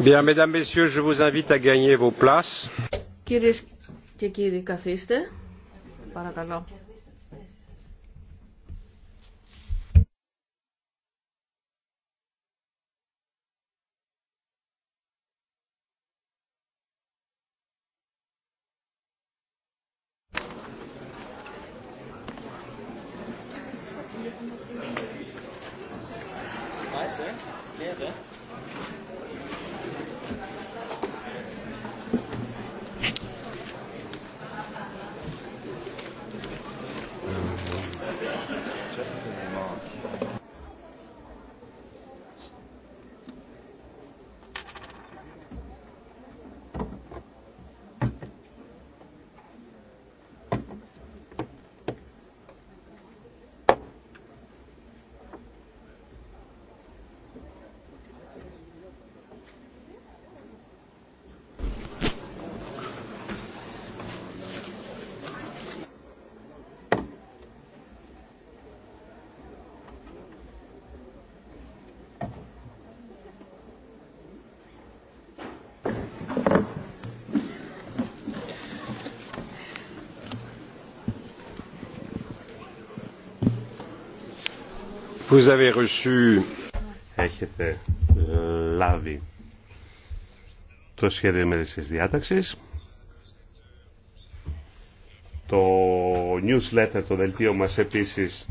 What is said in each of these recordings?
Bien, mesdames, messieurs, je vous invite à gagner vos places. Κυρίες και κύριοι, καθίστε. Παρακαλώ. Vous avez reçu... Έχετε ε, λάβει το σχέδιο ημερησίας διάταξης. Το newsletter, το δελτίο μας επίσης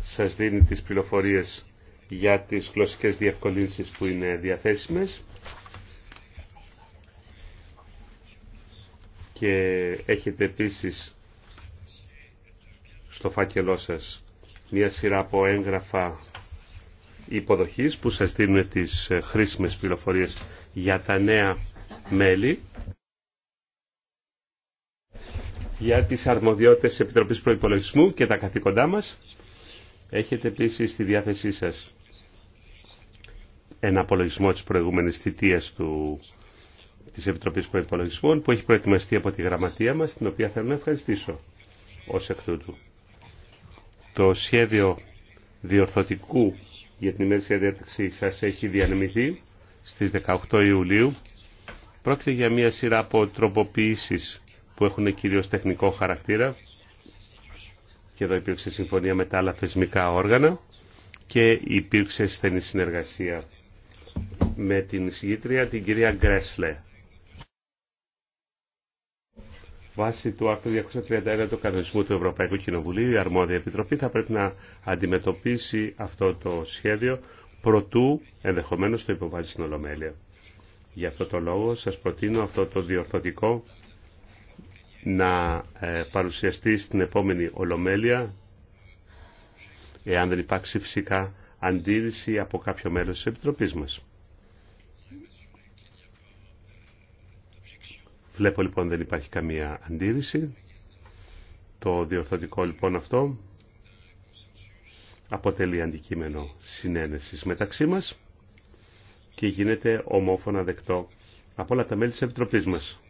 σας δίνει τις πληροφορίες για τις γλωσσικές διευκολύνσεις που είναι διαθέσιμες και έχετε επίσης στο φάκελό σας μια σειρά από έγγραφα υποδοχής που σας δίνουν τις ε, χρήσιμες πληροφορίες για τα νέα μέλη για τις αρμοδιότητες της Επιτροπής Προϋπολογισμού και τα καθήκοντά μας. Έχετε επίση στη διάθεσή σας ένα απολογισμό της προηγούμενης θητείας του, της Επιτροπής Προϋπολογισμών που έχει προετοιμαστεί από τη γραμματεία μας, την οποία θέλω να ευχαριστήσω ως εκ τούτου. Το σχέδιο διορθωτικού για την ημέρησια διάταξη σας έχει διανεμηθεί στις 18 Ιουλίου. Πρόκειται για μια σειρά από τροποποιήσεις που έχουν κυρίως τεχνικό χαρακτήρα και εδώ υπήρξε συμφωνία με τα άλλα θεσμικά όργανα και υπήρξε στενή συνεργασία με την εισηγήτρια την κυρία Γκρέσλε. Βάσει του άρθρου 231 του κανονισμού του Ευρωπαϊκού Κοινοβουλίου, η αρμόδια επιτροπή θα πρέπει να αντιμετωπίσει αυτό το σχέδιο προτού ενδεχομένως το υποβάλει στην Ολομέλεια. Γι' αυτό το λόγο σας προτείνω αυτό το διορθωτικό να ε, παρουσιαστεί στην επόμενη Ολομέλεια, εάν δεν υπάρξει φυσικά αντίρρηση από κάποιο μέλος της Επιτροπής μας. Βλέπω λοιπόν δεν υπάρχει καμία αντίρρηση. Το διορθωτικό λοιπόν αυτό αποτελεί αντικείμενο συνένεσης μεταξύ μας και γίνεται ομόφωνα δεκτό από όλα τα μέλη της Επιτροπής μας.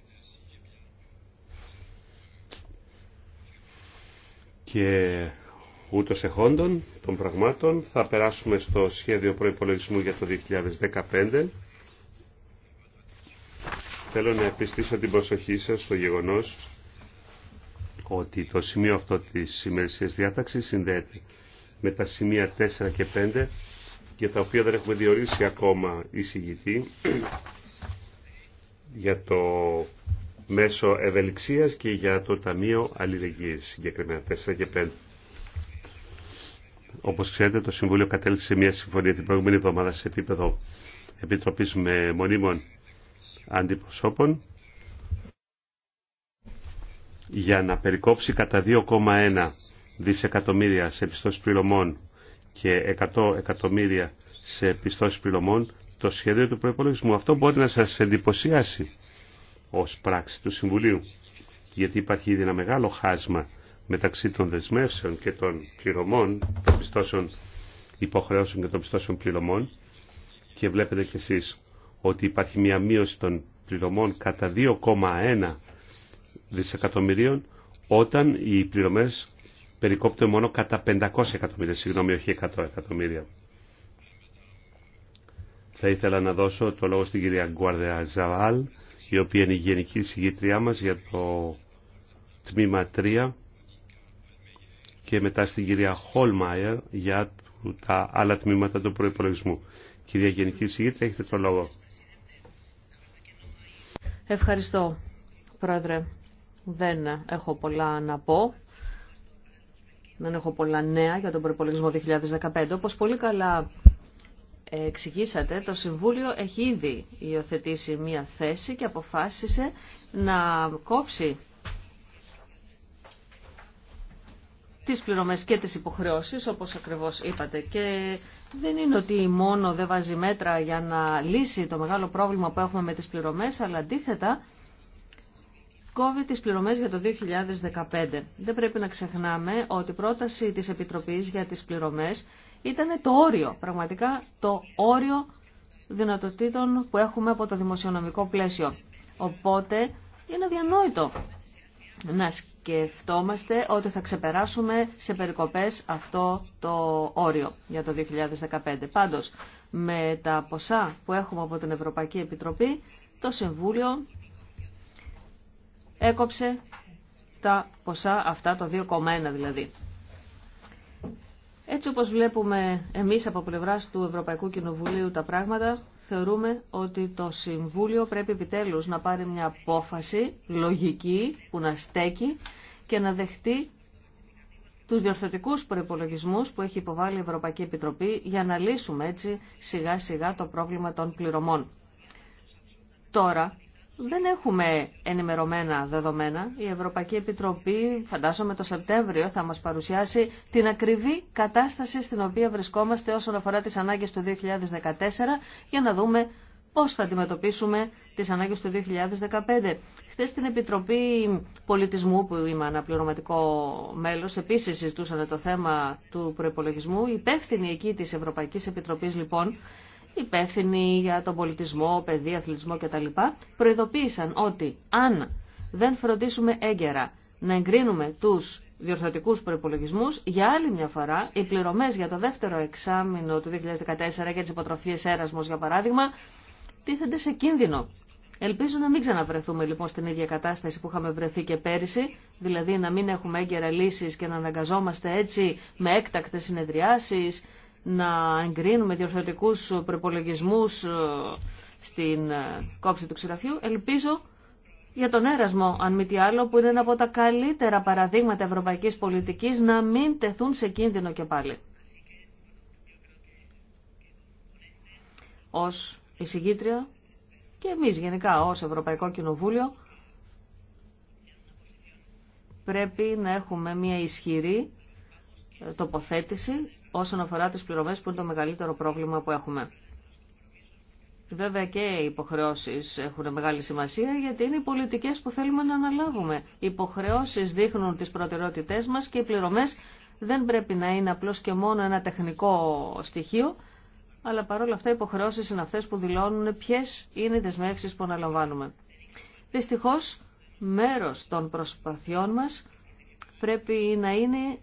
Και ούτως εχόντων των πραγμάτων θα περάσουμε στο σχέδιο προϋπολογισμού για το 2015 Θέλω να επιστήσω την προσοχή σας στο γεγονός ότι το σημείο αυτό της σημερινής διάταξης συνδέεται με τα σημεία 4 και 5 για τα οποία δεν έχουμε διορίσει ακόμα εισηγητή για το μέσο ευελιξίας και για το Ταμείο Αλληλεγγύης συγκεκριμένα 4 και 5. Όπως ξέρετε το Συμβούλιο κατέληξε σε μια συμφωνία την προηγούμενη εβδομάδα σε επίπεδο Επιτροπής με Μονίμων αντιπροσώπων για να περικόψει κατά 2,1 δισεκατομμύρια σε πιστώσεις πληρωμών και 100 εκατομμύρια σε πιστώσεις πληρωμών το σχέδιο του προϋπολογισμού. Αυτό μπορεί να σας εντυπωσιάσει ως πράξη του Συμβουλίου γιατί υπάρχει ήδη ένα μεγάλο χάσμα μεταξύ των δεσμεύσεων και των πληρωμών, των πιστώσεων υποχρεώσεων και των πιστώσεων πληρωμών και βλέπετε κι εσείς ότι υπάρχει μια μείωση των πληρωμών κατά 2,1 δισεκατομμυρίων όταν οι πληρωμές περικόπτουν μόνο κατά 500 εκατομμύρια, συγγνώμη, όχι 100 εκατομμύρια. Θα ήθελα να δώσω το λόγο στην κυρία Γκουάρδεα Ζαβάλ, η οποία είναι η γενική συγγήτριά μας για το τμήμα 3 και μετά στην κυρία Χολμάιερ για τα άλλα τμήματα του προϋπολογισμού. Κυρία Γενική Συγήτρια, έχετε το λόγο. Ευχαριστώ, Πρόεδρε. Δεν έχω πολλά να πω. Δεν έχω πολλά νέα για τον προπολογισμό 2015. Όπως πολύ καλά εξηγήσατε, το Συμβούλιο έχει ήδη υιοθετήσει μία θέση και αποφάσισε να κόψει τις πληρωμές και τις υποχρεώσεις, όπως ακριβώς είπατε. Και δεν είναι ότι μόνο δεν βάζει μέτρα για να λύσει το μεγάλο πρόβλημα που έχουμε με τις πληρωμές, αλλά αντίθετα κόβει τις πληρωμές για το 2015. Δεν πρέπει να ξεχνάμε ότι η πρόταση της Επιτροπής για τις πληρωμές ήταν το όριο, πραγματικά το όριο δυνατοτήτων που έχουμε από το δημοσιονομικό πλαίσιο. Οπότε είναι αδιανόητο να σκεφτόμαστε ότι θα ξεπεράσουμε σε περικοπές αυτό το όριο για το 2015. Πάντως, με τα ποσά που έχουμε από την Ευρωπαϊκή Επιτροπή, το Συμβούλιο έκοψε τα ποσά αυτά, το 2,1 δηλαδή. Έτσι όπως βλέπουμε εμείς από πλευράς του Ευρωπαϊκού Κοινοβουλίου τα πράγματα, θεωρούμε ότι το Συμβούλιο πρέπει επιτέλους να πάρει μια απόφαση λογική που να στέκει και να δεχτεί τους διορθωτικούς προπολογισμού που έχει υποβάλει η Ευρωπαϊκή Επιτροπή για να λύσουμε έτσι σιγά σιγά το πρόβλημα των πληρωμών. Τώρα δεν έχουμε ενημερωμένα δεδομένα. Η Ευρωπαϊκή Επιτροπή, φαντάζομαι το Σεπτέμβριο, θα μας παρουσιάσει την ακριβή κατάσταση στην οποία βρισκόμαστε όσον αφορά τις ανάγκες του 2014 για να δούμε πώς θα αντιμετωπίσουμε τις ανάγκες του 2015. Χθες στην Επιτροπή Πολιτισμού, που είμαι αναπληρωματικό μέλος, επίσης συζητούσαν το θέμα του προπολογισμού. Η υπεύθυνη εκεί της Ευρωπαϊκής Επιτροπής, λοιπόν, υπεύθυνοι για τον πολιτισμό, παιδί, αθλητισμό κτλ. προειδοποίησαν ότι αν δεν φροντίσουμε έγκαιρα να εγκρίνουμε του διορθωτικούς προπολογισμού, για άλλη μια φορά οι πληρωμές για το δεύτερο εξάμεινο του 2014 για τι υποτροφίε Έρασμο, για παράδειγμα, τίθενται σε κίνδυνο. Ελπίζω να μην ξαναβρεθούμε λοιπόν στην ίδια κατάσταση που είχαμε βρεθεί και πέρυσι, δηλαδή να μην έχουμε έγκαιρα λύσει και να αναγκαζόμαστε έτσι με έκτακτε συνεδριάσει να εγκρίνουμε διορθωτικούς προπολογισμού ε, στην ε, κόψη του ξηραφιού. Ελπίζω για τον έρασμο, αν μη τι άλλο, που είναι ένα από τα καλύτερα παραδείγματα ευρωπαϊκής πολιτικής, να μην τεθούν σε κίνδυνο και πάλι. Ως εισηγήτρια και εμείς γενικά ως Ευρωπαϊκό Κοινοβούλιο πρέπει να έχουμε μια ισχυρή τοποθέτηση όσον αφορά τις πληρωμές που είναι το μεγαλύτερο πρόβλημα που έχουμε. Βέβαια και οι υποχρεώσεις έχουν μεγάλη σημασία γιατί είναι οι πολιτικές που θέλουμε να αναλάβουμε. Οι υποχρεώσεις δείχνουν τις προτεραιότητές μας και οι πληρωμές δεν πρέπει να είναι απλώς και μόνο ένα τεχνικό στοιχείο, αλλά παρόλα αυτά οι υποχρεώσεις είναι αυτές που δηλώνουν ποιε είναι οι δεσμεύσεις που αναλαμβάνουμε. Δυστυχώς, μέρος των προσπαθειών μας πρέπει να είναι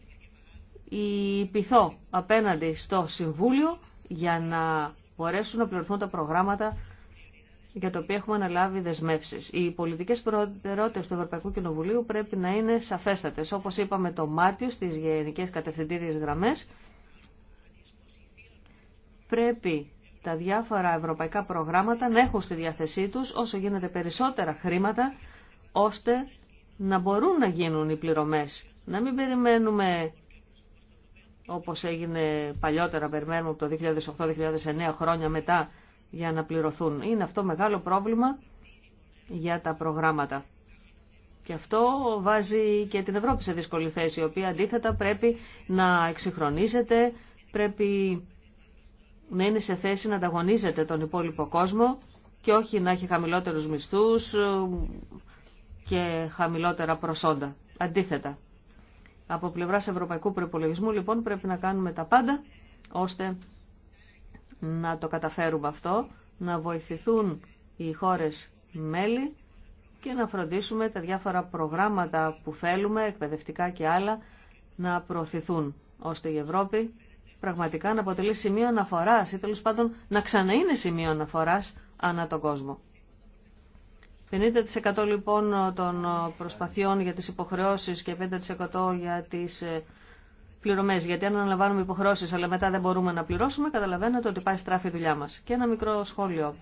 η πειθό απέναντι στο Συμβούλιο για να μπορέσουν να πληρωθούν τα προγράμματα για τα οποία έχουμε αναλάβει δεσμεύσει. Οι πολιτικέ προτεραιότητε του Ευρωπαϊκού Κοινοβουλίου πρέπει να είναι σαφέστατε. Όπω είπαμε το Μάρτιο στι γενικέ κατευθυντήριε γραμμέ, πρέπει τα διάφορα ευρωπαϊκά προγράμματα να έχουν στη διάθεσή τους όσο γίνεται περισσότερα χρήματα, ώστε να μπορούν να γίνουν οι πληρωμές. Να μην περιμένουμε όπως έγινε παλιότερα, περιμένουμε από το 2008-2009 χρόνια μετά για να πληρωθούν. Είναι αυτό μεγάλο πρόβλημα για τα προγράμματα. Και αυτό βάζει και την Ευρώπη σε δύσκολη θέση, η οποία αντίθετα πρέπει να εξυγχρονίζεται, πρέπει να είναι σε θέση να ανταγωνίζεται τον υπόλοιπο κόσμο και όχι να έχει χαμηλότερους μισθούς και χαμηλότερα προσόντα. Αντίθετα, από πλευρά ευρωπαϊκού προπολογισμού λοιπόν πρέπει να κάνουμε τα πάντα ώστε να το καταφέρουμε αυτό, να βοηθηθούν οι χώρες μέλη και να φροντίσουμε τα διάφορα προγράμματα που θέλουμε, εκπαιδευτικά και άλλα, να προωθηθούν, ώστε η Ευρώπη πραγματικά να αποτελεί σημείο αναφοράς ή τέλος πάντων να ξαναείνει σημείο αναφοράς ανά τον κόσμο. 50% λοιπόν των προσπαθειών για τις υποχρεώσεις και 5% για τις ε, πληρωμές. Γιατί αν αναλαμβάνουμε υποχρεώσεις αλλά μετά δεν μπορούμε να πληρώσουμε, καταλαβαίνετε ότι πάει στράφη η δουλειά μας. Και ένα μικρό σχόλιο,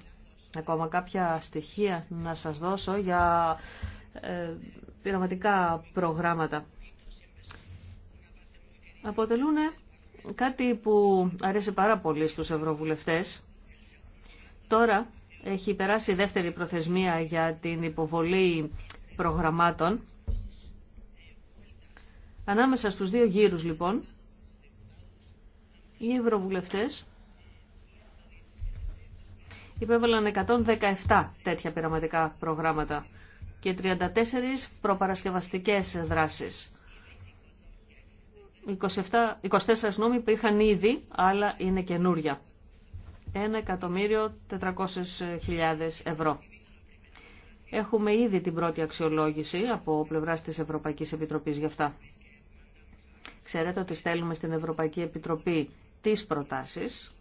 ακόμα κάποια στοιχεία να σας δώσω για ε, πειραματικά προγράμματα. Αποτελούν κάτι που αρέσει πάρα πολύ στους ευρωβουλευτές. Τώρα έχει περάσει η δεύτερη προθεσμία για την υποβολή προγραμμάτων. Ανάμεσα στους δύο γύρους λοιπόν, οι ευρωβουλευτές υπέβαλαν 117 τέτοια πειραματικά προγράμματα και 34 προπαρασκευαστικές δράσεις. 27, 24 νόμοι υπήρχαν είχαν ήδη, αλλά είναι καινούρια. 1.400.000 ευρώ. Έχουμε ήδη την πρώτη αξιολόγηση από πλευρά της Ευρωπαϊκής Επιτροπής για αυτά. Ξέρετε ότι στέλνουμε στην Ευρωπαϊκή Επιτροπή τις προτάσεις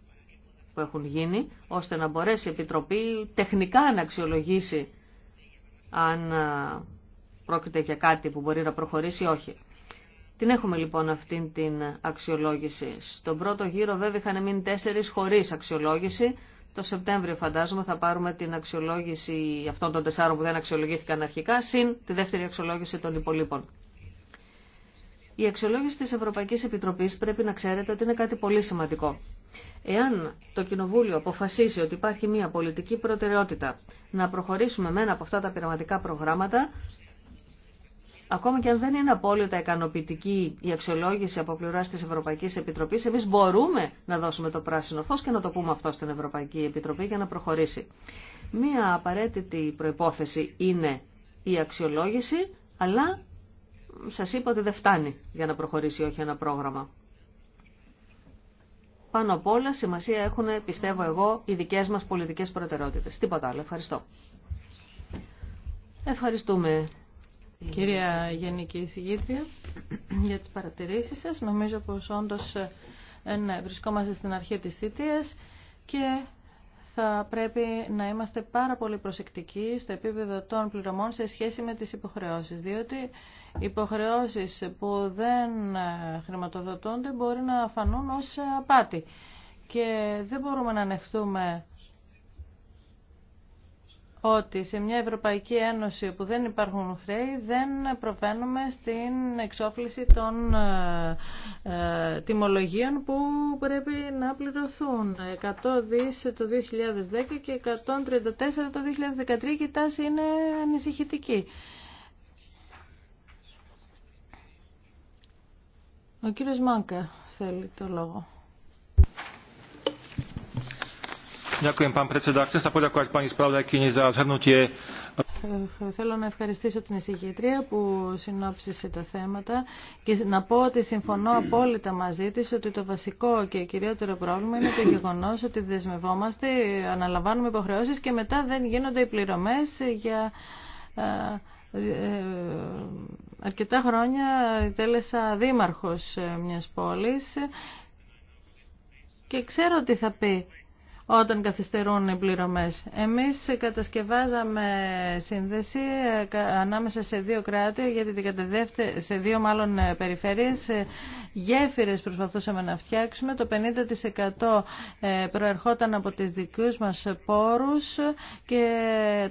που έχουν γίνει, ώστε να μπορέσει η Επιτροπή τεχνικά να αξιολογήσει αν πρόκειται για κάτι που μπορεί να προχωρήσει ή όχι. Την έχουμε λοιπόν αυτήν την αξιολόγηση. Στον πρώτο γύρο βέβαια είχαν μείνει τέσσερις χωρίς αξιολόγηση. Το Σεπτέμβριο φαντάζομαι θα πάρουμε την αξιολόγηση αυτών των τεσσάρων που δεν αξιολογήθηκαν αρχικά, συν τη δεύτερη αξιολόγηση των υπολείπων. Η αξιολόγηση της Ευρωπαϊκής Επιτροπής πρέπει να ξέρετε ότι είναι κάτι πολύ σημαντικό. Εάν το Κοινοβούλιο αποφασίσει ότι υπάρχει μια πολιτική προτεραιότητα να προχωρήσουμε με ένα από αυτά τα πειραματικά προγράμματα, Ακόμα και αν δεν είναι απόλυτα ικανοποιητική η αξιολόγηση από πλευρά τη Ευρωπαϊκή Επιτροπή, εμεί μπορούμε να δώσουμε το πράσινο φω και να το πούμε αυτό στην Ευρωπαϊκή Επιτροπή για να προχωρήσει. Μία απαραίτητη προπόθεση είναι η αξιολόγηση, αλλά σα είπα ότι δεν φτάνει για να προχωρήσει όχι ένα πρόγραμμα. Πάνω απ' όλα σημασία έχουν, πιστεύω εγώ, οι δικέ μα πολιτικέ προτεραιότητε. Τίποτα άλλο. Ευχαριστώ. Ευχαριστούμε κυρία Γενική Εισηγήτρια, για τις παρατηρήσεις σας. Νομίζω πως όντως ε, βρισκόμαστε στην αρχή της θητείας και θα πρέπει να είμαστε πάρα πολύ προσεκτικοί στο επίπεδο των πληρωμών σε σχέση με τις υποχρεώσεις, διότι υποχρεώσεις που δεν ε, χρηματοδοτούνται μπορεί να φανούν ως απάτη. Και δεν μπορούμε να ανεχθούμε ότι σε μια Ευρωπαϊκή Ένωση που δεν υπάρχουν χρέη δεν προβαίνουμε στην εξόφληση των ε, ε τιμολογίων που πρέπει να πληρωθούν. 100 δις το 2010 και 134 το 2013 και η τάση είναι ανησυχητική. Ο κύριος Μάνκα θέλει το λόγο. Eh, Θέλω να ευχαριστήσω την εισηγήτρια που συνόψισε τα θέματα και να πω ότι συμφωνώ απόλυτα μαζί της ότι το βασικό και κυριότερο πρόβλημα είναι το γεγονός ότι δεσμευόμαστε, αναλαμβάνουμε υποχρεώσεις και μετά δεν γίνονται οι πληρωμές για ε, ε, αρκετά χρόνια τέλεσα δήμαρχος ε, μιας πόλης και ξέρω τι θα πει όταν καθυστερούν οι πληρωμές. Εμείς κατασκευάζαμε σύνδεση ε, ανάμεσα σε δύο κράτη, γιατί σε δύο μάλλον ε, περιφέρειες, ε, γέφυρες προσπαθούσαμε να φτιάξουμε. Το 50% προερχόταν από τις δικούς μας πόρους και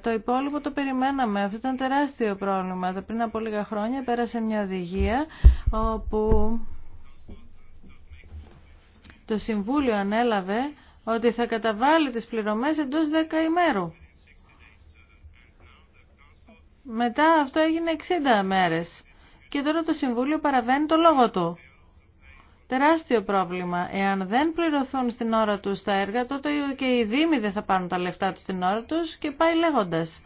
το υπόλοιπο το περιμέναμε. Αυτό ήταν τεράστιο πρόβλημα. Πριν από λίγα χρόνια πέρασε μια οδηγία όπου το Συμβούλιο ανέλαβε ότι θα καταβάλει τις πληρωμές εντός 10 ημέρου. Μετά αυτό έγινε 60 μέρες και τώρα το Συμβούλιο παραβαίνει το λόγο του. Τεράστιο πρόβλημα. Εάν δεν πληρωθούν στην ώρα τους τα έργα, τότε και οι Δήμοι δεν θα πάρουν τα λεφτά τους στην ώρα τους και πάει λέγοντας.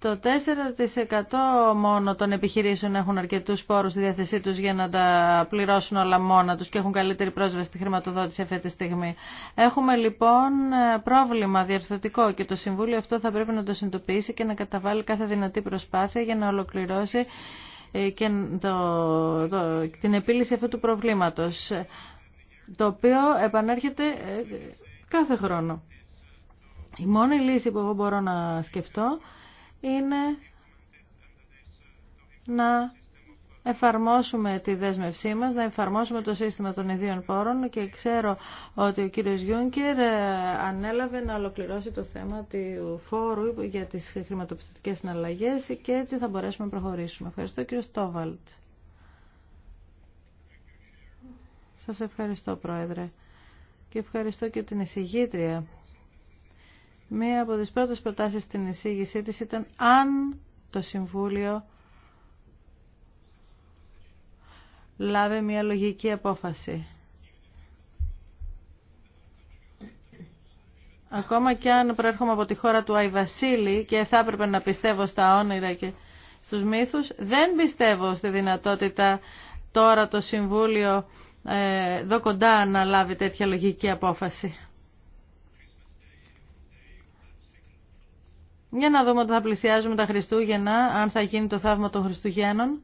Το 4% μόνο των επιχειρήσεων έχουν αρκετού πόρου στη διάθεσή του για να τα πληρώσουν όλα μόνα του και έχουν καλύτερη πρόσβαση στη χρηματοδότηση αυτή τη στιγμή. Έχουμε λοιπόν πρόβλημα διαρθωτικό και το Συμβούλιο αυτό θα πρέπει να το συνειδητοποιήσει και να καταβάλει κάθε δυνατή προσπάθεια για να ολοκληρώσει ε, και το, το, την επίλυση αυτού του προβλήματος, το οποίο επανέρχεται ε, κάθε χρόνο. Η μόνη λύση που εγώ μπορώ να σκεφτώ είναι να εφαρμόσουμε τη δέσμευσή μας, να εφαρμόσουμε το σύστημα των ιδίων πόρων και ξέρω ότι ο κύριος Γιούνκερ ε, ανέλαβε να ολοκληρώσει το θέμα του φόρου για τις χρηματοπιστωτικές συναλλαγές και έτσι θα μπορέσουμε να προχωρήσουμε. Ευχαριστώ κύριο Στόβαλτ. Σας ευχαριστώ Πρόεδρε και ευχαριστώ και την εισηγήτρια Μία από τις πρώτες προτάσεις στην εισήγησή της ήταν αν το Συμβούλιο λάβει μια λογική απόφαση. Ακόμα και αν προέρχομαι από τη χώρα του Αϊβασίλη και θα έπρεπε να πιστεύω στα όνειρα και στους μύθους, δεν πιστεύω στη δυνατότητα τώρα το Συμβούλιο ε, εδώ κοντά να λάβει τέτοια λογική απόφαση. Για να δούμε ότι θα πλησιάζουμε τα Χριστούγεννα, αν θα γίνει το θαύμα των Χριστουγέννων.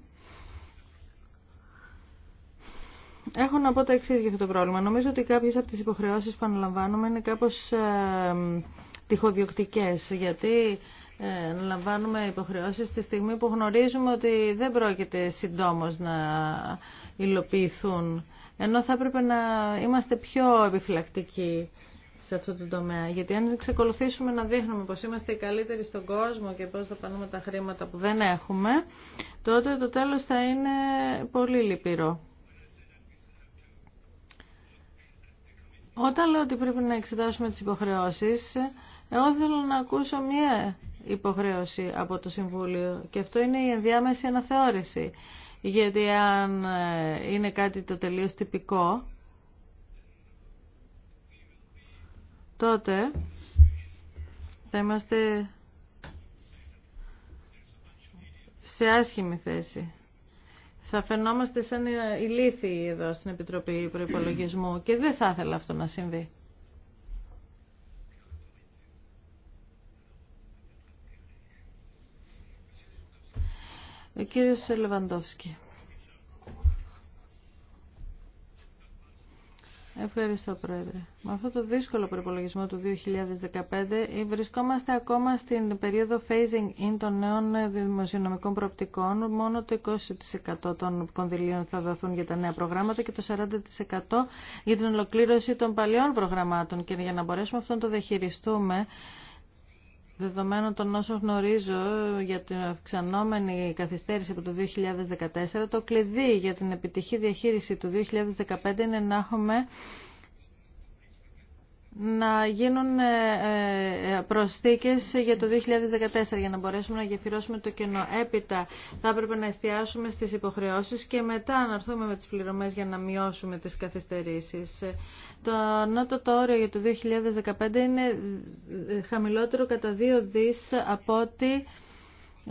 Έχω να πω τα εξή για αυτό το πρόβλημα. Νομίζω ότι κάποιε από τι υποχρεώσει που αναλαμβάνουμε είναι κάπω ε, τυχοδιοκτικέ. Γιατί ε, αναλαμβάνουμε υποχρεώσεις τη στιγμή που γνωρίζουμε ότι δεν πρόκειται συντόμως να υλοποιηθούν. Ενώ θα έπρεπε να είμαστε πιο επιφυλακτικοί σε αυτό το τομέα. Γιατί αν ξεκολουθήσουμε να δείχνουμε πως είμαστε οι καλύτεροι στον κόσμο και πώς θα πανούμε τα χρήματα που δεν έχουμε, τότε το τέλος θα είναι πολύ λυπηρό. Όταν λέω ότι πρέπει να εξετάσουμε τις υποχρεώσεις, εγώ θέλω να ακούσω μία υποχρέωση από το Συμβούλιο και αυτό είναι η ενδιάμεση αναθεώρηση. Γιατί αν ε, είναι κάτι το τελείως τυπικό, τότε θα είμαστε σε άσχημη θέση. Θα φαινόμαστε σαν ηλίθιοι εδώ στην Επιτροπή Προϋπολογισμού και δεν θα ήθελα αυτό να συμβεί. Ο κύριος Ευχαριστώ, Πρόεδρε. Με αυτό το δύσκολο προπολογισμό του 2015 ε, βρισκόμαστε ακόμα στην περίοδο phasing in των νέων ε, δημοσιονομικών προοπτικών. Μόνο το 20% των κονδυλίων θα δοθούν για τα νέα προγράμματα και το 40% για την ολοκλήρωση των παλιών προγραμμάτων. Και για να μπορέσουμε αυτό να το διαχειριστούμε, Δεδομένων των όσων γνωρίζω για την αυξανόμενη καθυστέρηση από το 2014, το κλειδί για την επιτυχή διαχείριση του 2015 είναι να έχουμε να γίνουν ε, ε, προσθήκες για το 2014 για να μπορέσουμε να γεφυρώσουμε το κενό. Έπειτα θα έπρεπε να εστιάσουμε στις υποχρεώσεις και μετά να έρθουμε με τις πληρωμές για να μειώσουμε τις καθυστερήσεις. Το ανώτατο όριο για το 2015 είναι χαμηλότερο κατά 2 δις από ότι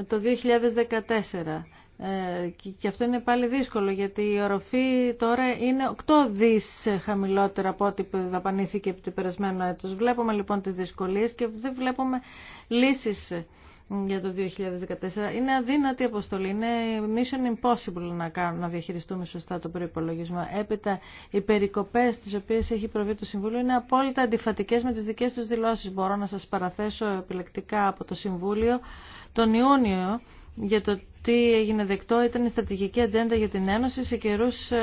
το 2014. Ε, και αυτό είναι πάλι δύσκολο γιατί η οροφή τώρα είναι 8 δις χαμηλότερα από ό,τι δαπανήθηκε από το περασμένο έτος. Βλέπουμε λοιπόν τις δυσκολίες και δεν βλέπουμε λύσεις για το 2014. Είναι αδύνατη αποστολή, είναι mission impossible να, να διαχειριστούμε σωστά το προπολογισμό. Έπειτα, οι περικοπέ τι οποίε έχει προβεί το Συμβούλιο είναι απόλυτα αντιφατικέ με τι δικέ του δηλώσει. Μπορώ να σα παραθέσω επιλεκτικά από το Συμβούλιο τον Ιούνιο για το τι έγινε δεκτό ήταν η στρατηγική ατζέντα για την Ένωση σε καιρού ε,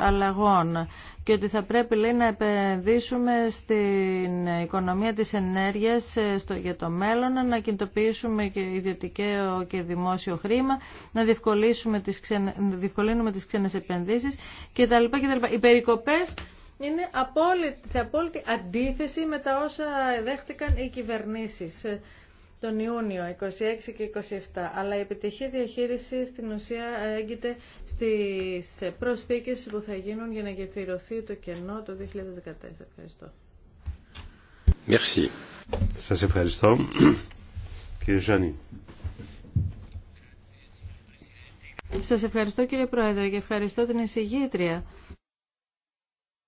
αλλαγών και ότι θα πρέπει λέει, να επενδύσουμε στην οικονομία της ενέργειας ε, στο, για το μέλλον, να κινητοποιήσουμε και ιδιωτικό και δημόσιο χρήμα, να διευκολύνουμε τις, ξένε τις ξένες επενδύσεις κτλ. κτλ. Οι περικοπές είναι απόλυτη, σε απόλυτη αντίθεση με τα όσα δέχτηκαν οι κυβερνήσεις τον Ιούνιο 26 και 27. Αλλά η επιτυχής διαχείριση στην ουσία έγκυται στις προσθήκες που θα γίνουν για να γεφυρωθεί το κενό το 2014. Ευχαριστώ. Merci. Σας ευχαριστώ. Κύριε Ζάνη. Σας ευχαριστώ κύριε Πρόεδρε και ευχαριστώ την εισηγήτρια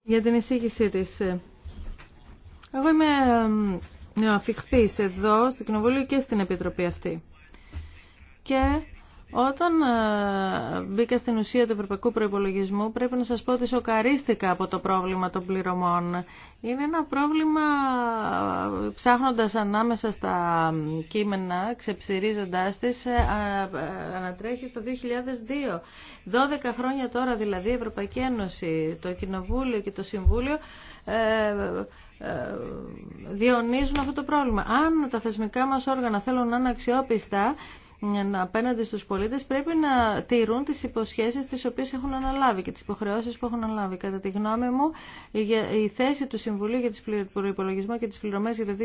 για την εισήγησή της. Εγώ είμαι ναι, αφιχθεί εδώ, στην κοινοβούλιο και στην Επιτροπή αυτή. Και όταν ε, μπήκα στην ουσία του Ευρωπαϊκού Προϋπολογισμού πρέπει να σας πω ότι σοκαρίστηκα από το πρόβλημα των πληρωμών. Είναι ένα πρόβλημα ε, ψάχνοντας ανάμεσα στα κείμενα, ξεψηρίζοντάς τις, ε, ανατρέχει στο 2002. 12 χρόνια τώρα δηλαδή η Ευρωπαϊκή Ένωση, το Κοινοβούλιο και το Συμβούλιο ε, διονύζουν αυτό το πρόβλημα. Αν τα θεσμικά μας όργανα θέλουν να είναι αξιόπιστα, απέναντι στους πολίτες πρέπει να τηρούν τις υποσχέσεις τις οποίες έχουν αναλάβει και τις υποχρεώσεις που έχουν αναλάβει. Κατά τη γνώμη μου, η θέση του Συμβουλίου για τις προϋπολογισμό και τις πληρωμές για το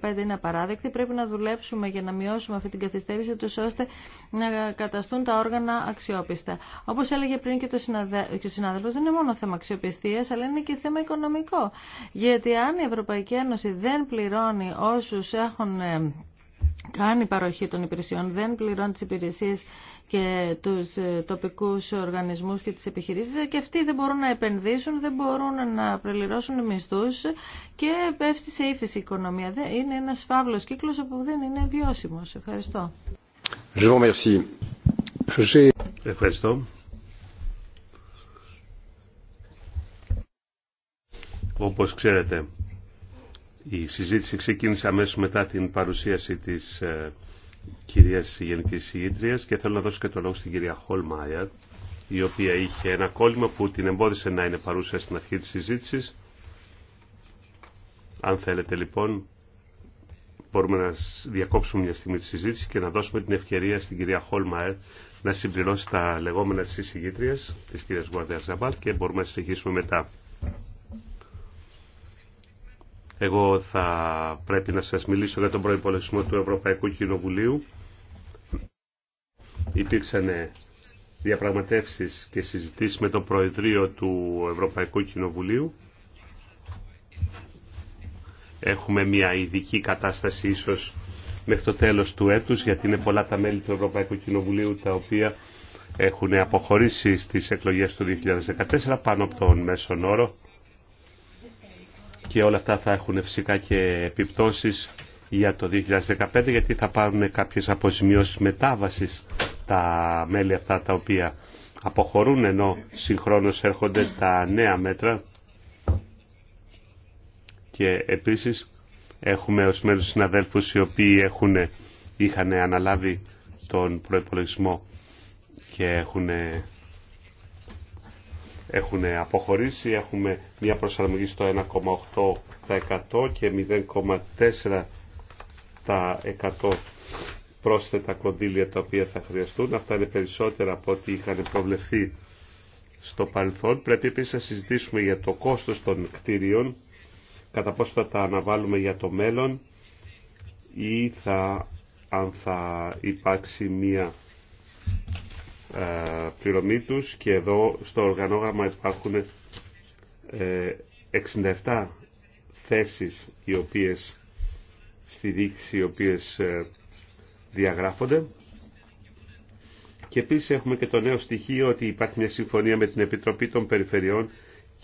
2015 είναι απαράδεκτη. Πρέπει να δουλέψουμε για να μειώσουμε αυτή την καθυστέρηση τους ώστε να καταστούν τα όργανα αξιόπιστα. Όπως έλεγε πριν και, το ο συνάδελφος, δεν είναι μόνο θέμα αξιοπιστίας, αλλά είναι και θέμα οικονομικό. Γιατί αν η Ευρωπαϊκή Ένωση δεν πληρώνει όσους έχουν ε, κάνει παροχή των υπηρεσιών, δεν πληρώνει τις υπηρεσίες και τους ε, τοπικούς οργανισμούς και τις επιχειρήσεις και αυτοί δεν μπορούν να επενδύσουν, δεν μπορούν να πληρώσουν μισθούς και πέφτει σε ύφεση η οικονομία. Είναι ένας φαύλος κύκλος που δεν είναι βιώσιμος. Ευχαριστώ. Ευχαριστώ. ξέρετε, η συζήτηση ξεκίνησε αμέσως μετά την παρουσίαση της ε, κυρίας Γενικής Υγήτριας και θέλω να δώσω και το λόγο στην κυρία Χολμάιερ, η οποία είχε ένα κόλλημα που την εμπόδισε να είναι παρούσα στην αρχή της συζήτησης. Αν θέλετε λοιπόν, μπορούμε να διακόψουμε μια στιγμή τη συζήτηση και να δώσουμε την ευκαιρία στην κυρία Χόλμαερ να συμπληρώσει τα λεγόμενα της εισηγήτριας, της κυρίας Γουαρδίας Ζαμπάτ και μπορούμε να συνεχίσουμε μετά. Εγώ θα πρέπει να σας μιλήσω για τον προϋπολογισμό του Ευρωπαϊκού Κοινοβουλίου. Υπήρξαν διαπραγματεύσεις και συζητήσεις με το Προεδρείο του Ευρωπαϊκού Κοινοβουλίου. Έχουμε μια ειδική κατάσταση ίσως μέχρι το τέλος του έτους, γιατί είναι πολλά τα μέλη του Ευρωπαϊκού Κοινοβουλίου τα οποία έχουν αποχωρήσει στις εκλογές του 2014 πάνω από τον μέσον όρο και όλα αυτά θα έχουν φυσικά και επιπτώσεις για το 2015 γιατί θα πάρουν κάποιες αποζημιώσεις μετάβασης τα μέλη αυτά τα οποία αποχωρούν ενώ συγχρόνως έρχονται τα νέα μέτρα και επίσης έχουμε ως μέρους συναδέλφους οι οποίοι έχουν, είχαν αναλάβει τον προϋπολογισμό και έχουν έχουν αποχωρήσει. Έχουμε μια προσαρμογή στο 1,8% και 0,4% πρόσθετα κονδύλια τα οποία θα χρειαστούν. Αυτά είναι περισσότερα από ό,τι είχαν προβλεφθεί στο παρελθόν. Πρέπει επίσης να συζητήσουμε για το κόστος των κτίριων, κατά πόσο θα τα αναβάλουμε για το μέλλον ή θα, αν θα υπάρξει μία ε, πληρωμή τους και εδώ στο οργανόγραμμα υπάρχουν 67 ε, θέσεις οι οποίες στη διοίκηση οι οποίες ε, διαγράφονται και επίσης έχουμε και το νέο στοιχείο ότι υπάρχει μια συμφωνία με την Επιτροπή των Περιφερειών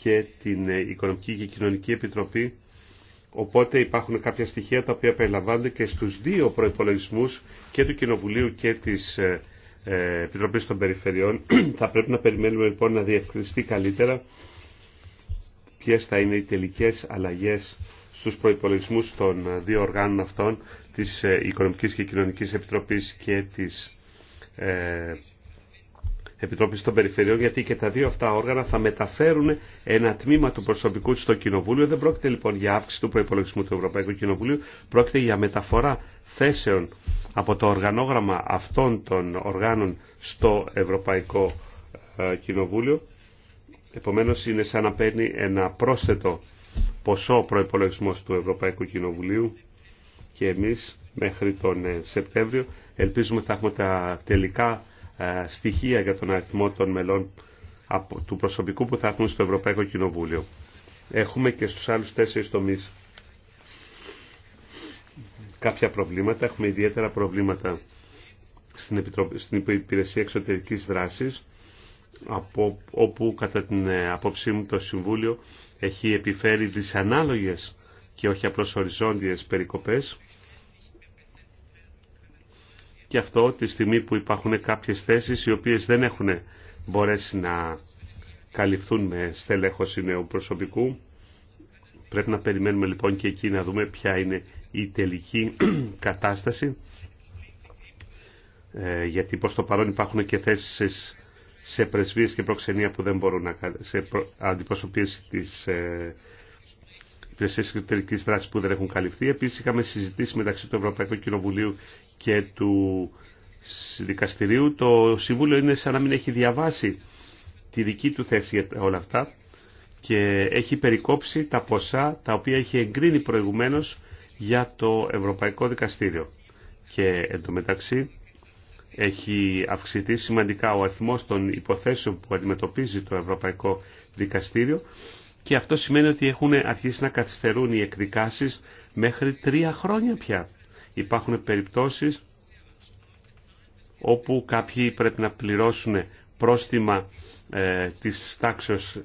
και την Οικονομική και Κοινωνική Επιτροπή οπότε υπάρχουν κάποια στοιχεία τα οποία περιλαμβάνονται και στους δύο προϋπολογισμούς και του Κοινοβουλίου και της ε, Επιτροπή των Περιφερειών. θα πρέπει να περιμένουμε λοιπόν να διευκριστεί καλύτερα ποιε θα είναι οι τελικές αλλαγέ στους προϋπολογισμούς των ε, δύο οργάνων αυτών, της ε, Οικονομικής και Κοινωνικής Επιτροπής και της Επιτροπή των Περιφερειών, γιατί και τα δύο αυτά όργανα θα μεταφέρουν ένα τμήμα του προσωπικού στο Κοινοβούλιο. Δεν πρόκειται λοιπόν για αύξηση του προπολογισμού του Ευρωπαϊκού Κοινοβουλίου, πρόκειται για μεταφορά θέσεων από το οργανόγραμμα αυτών των οργάνων στο Ευρωπαϊκό ε, Κοινοβούλιο. Επομένως είναι σαν να παίρνει ένα πρόσθετο ποσό προπολογισμό του Ευρωπαϊκού Κοινοβουλίου και εμεί, μέχρι τον ε, Σεπτέμβριο ελπίζουμε θα έχουμε τα τελικά ε, στοιχεία για τον αριθμό των μελών του προσωπικού που θα έρθουν στο Ευρωπαϊκό Κοινοβούλιο. Έχουμε και στους άλλους τέσσερις τομείς κάποια προβλήματα. Έχουμε ιδιαίτερα προβλήματα στην, Επιτροπή, στην Υπηρεσία Εξωτερικής Δράσης, από, όπου κατά την ε, απόψή μου το Συμβούλιο έχει επιφέρει δυσανάλογες και όχι απλώς οριζόντιες περικοπές και αυτό τη στιγμή που υπάρχουν κάποιες θέσεις οι οποίες δεν έχουν μπορέσει να καλυφθούν με στελέχωση νέου προσωπικού. Πρέπει να περιμένουμε λοιπόν και εκεί να δούμε ποια είναι η τελική κατάσταση ε, γιατί προς το παρόν υπάρχουν και θέσεις σε πρεσβείες και προξενία που δεν μπορούν να σε τις της ε, υπηρεσίε εξωτερική δράση που δεν έχουν καλυφθεί. Επίση, είχαμε συζητήσει μεταξύ του Ευρωπαϊκού Κοινοβουλίου και του Δικαστηρίου. Το Συμβούλιο είναι σαν να μην έχει διαβάσει τη δική του θέση για όλα αυτά και έχει περικόψει τα ποσά τα οποία είχε εγκρίνει προηγουμένω για το Ευρωπαϊκό Δικαστήριο. Και εντωμεταξύ έχει αυξηθεί σημαντικά ο αριθμός των υποθέσεων που αντιμετωπίζει το Ευρωπαϊκό Δικαστήριο και αυτό σημαίνει ότι έχουν αρχίσει να καθυστερούν οι εκδικάσεις μέχρι τρία χρόνια πια. Υπάρχουν περιπτώσεις όπου κάποιοι πρέπει να πληρώσουν πρόστιμα ε, της τάξεως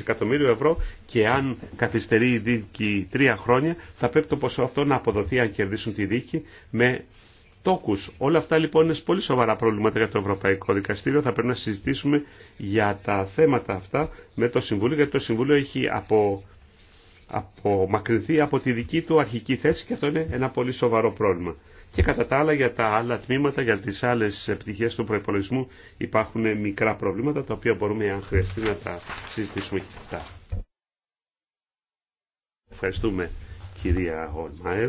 ε, ευρώ και αν καθυστερεί η δίκη τρία χρόνια θα πρέπει το ποσό αυτό να αποδοθεί αν κερδίσουν τη δίκη με τόκους. Όλα αυτά λοιπόν είναι πολύ σοβαρά προβλήματα για το Ευρωπαϊκό Δικαστήριο. Θα πρέπει να συζητήσουμε για τα θέματα αυτά με το Συμβούλιο, γιατί το Συμβούλιο έχει απο... απομακρυνθεί από τη δική του αρχική θέση και αυτό είναι ένα πολύ σοβαρό πρόβλημα. Και κατά τα άλλα για τα άλλα τμήματα, για τις άλλες πτυχές του προπολογισμού υπάρχουν μικρά προβλήματα τα οποία μπορούμε αν χρειαστεί να τα συζητήσουμε και αυτά. Ευχαριστούμε κυρία Ολμάερ.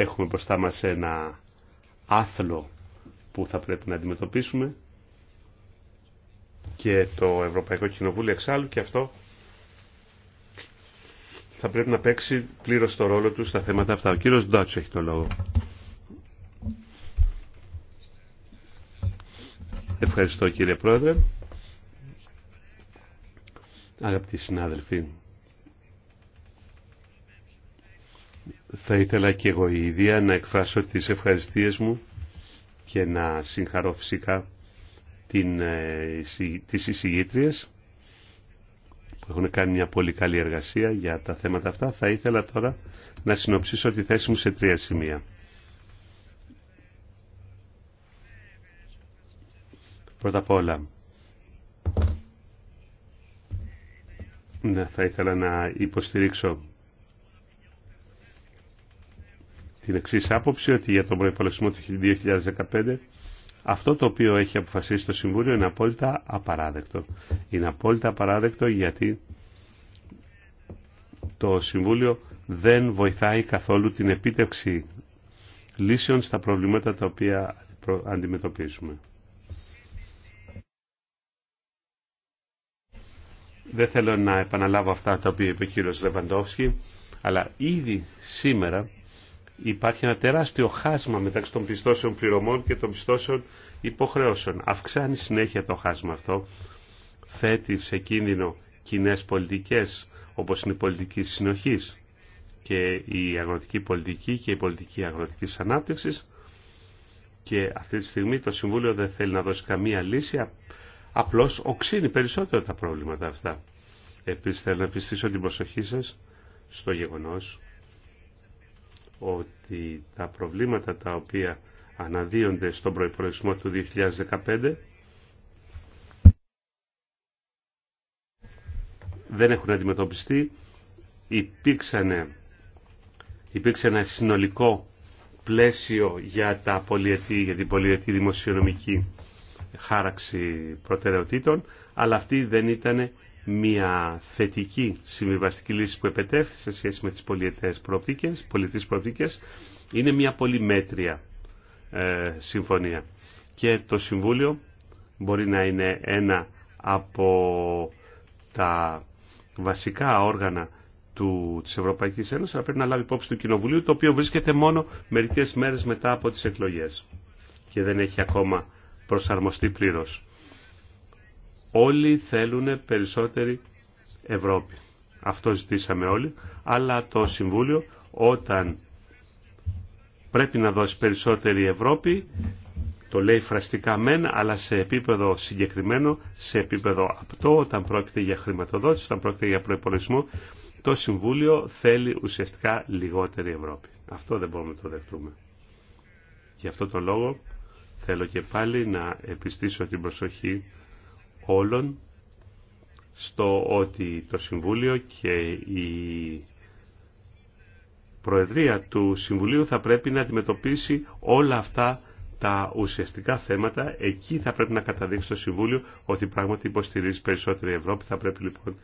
Έχουμε μπροστά μας ένα άθλο που θα πρέπει να αντιμετωπίσουμε και το Ευρωπαϊκό Κοινοβούλιο εξάλλου και αυτό θα πρέπει να παίξει πλήρως το ρόλο του στα θέματα αυτά. Ο κύριος Ντάτσο έχει το λόγο. Ευχαριστώ κύριε Πρόεδρε. Αγαπητοί συνάδελφοι, Θα ήθελα και εγώ η ίδια να εκφράσω τις ευχαριστίες μου και να συγχαρώ φυσικά την, ε, τις εισηγήτριες που έχουν κάνει μια πολύ καλή εργασία για τα θέματα αυτά. Θα ήθελα τώρα να συνοψίσω τη θέση μου σε τρία σημεία. Πρώτα απ' όλα, ναι, θα ήθελα να υποστηρίξω την εξή άποψη ότι για τον προπολογισμό του 2015 αυτό το οποίο έχει αποφασίσει το Συμβούλιο είναι απόλυτα απαράδεκτο. Είναι απόλυτα απαράδεκτο γιατί το Συμβούλιο δεν βοηθάει καθόλου την επίτευξη λύσεων στα προβλήματα τα οποία αντιμετωπίζουμε. Δεν θέλω να επαναλάβω αυτά τα οποία είπε ο κύριος Λεβαντόφσκι, αλλά ήδη σήμερα υπάρχει ένα τεράστιο χάσμα μεταξύ των πιστώσεων πληρωμών και των πιστώσεων υποχρεώσεων. Αυξάνει συνέχεια το χάσμα αυτό, θέτει σε κίνδυνο κοινέ πολιτικές όπως είναι η πολιτική συνοχής και η αγροτική πολιτική και η πολιτική αγροτικής ανάπτυξης και αυτή τη στιγμή το Συμβούλιο δεν θέλει να δώσει καμία λύση, απλώς οξύνει περισσότερο τα προβλήματα αυτά. Επίσης θέλω να επιστήσω την προσοχή σας στο γεγονός ότι τα προβλήματα τα οποία αναδύονται στον προϋπολογισμό του 2015 δεν έχουν αντιμετωπιστεί. υπήρξε ένα συνολικό πλαίσιο για, τα για την πολυετή δημοσιονομική χάραξη προτεραιοτήτων, αλλά αυτή δεν ήταν μια θετική συμβιβαστική λύση που επετέφθη σε σχέση με τις πολιτικές προοπτικές, πολιτικές είναι μια πολύ μέτρια ε, συμφωνία. Και το Συμβούλιο μπορεί να είναι ένα από τα βασικά όργανα του, της Ευρωπαϊκής Ένωσης, αλλά πρέπει να λάβει υπόψη του Κοινοβουλίου, το οποίο βρίσκεται μόνο μερικές μέρες μετά από τις εκλογές και δεν έχει ακόμα προσαρμοστεί πλήρως. Όλοι θέλουν περισσότερη Ευρώπη. Αυτό ζητήσαμε όλοι, αλλά το Συμβούλιο όταν πρέπει να δώσει περισσότερη Ευρώπη, το λέει φραστικά μεν, αλλά σε επίπεδο συγκεκριμένο, σε επίπεδο απτό, όταν πρόκειται για χρηματοδότηση, όταν πρόκειται για προπολογισμό, το Συμβούλιο θέλει ουσιαστικά λιγότερη Ευρώπη. Αυτό δεν μπορούμε να το δεχτούμε. Γι' αυτό τον λόγο θέλω και πάλι να επιστήσω την προσοχή όλων στο ότι το Συμβούλιο και η Προεδρία του Συμβουλίου θα πρέπει να αντιμετωπίσει όλα αυτά τα ουσιαστικά θέματα. Εκεί θα πρέπει να καταδείξει το Συμβούλιο ότι πράγματι υποστηρίζει περισσότερη Ευρώπη. Θα πρέπει λοιπόν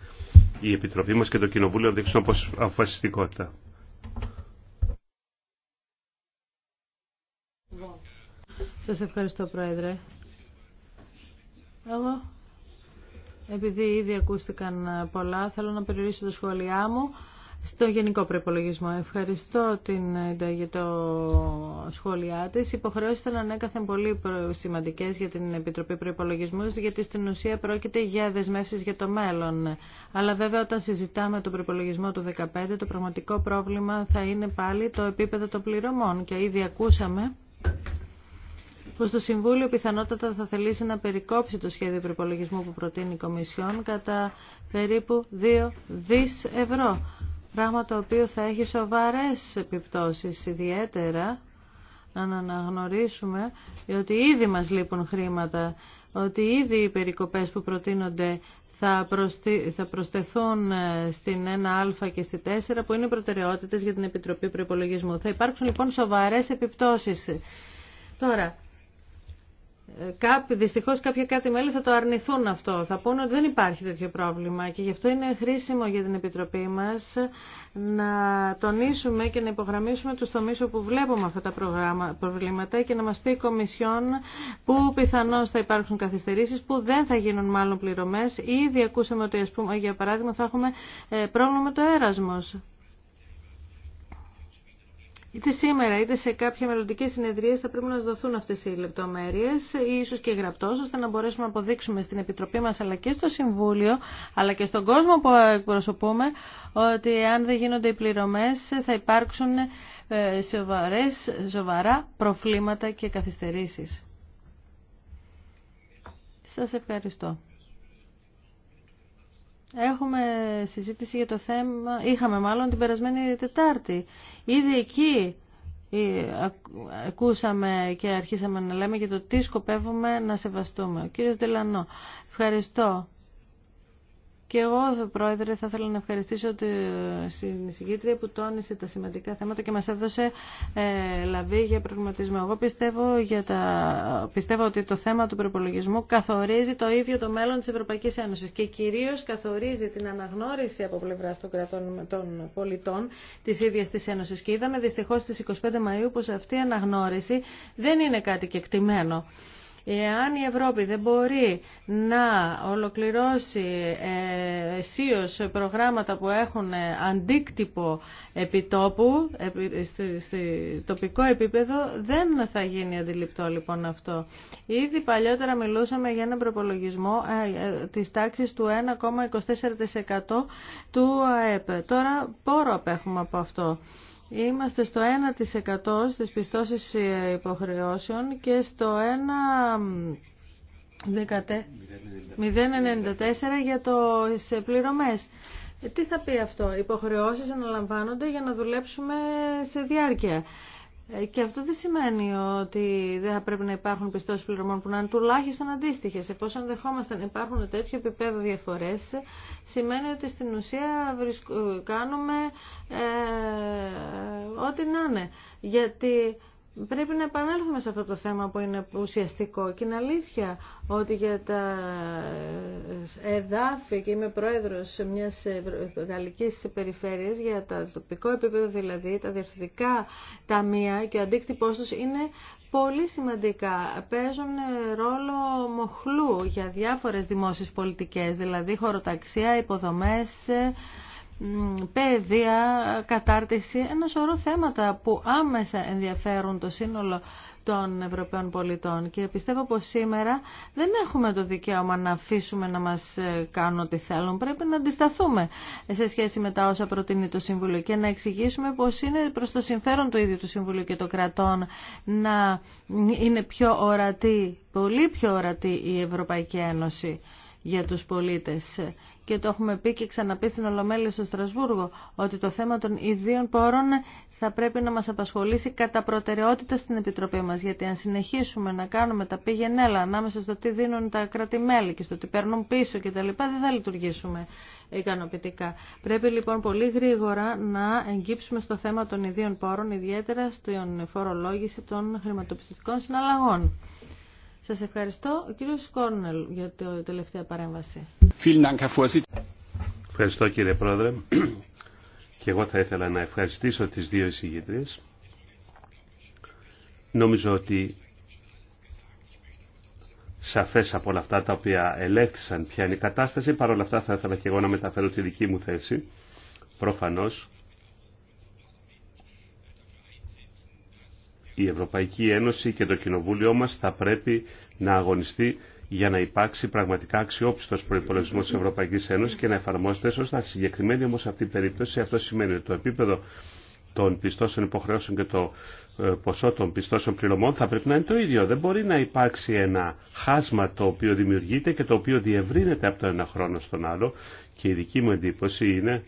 η Επιτροπή μας και το Κοινοβούλιο να δείξουν αποφασιστικότητα. Σας ευχαριστώ Πρόεδρε. Εγώ επειδή ήδη ακούστηκαν πολλά, θέλω να περιορίσω τα σχόλιά μου στο γενικό προπολογισμό. Ευχαριστώ την για το σχόλιά τη. Οι υποχρεώσει ήταν ανέκαθεν πολύ σημαντικέ για την Επιτροπή Προπολογισμού, γιατί στην ουσία πρόκειται για δεσμεύσει για το μέλλον. Αλλά βέβαια, όταν συζητάμε το προπολογισμό του 2015, το πραγματικό πρόβλημα θα είναι πάλι το επίπεδο των πληρωμών. Και ήδη ακούσαμε πως το Συμβούλιο πιθανότατα θα θελήσει να περικόψει το σχέδιο προπολογισμού που προτείνει η Κομισιόν κατά περίπου 2 δις ευρώ. Πράγμα το οποίο θα έχει σοβαρές επιπτώσεις, ιδιαίτερα να αναγνωρίσουμε ότι ήδη μας λείπουν χρήματα, ότι ήδη οι περικοπές που προτείνονται θα, θα προσθεθούν ε, στην 1α και στη 4 που είναι προτεραιότητες για την Επιτροπή Προϋπολογισμού. Θα υπάρξουν λοιπόν σοβαρές επιπτώσεις. Τώρα, Δυστυχώ κάποια κάτι μέλη θα το αρνηθούν αυτό. Θα πούνε ότι δεν υπάρχει τέτοιο πρόβλημα και γι' αυτό είναι χρήσιμο για την Επιτροπή μα να τονίσουμε και να υπογραμμίσουμε του τομεί όπου βλέπουμε αυτά τα προβλήματα και να μα πει η Κομισιόν που πιθανώ θα υπάρξουν καθυστερήσει, που δεν θα γίνουν μάλλον πληρωμέ. Ήδη ακούσαμε ότι, για παράδειγμα, θα έχουμε ε, πρόβλημα με το έρασμο. Είτε σήμερα είτε σε κάποια μελλοντικέ συνεδρία θα πρέπει να δοθούν αυτέ οι λεπτομέρειε, ίσω και γραπτό, ώστε να μπορέσουμε να αποδείξουμε στην Επιτροπή μα αλλά και στο Συμβούλιο, αλλά και στον κόσμο που εκπροσωπούμε, ότι αν δεν γίνονται οι πληρωμέ θα υπάρξουν ε, σοβαρές, σοβαρά προβλήματα και καθυστερήσει. Σας ευχαριστώ. Έχουμε συζήτηση για το θέμα, είχαμε μάλλον την περασμένη Τετάρτη. Ήδη εκεί ε, ακούσαμε και αρχίσαμε να λέμε για το τι σκοπεύουμε να σεβαστούμε. Ο κύριος Δελανό, ευχαριστώ. Και εγώ, Πρόεδρε, θα ήθελα να ευχαριστήσω τη συγκήτρια που τόνισε τα σημαντικά θέματα και μας έδωσε ε, λαβή για προγραμματισμό. Εγώ πιστεύω, για τα... πιστεύω ότι το θέμα του προπολογισμού καθορίζει το ίδιο το μέλλον της Ευρωπαϊκής Ένωσης και κυρίως καθορίζει την αναγνώριση από πλευρά των κρατών των πολιτών της ίδιας της Ένωσης. Και είδαμε δυστυχώς στις 25 Μαΐου πως αυτή η αναγνώριση δεν είναι κάτι κεκτημένο. Εάν η Ευρώπη δεν μπορεί να ολοκληρώσει ε, αισίως προγράμματα που έχουν ε, αντίκτυπο επιτόπου, στο τοπικό επίπεδο, δεν θα γίνει αντιληπτό λοιπόν αυτό. Ήδη παλιότερα μιλούσαμε για έναν προπολογισμό ε, της τάξης του 1,24% του ΑΕΠ. Τώρα πόρο απέχουμε από αυτό. Είμαστε στο 1% στις πιστώσεις ε, υποχρεώσεων και στο 0,94% για το πληρωμές. Ε, τι θα πει αυτό, οι υποχρεώσεις αναλαμβάνονται για να δουλέψουμε σε διάρκεια. Ε, και αυτό δεν σημαίνει ότι δεν θα πρέπει να υπάρχουν πιστώσει πληρωμών που να είναι τουλάχιστον αντίστοιχε. Εφόσον να υπάρχουν τέτοιο επιπέδου διαφορέ, σημαίνει ότι στην ουσία κάνουμε ε, ό,τι να είναι. Γιατί Πρέπει να επανέλθουμε σε αυτό το θέμα που είναι ουσιαστικό και είναι αλήθεια ότι για τα ε, εδάφη και είμαι πρόεδρος μιας ε, ε, γαλλικής περιφέρειας για τα τοπικό επίπεδο δηλαδή, τα διευθυντικά ταμεία και ο αντίκτυπός τους είναι πολύ σημαντικά. Παίζουν ρόλο μοχλού για διάφορες δημόσιες πολιτικές, δηλαδή χωροταξία, υποδομές, παιδεία, κατάρτιση, ένα σωρό θέματα που άμεσα ενδιαφέρουν το σύνολο των Ευρωπαίων πολιτών και πιστεύω πως σήμερα δεν έχουμε το δικαίωμα να αφήσουμε να μας ε, κάνουν ό,τι θέλουν. Πρέπει να αντισταθούμε σε σχέση με τα όσα προτείνει το Συμβούλιο και να εξηγήσουμε πως είναι προς το συμφέρον του ίδιου του Συμβουλίου και των κρατών να είναι πιο ορατή, πολύ πιο ορατή η Ευρωπαϊκή Ένωση για τους πολίτες και το έχουμε πει και ξαναπεί στην Ολομέλεια στο Στρασβούργο, ότι το θέμα των ιδίων πόρων θα πρέπει να μας απασχολήσει κατά προτεραιότητα στην Επιτροπή μας, γιατί αν συνεχίσουμε να κάνουμε τα πηγενέλα ανάμεσα στο τι δίνουν τα κρατημέλη και στο τι παίρνουν πίσω κτλ, δεν θα λειτουργήσουμε ικανοποιητικά. Πρέπει λοιπόν πολύ γρήγορα να εγγύψουμε στο θέμα των ιδίων πόρων, ιδιαίτερα στην φορολόγηση των χρηματοπιστωτικών συναλλαγών. Σας ευχαριστώ. Ο κύριος Κόρνελ για την τελευταία παρέμβαση. Ευχαριστώ κύριε Πρόεδρε. Και εγώ θα ήθελα να ευχαριστήσω τις δύο εισηγητρίες. Νομίζω ότι σαφές από όλα αυτά τα οποία ελέγχθησαν ποια είναι η κατάσταση. Παρ' όλα αυτά θα ήθελα και εγώ να μεταφέρω τη δική μου θέση. Προφανώς η Ευρωπαϊκή Ένωση και το Κοινοβούλιο μας θα πρέπει να αγωνιστεί για να υπάρξει πραγματικά αξιόπιστος προϋπολογισμός της Ευρωπαϊκής Ένωσης και να εφαρμόζεται σωστά. Συγκεκριμένη όμως αυτή η περίπτωση, αυτό σημαίνει ότι το επίπεδο των πιστώσεων υποχρεώσεων και το ε, ποσό των πιστώσεων πληρωμών θα πρέπει να είναι το ίδιο. Δεν μπορεί να υπάρξει ένα χάσμα το οποίο δημιουργείται και το οποίο διευρύνεται από το ένα χρόνο στον άλλο και η δική μου εντύπωση είναι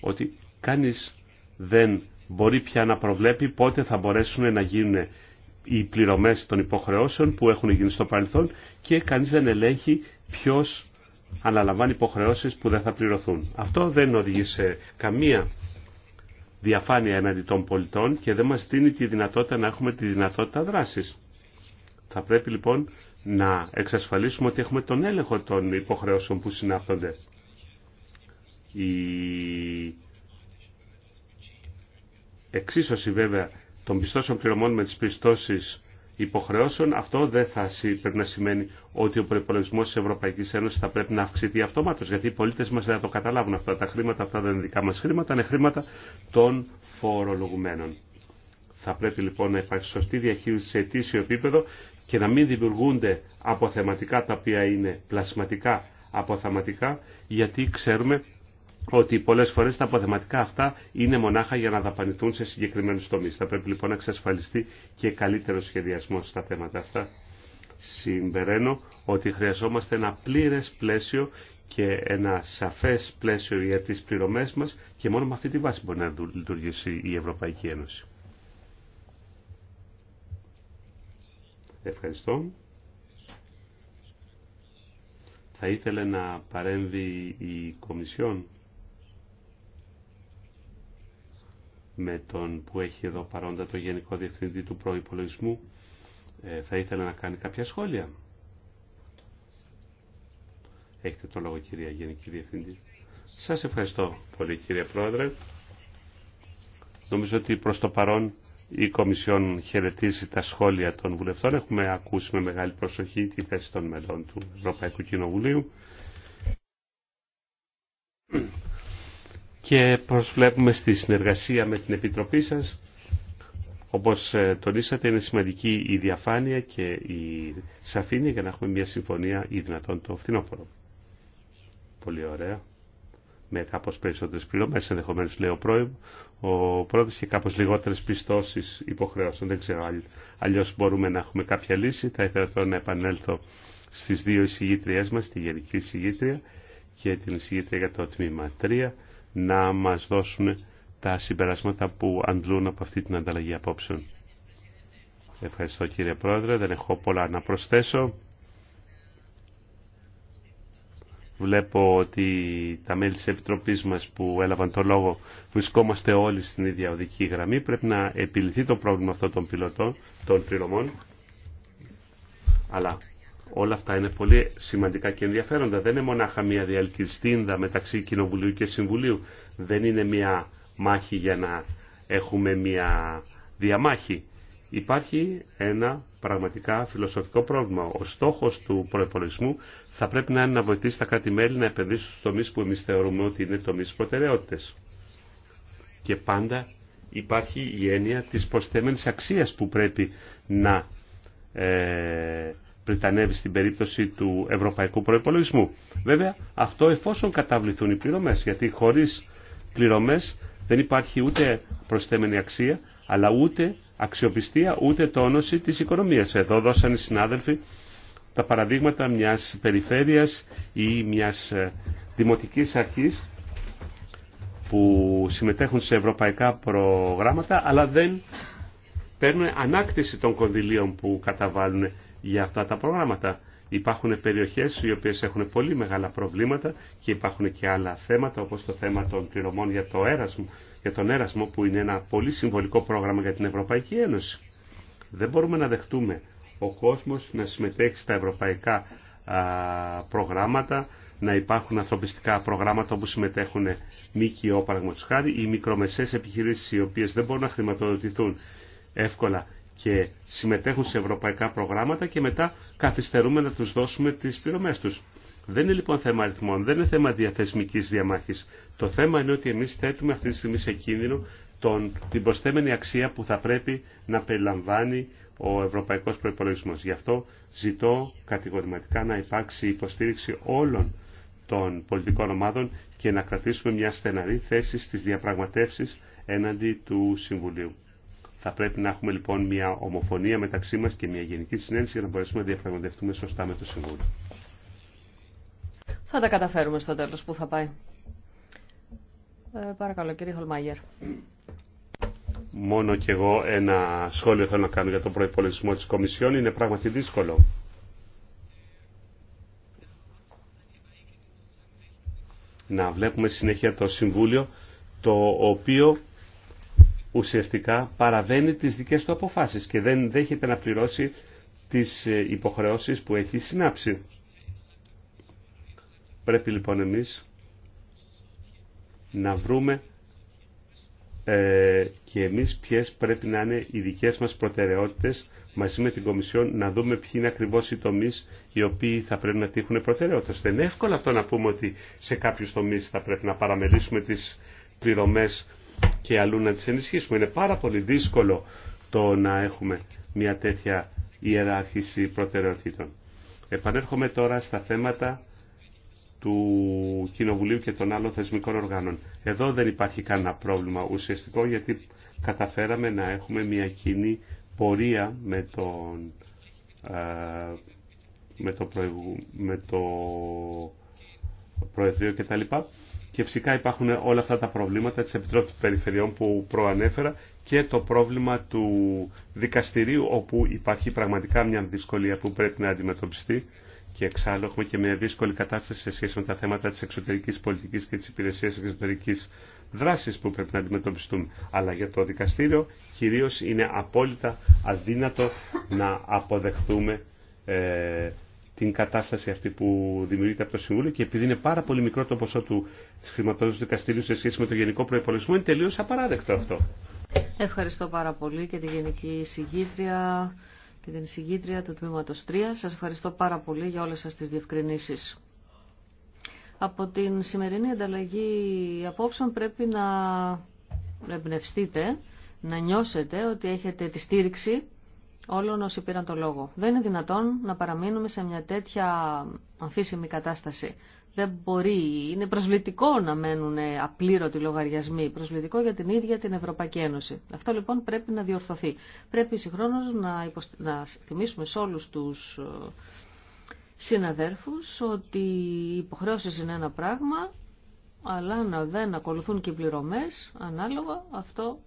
ότι κανείς δεν μπορεί πια να προβλέπει πότε θα μπορέσουν να γίνουν οι πληρωμές των υποχρεώσεων που έχουν γίνει στο παρελθόν και κανείς δεν ελέγχει ποιος αναλαμβάνει υποχρεώσεις που δεν θα πληρωθούν. Αυτό δεν οδηγεί σε καμία διαφάνεια έναντι των πολιτών και δεν μας δίνει τη δυνατότητα να έχουμε τη δυνατότητα δράσης. Θα πρέπει λοιπόν να εξασφαλίσουμε ότι έχουμε τον έλεγχο των υποχρεώσεων που συνάπτονται εξίσωση βέβαια των πιστώσεων πληρωμών με τις πιστώσεις υποχρεώσεων, αυτό δεν θα πρέπει να σημαίνει ότι ο προπολογισμό τη Ευρωπαϊκή Ένωση θα πρέπει να αυξηθεί αυτομάτω. Γιατί οι πολίτε μα δεν θα το καταλάβουν αυτά. Τα χρήματα αυτά δεν είναι δικά μα χρήματα, είναι χρήματα των φορολογουμένων. Θα πρέπει λοιπόν να υπάρχει σωστή διαχείριση σε αιτήσιο επίπεδο και να μην δημιουργούνται αποθεματικά τα οποία είναι πλασματικά αποθεματικά, γιατί ξέρουμε ότι πολλέ φορέ τα αποθεματικά αυτά είναι μονάχα για να δαπανηθούν σε συγκεκριμένου τομεί. Θα πρέπει λοιπόν να εξασφαλιστεί και καλύτερο σχεδιασμό στα θέματα αυτά. Συμπεραίνω ότι χρειαζόμαστε ένα πλήρε πλαίσιο και ένα σαφέ πλαίσιο για τι πληρωμέ μα και μόνο με αυτή τη βάση μπορεί να λειτουργήσει η Ευρωπαϊκή Ένωση. Ευχαριστώ. Θα ήθελε να παρέμβει η Κομισιόν. με τον που έχει εδώ παρόντα το Γενικό Διευθυντή του Προϋπολογισμού. Ε, θα ήθελα να κάνει κάποια σχόλια. Έχετε το λόγο κυρία Γενική Διευθυντή. Σας ευχαριστώ πολύ κύριε Πρόεδρε. Νομίζω ότι προς το παρόν η Κομισιόν χαιρετίζει τα σχόλια των βουλευτών. Έχουμε ακούσει με μεγάλη προσοχή τη θέση των μελών του Ευρωπαϊκού Κοινοβουλίου και προσβλέπουμε στη συνεργασία με την Επιτροπή σας. Όπως ε, τονίσατε είναι σημαντική η διαφάνεια και η σαφήνεια για να έχουμε μια συμφωνία ή δυνατόν το φθινόπωρο. Πολύ ωραία. Με κάπως περισσότερες πληρωμές ενδεχομένως λέει ο πρόεδρος και κάπως λιγότερες πιστώσεις υποχρεώσεων. Δεν ξέρω αλλιώ μπορούμε να έχουμε κάποια λύση. Θα ήθελα τώρα να επανέλθω στις δύο εισηγήτριές μας, τη Γενική Εισηγήτρια και την εισηγήτρια για το τμήμα 3 να μας δώσουν τα συμπεράσματα που αντλούν από αυτή την ανταλλαγή απόψεων. Ευχαριστώ κύριε Πρόεδρε, δεν έχω πολλά να προσθέσω. Βλέπω ότι τα μέλη της Επιτροπής μας που έλαβαν το λόγο βρισκόμαστε όλοι στην ίδια οδική γραμμή. Πρέπει να επιληθεί το πρόβλημα αυτό των πιλωτών, των πληρωμών. Αλλά Όλα αυτά είναι πολύ σημαντικά και ενδιαφέροντα. Δεν είναι μονάχα μια διαλκυστίνδα μεταξύ Κοινοβουλίου και Συμβουλίου. Δεν είναι μια μάχη για να έχουμε μια διαμάχη. Υπάρχει ένα πραγματικά φιλοσοφικό πρόβλημα. Ο στόχος του προπολογισμού θα πρέπει να είναι να βοηθήσει τα κράτη-μέλη να επενδύσουν στους τομείς που εμείς θεωρούμε ότι είναι τομείς προτεραιότητες. Και πάντα υπάρχει η έννοια της προσθέμενης αξίας που πρέπει να ε, πριτανεύει στην περίπτωση του ευρωπαϊκού προϋπολογισμού. Βέβαια, αυτό εφόσον καταβληθούν οι πληρωμές, γιατί χωρίς πληρωμές δεν υπάρχει ούτε προσθέμενη αξία, αλλά ούτε αξιοπιστία, ούτε τόνωση της οικονομίας. Εδώ δώσαν οι συνάδελφοι τα παραδείγματα μιας περιφέρειας ή μιας ε, δημοτικής αρχής που συμμετέχουν σε ευρωπαϊκά προγράμματα αλλά δεν παίρνουν ανάκτηση των κονδυλίων που καταβάλουν για αυτά τα προγράμματα. Υπάρχουν περιοχές οι οποίες έχουν πολύ μεγάλα προβλήματα και υπάρχουν και άλλα θέματα όπως το θέμα των πληρωμών για, το έρασμο, για τον έρασμο που είναι ένα πολύ συμβολικό πρόγραμμα για την Ευρωπαϊκή Ένωση. Δεν μπορούμε να δεχτούμε ο κόσμος να συμμετέχει στα ευρωπαϊκά προγράμματα, να υπάρχουν ανθρωπιστικά προγράμματα όπου συμμετέχουν ΜΚΟ παραγματικά χάρη ή μικρομεσαίες επιχειρήσεις οι οποίες δεν μπορούν να χρηματοδοτηθούν εύκολα και συμμετέχουν σε ευρωπαϊκά προγράμματα και μετά καθυστερούμε να τους δώσουμε τις πληρωμές τους. Δεν είναι λοιπόν θέμα αριθμών, δεν είναι θέμα διαθεσμικής διαμάχης. Το θέμα είναι ότι εμείς θέτουμε αυτή τη στιγμή σε κίνδυνο τον, την προσθέμενη αξία που θα πρέπει να περιλαμβάνει ο ευρωπαϊκός προϋπολογισμός. Γι' αυτό ζητώ κατηγορηματικά να υπάρξει υποστήριξη όλων των πολιτικών ομάδων και να κρατήσουμε μια στεναρή θέση στις διαπραγματεύσεις έναντι του Συμβουλίου. Θα πρέπει να έχουμε λοιπόν μια ομοφωνία μεταξύ μας και μια γενική συνέντευξη για να μπορέσουμε να διαπραγματευτούμε σωστά με το Συμβούλιο. Θα τα καταφέρουμε στο τέλος που θα πάει. Ε, παρακαλώ κύριε Χολμάγερ. Μόνο κι εγώ ένα σχόλιο θέλω να κάνω για τον προπολογισμό της Κομισιόν. Είναι πράγματι δύσκολο. Να βλέπουμε συνέχεια το Συμβούλιο το οποίο ουσιαστικά παραβαίνει τις δικές του αποφάσεις και δεν δέχεται να πληρώσει τις ε, υποχρεώσεις που έχει συνάψει. Πρέπει λοιπόν εμείς να βρούμε ε, και εμείς ποιες πρέπει να είναι οι δικές μας προτεραιότητες μαζί με την Κομισιόν να δούμε ποιοι είναι ακριβώς οι τομείς οι οποίοι θα πρέπει να τύχουν προτεραιότητες. Δεν είναι εύκολο αυτό να πούμε ότι σε κάποιους τομείς θα πρέπει να παραμελήσουμε τις πληρωμές και αλλού να τις ενισχύσουμε. Είναι πάρα πολύ δύσκολο το να έχουμε μια τέτοια ιεράρχηση προτεραιοτήτων. Επανέρχομαι τώρα στα θέματα του Κοινοβουλίου και των άλλων θεσμικών οργάνων. Εδώ δεν υπάρχει κανένα πρόβλημα ουσιαστικό γιατί καταφέραμε να έχουμε μια κοινή πορεία με τον, ε, το, προηγου, με το Προεδρείο κτλ. Και φυσικά υπάρχουν όλα αυτά τα προβλήματα της Επιτρόπης Περιφερειών που προανέφερα και το πρόβλημα του δικαστηρίου όπου υπάρχει πραγματικά μια δυσκολία που πρέπει να αντιμετωπιστεί και εξάλλου έχουμε και μια δύσκολη κατάσταση σε σχέση με τα θέματα της εξωτερικής πολιτικής και τη υπηρεσίας εξωτερικής δράσης που πρέπει να αντιμετωπιστούν. Αλλά για το δικαστήριο κυρίως είναι απόλυτα αδύνατο να αποδεχθούμε ε, την κατάσταση αυτή που δημιουργείται από το Συμβούλιο και επειδή είναι πάρα πολύ μικρό το ποσό του χρηματοδότηση του δικαστηρίου σε σχέση με το γενικό προπολογισμό, είναι τελείω απαράδεκτο αυτό. Ευχαριστώ πάρα πολύ και την Γενική Συγγήτρια και την Συγγήτρια του Τμήματο 3. Σα ευχαριστώ πάρα πολύ για όλε σα τι διευκρινήσει. Από την σημερινή ανταλλαγή απόψεων πρέπει να εμπνευστείτε, να νιώσετε ότι έχετε τη στήριξη όλων όσοι πήραν το λόγο. Δεν είναι δυνατόν να παραμείνουμε σε μια τέτοια αμφίσιμη κατάσταση. Δεν μπορεί, είναι προσβλητικό να μένουν απλήρωτοι λογαριασμοί, προσβλητικό για την ίδια την Ευρωπαϊκή Ένωση. Αυτό λοιπόν πρέπει να διορθωθεί. Πρέπει συγχρόνως να, να θυμίσουμε σε όλους τους ε, συναδέρφους ότι οι υποχρεώσεις είναι ένα πράγμα, αλλά να δεν ακολουθούν και οι πληρωμές, ανάλογα αυτό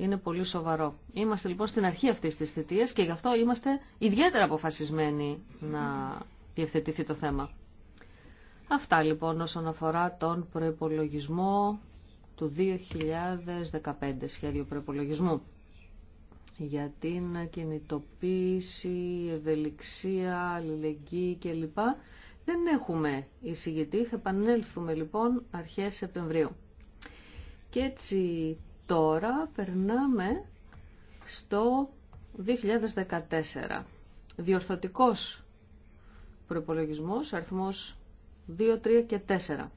είναι πολύ σοβαρό. Είμαστε λοιπόν στην αρχή αυτής της θητείας και γι' αυτό είμαστε ιδιαίτερα αποφασισμένοι να διευθετηθεί το θέμα. Αυτά λοιπόν όσον αφορά τον προπολογισμό του 2015, σχέδιο προπολογισμού για την κινητοποίηση, ευελιξία, αλληλεγγύη κλπ. Δεν έχουμε εισηγητή, θα επανέλθουμε λοιπόν αρχές Σεπτεμβρίου. Και έτσι Τώρα περνάμε στο 2014. Διορθωτικός προϋπολογισμός, αριθμός 2, 3 και 4.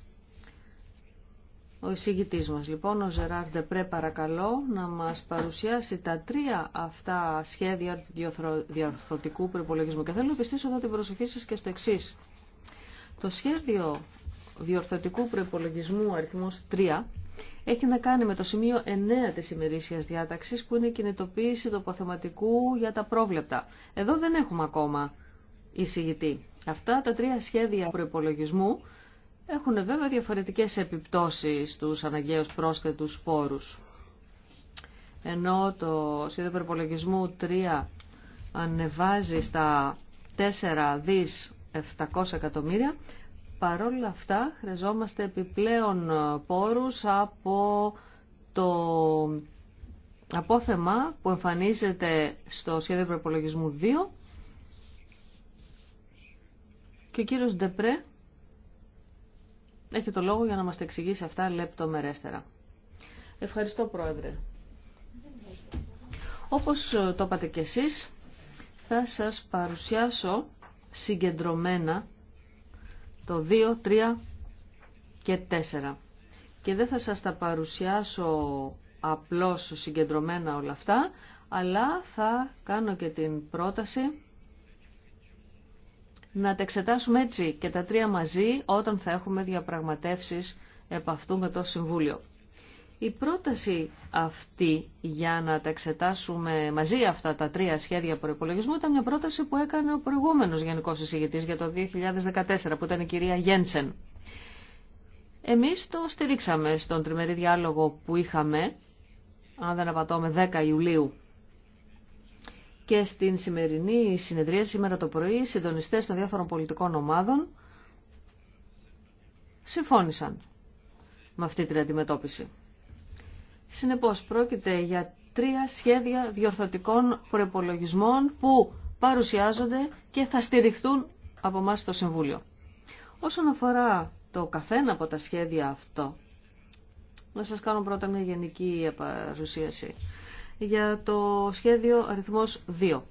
Ο εισηγητής μας λοιπόν, ο Ζεράρ Ντεπρέ παρακαλώ να μας παρουσιάσει τα τρία αυτά σχέδια διορθωτικού προϋπολογισμού. Και θέλω να πιστήσω εδώ την προσοχή σας και στο εξή. Το σχέδιο διορθωτικού προϋπολογισμού αριθμός 3 έχει να κάνει με το σημείο 9 της ημερήσιας διάταξης που είναι η κινητοποίηση του αποθεματικού για τα πρόβλεπτα. Εδώ δεν έχουμε ακόμα εισηγητή. Αυτά τα τρία σχέδια προπολογισμού έχουν βέβαια διαφορετικές επιπτώσεις στους αναγκαίους πρόσθετους πόρους. Ενώ το σχέδιο προπολογισμού 3 ανεβάζει στα 4 δις 700 εκατομμύρια, Παρόλα αυτά χρειαζόμαστε επιπλέον ε, πόρους από το απόθεμα που εμφανίζεται στο σχέδιο προπολογισμού 2 και ο κύριος Ντεπρέ έχει το λόγο για να μας τα εξηγήσει αυτά λεπτομερέστερα. Ευχαριστώ Πρόεδρε. Όπως ε, το είπατε και εσείς, θα σας παρουσιάσω συγκεντρωμένα το 2, 3 και 4. Και δεν θα σας τα παρουσιάσω απλώς συγκεντρωμένα όλα αυτά, αλλά θα κάνω και την πρόταση να τα εξετάσουμε έτσι και τα τρία μαζί όταν θα έχουμε διαπραγματεύσεις επ' αυτού με το Συμβούλιο. Η πρόταση αυτή για να τα εξετάσουμε μαζί αυτά τα τρία σχέδια προπολογισμού ήταν μια πρόταση που έκανε ο προηγούμενος Γενικός Εισηγητής για το 2014 που ήταν η κυρία Γένσεν. Εμείς το στηρίξαμε στον τριμερή διάλογο που είχαμε, αν δεν απατώμε 10 Ιουλίου. Και στην σημερινή συνεδρία σήμερα το πρωί οι συντονιστές των διάφορων πολιτικών ομάδων συμφώνησαν με αυτή την αντιμετώπιση. Συνεπώς πρόκειται για τρία σχέδια διορθωτικών προπολογισμών που παρουσιάζονται και θα στηριχτούν από εμά στο Συμβούλιο. Όσον αφορά το καθένα από τα σχέδια αυτό, να σας κάνω πρώτα μια γενική παρουσίαση για το σχέδιο αριθμός 2.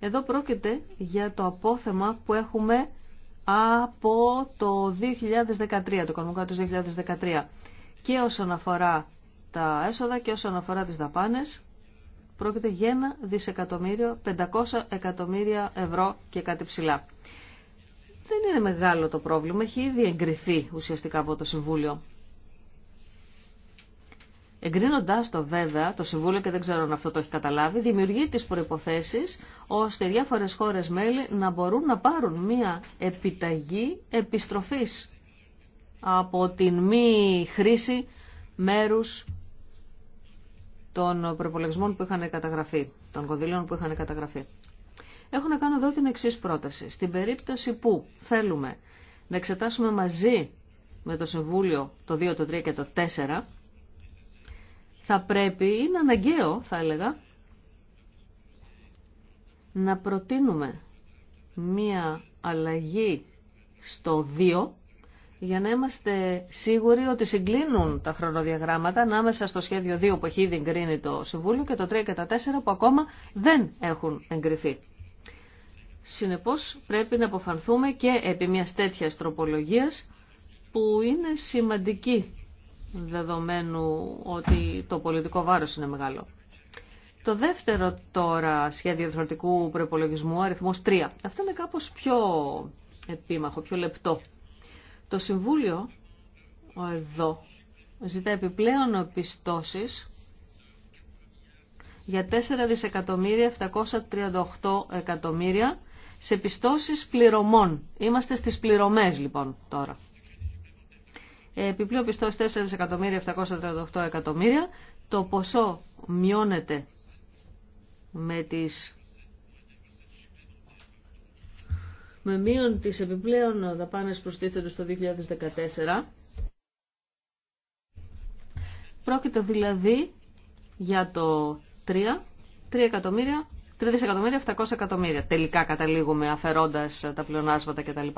Εδώ πρόκειται για το απόθεμα που έχουμε από το 2013, το οικονομικό του 2013. Και όσον αφορά τα έσοδα και όσον αφορά τις δαπάνες πρόκειται για ένα δισεκατομμύριο, 500 εκατομμύρια ευρώ και κάτι ψηλά. Δεν είναι μεγάλο το πρόβλημα, έχει ήδη εγκριθεί ουσιαστικά από το Συμβούλιο. Εγκρίνοντά το βέβαια, το Συμβούλιο και δεν ξέρω αν αυτό το έχει καταλάβει, δημιουργεί τι προποθέσει ώστε διάφορε χώρε μέλη να μπορούν να πάρουν μια επιταγή επιστροφή από την μη χρήση μέρους των προπολογισμών που είχαν καταγραφεί, των κονδυλίων που είχαν καταγραφεί. Έχω να κάνω εδώ την εξή πρόταση. Στην περίπτωση που θέλουμε να εξετάσουμε μαζί με το Συμβούλιο το 2, το 3 και το 4, θα πρέπει, είναι αναγκαίο θα έλεγα, να προτείνουμε μία αλλαγή στο 2 για να είμαστε σίγουροι ότι συγκλίνουν τα χρονοδιαγράμματα ανάμεσα στο σχέδιο 2 που έχει ήδη εγκρίνει το Συμβούλιο και το 3 και τα 4 που ακόμα δεν έχουν εγκριθεί. Συνεπώς πρέπει να αποφανθούμε και επί μια τέτοια τροπολογίας που είναι σημαντική δεδομένου ότι το πολιτικό βάρος είναι μεγάλο. Το δεύτερο τώρα σχέδιο διευθυντικού προπολογισμού αριθμός 3. Αυτό είναι κάπως πιο επίμαχο, πιο λεπτό το Συμβούλιο εδώ ζητά επιπλέον πιστώσεις για 4 δισεκατομμύρια 738 εκατομμύρια σε πιστώσεις πληρωμών. Είμαστε στις πληρωμές λοιπόν τώρα. Επιπλέον πιστώσεις 4 δισεκατομμύρια 738 εκατομμύρια. Το ποσό μειώνεται με τις με μείον τις επιπλέον δαπάνες προστίθεται στο 2014. Πρόκειται δηλαδή για το 3, 3 εκατομμύρια 3 δισεκατομμύρια, 700 εκατομμύρια. Τελικά καταλήγουμε αφαιρώντας τα πλεονάσματα κτλ.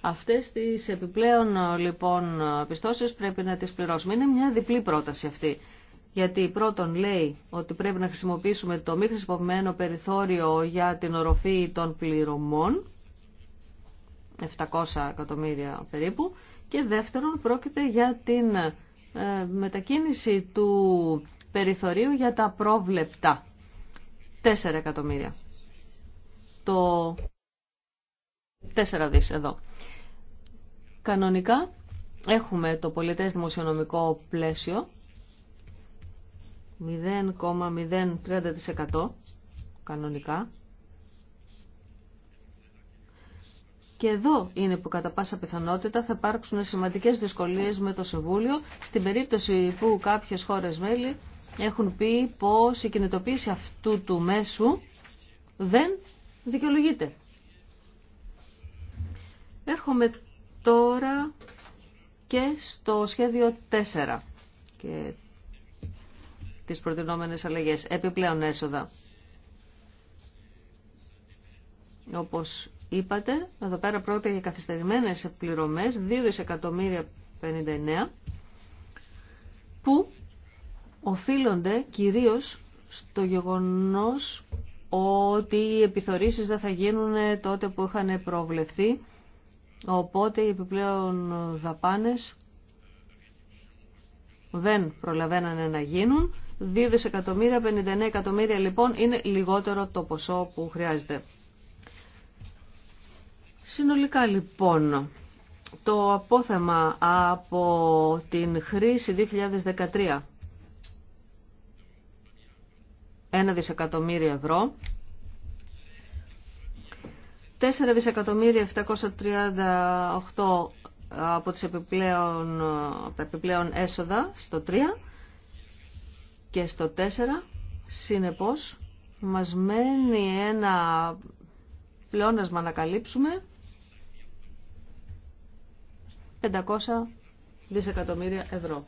Αυτές τις επιπλέον λοιπόν πιστώσεις πρέπει να τις πληρώσουμε. Είναι μια διπλή πρόταση αυτή. Γιατί πρώτον λέει ότι πρέπει να χρησιμοποιήσουμε το μη χρησιμοποιημένο περιθώριο για την οροφή των πληρωμών 700 εκατομμύρια περίπου. Και δεύτερον πρόκειται για την ε, μετακίνηση του περιθωρίου για τα πρόβλεπτα. 4 εκατομμύρια. Το 4 δις εδώ. Κανονικά έχουμε το πολιτές δημοσιονομικό πλαίσιο 0,030% κανονικά Και εδώ είναι που κατά πάσα πιθανότητα θα υπάρξουν σημαντικές δυσκολίες με το Συμβούλιο στην περίπτωση που κάποιες χώρες μέλη έχουν πει πως η κινητοποίηση αυτού του μέσου δεν δικαιολογείται. Έρχομαι τώρα και στο σχέδιο 4 και τις προτινόμενες αλλαγές επιπλέον έσοδα. Όπως Είπατε, εδώ πέρα πρόκειται για καθυστερημένες πληρωμές, 2 δισεκατομμύρια 59, που οφείλονται κυρίως στο γεγονός ότι οι επιθωρήσεις δεν θα γίνουν τότε που είχαν προβλεφθεί, οπότε οι επιπλέον δαπάνες δεν προλαβαίνανε να γίνουν. 2 δισεκατομμύρια, 59 εκατομμύρια λοιπόν είναι λιγότερο το ποσό που χρειάζεται. Συνολικά λοιπόν, το απόθεμα από την χρήση 2013 1 δισεκατομμύριο ευρώ 4 δισεκατομμύρια 738 από, τις επιπλέον, τα επιπλέον έσοδα στο 3 και στο 4 συνεπώς μας μένει ένα πλεόνασμα να καλύψουμε 500 δισεκατομμύρια ευρώ.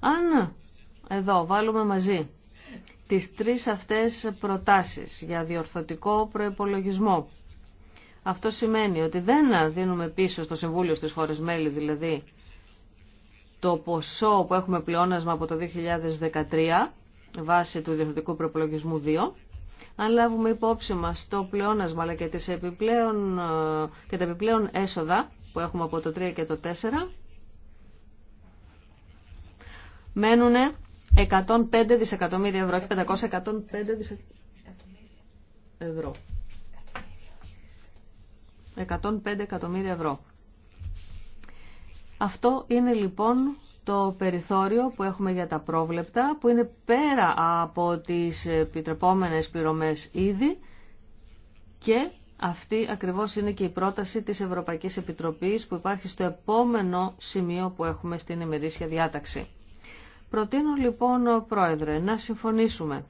Αν εδώ βάλουμε μαζί τις τρεις αυτές προτάσεις για διορθωτικό προϋπολογισμό, αυτό σημαίνει ότι δεν δίνουμε πίσω στο Συμβούλιο στις χώρες μέλη δηλαδή το ποσό που έχουμε πλεόνασμα από το 2013 βάσει του διορθωτικού προϋπολογισμού 2, αν λάβουμε υπόψη μας το πλεόνασμα αλλά και, τις επιπλέον, ε, και τα επιπλέον έσοδα που έχουμε από το 3 και το 4, μένουν 105 δισεκατομμύρια ευρώ. Έχει 105 δισεκατομμύρια ευρώ. 105 εκατομμύρια ευρώ. Αυτό είναι λοιπόν το περιθώριο που έχουμε για τα πρόβλεπτα, που είναι πέρα από τις επιτρεπόμενες πληρωμές ήδη και αυτή ακριβώς είναι και η πρόταση της Ευρωπαϊκής Επιτροπής που υπάρχει στο επόμενο σημείο που έχουμε στην ημερήσια διάταξη. Προτείνω λοιπόν, Πρόεδρε, να συμφωνήσουμε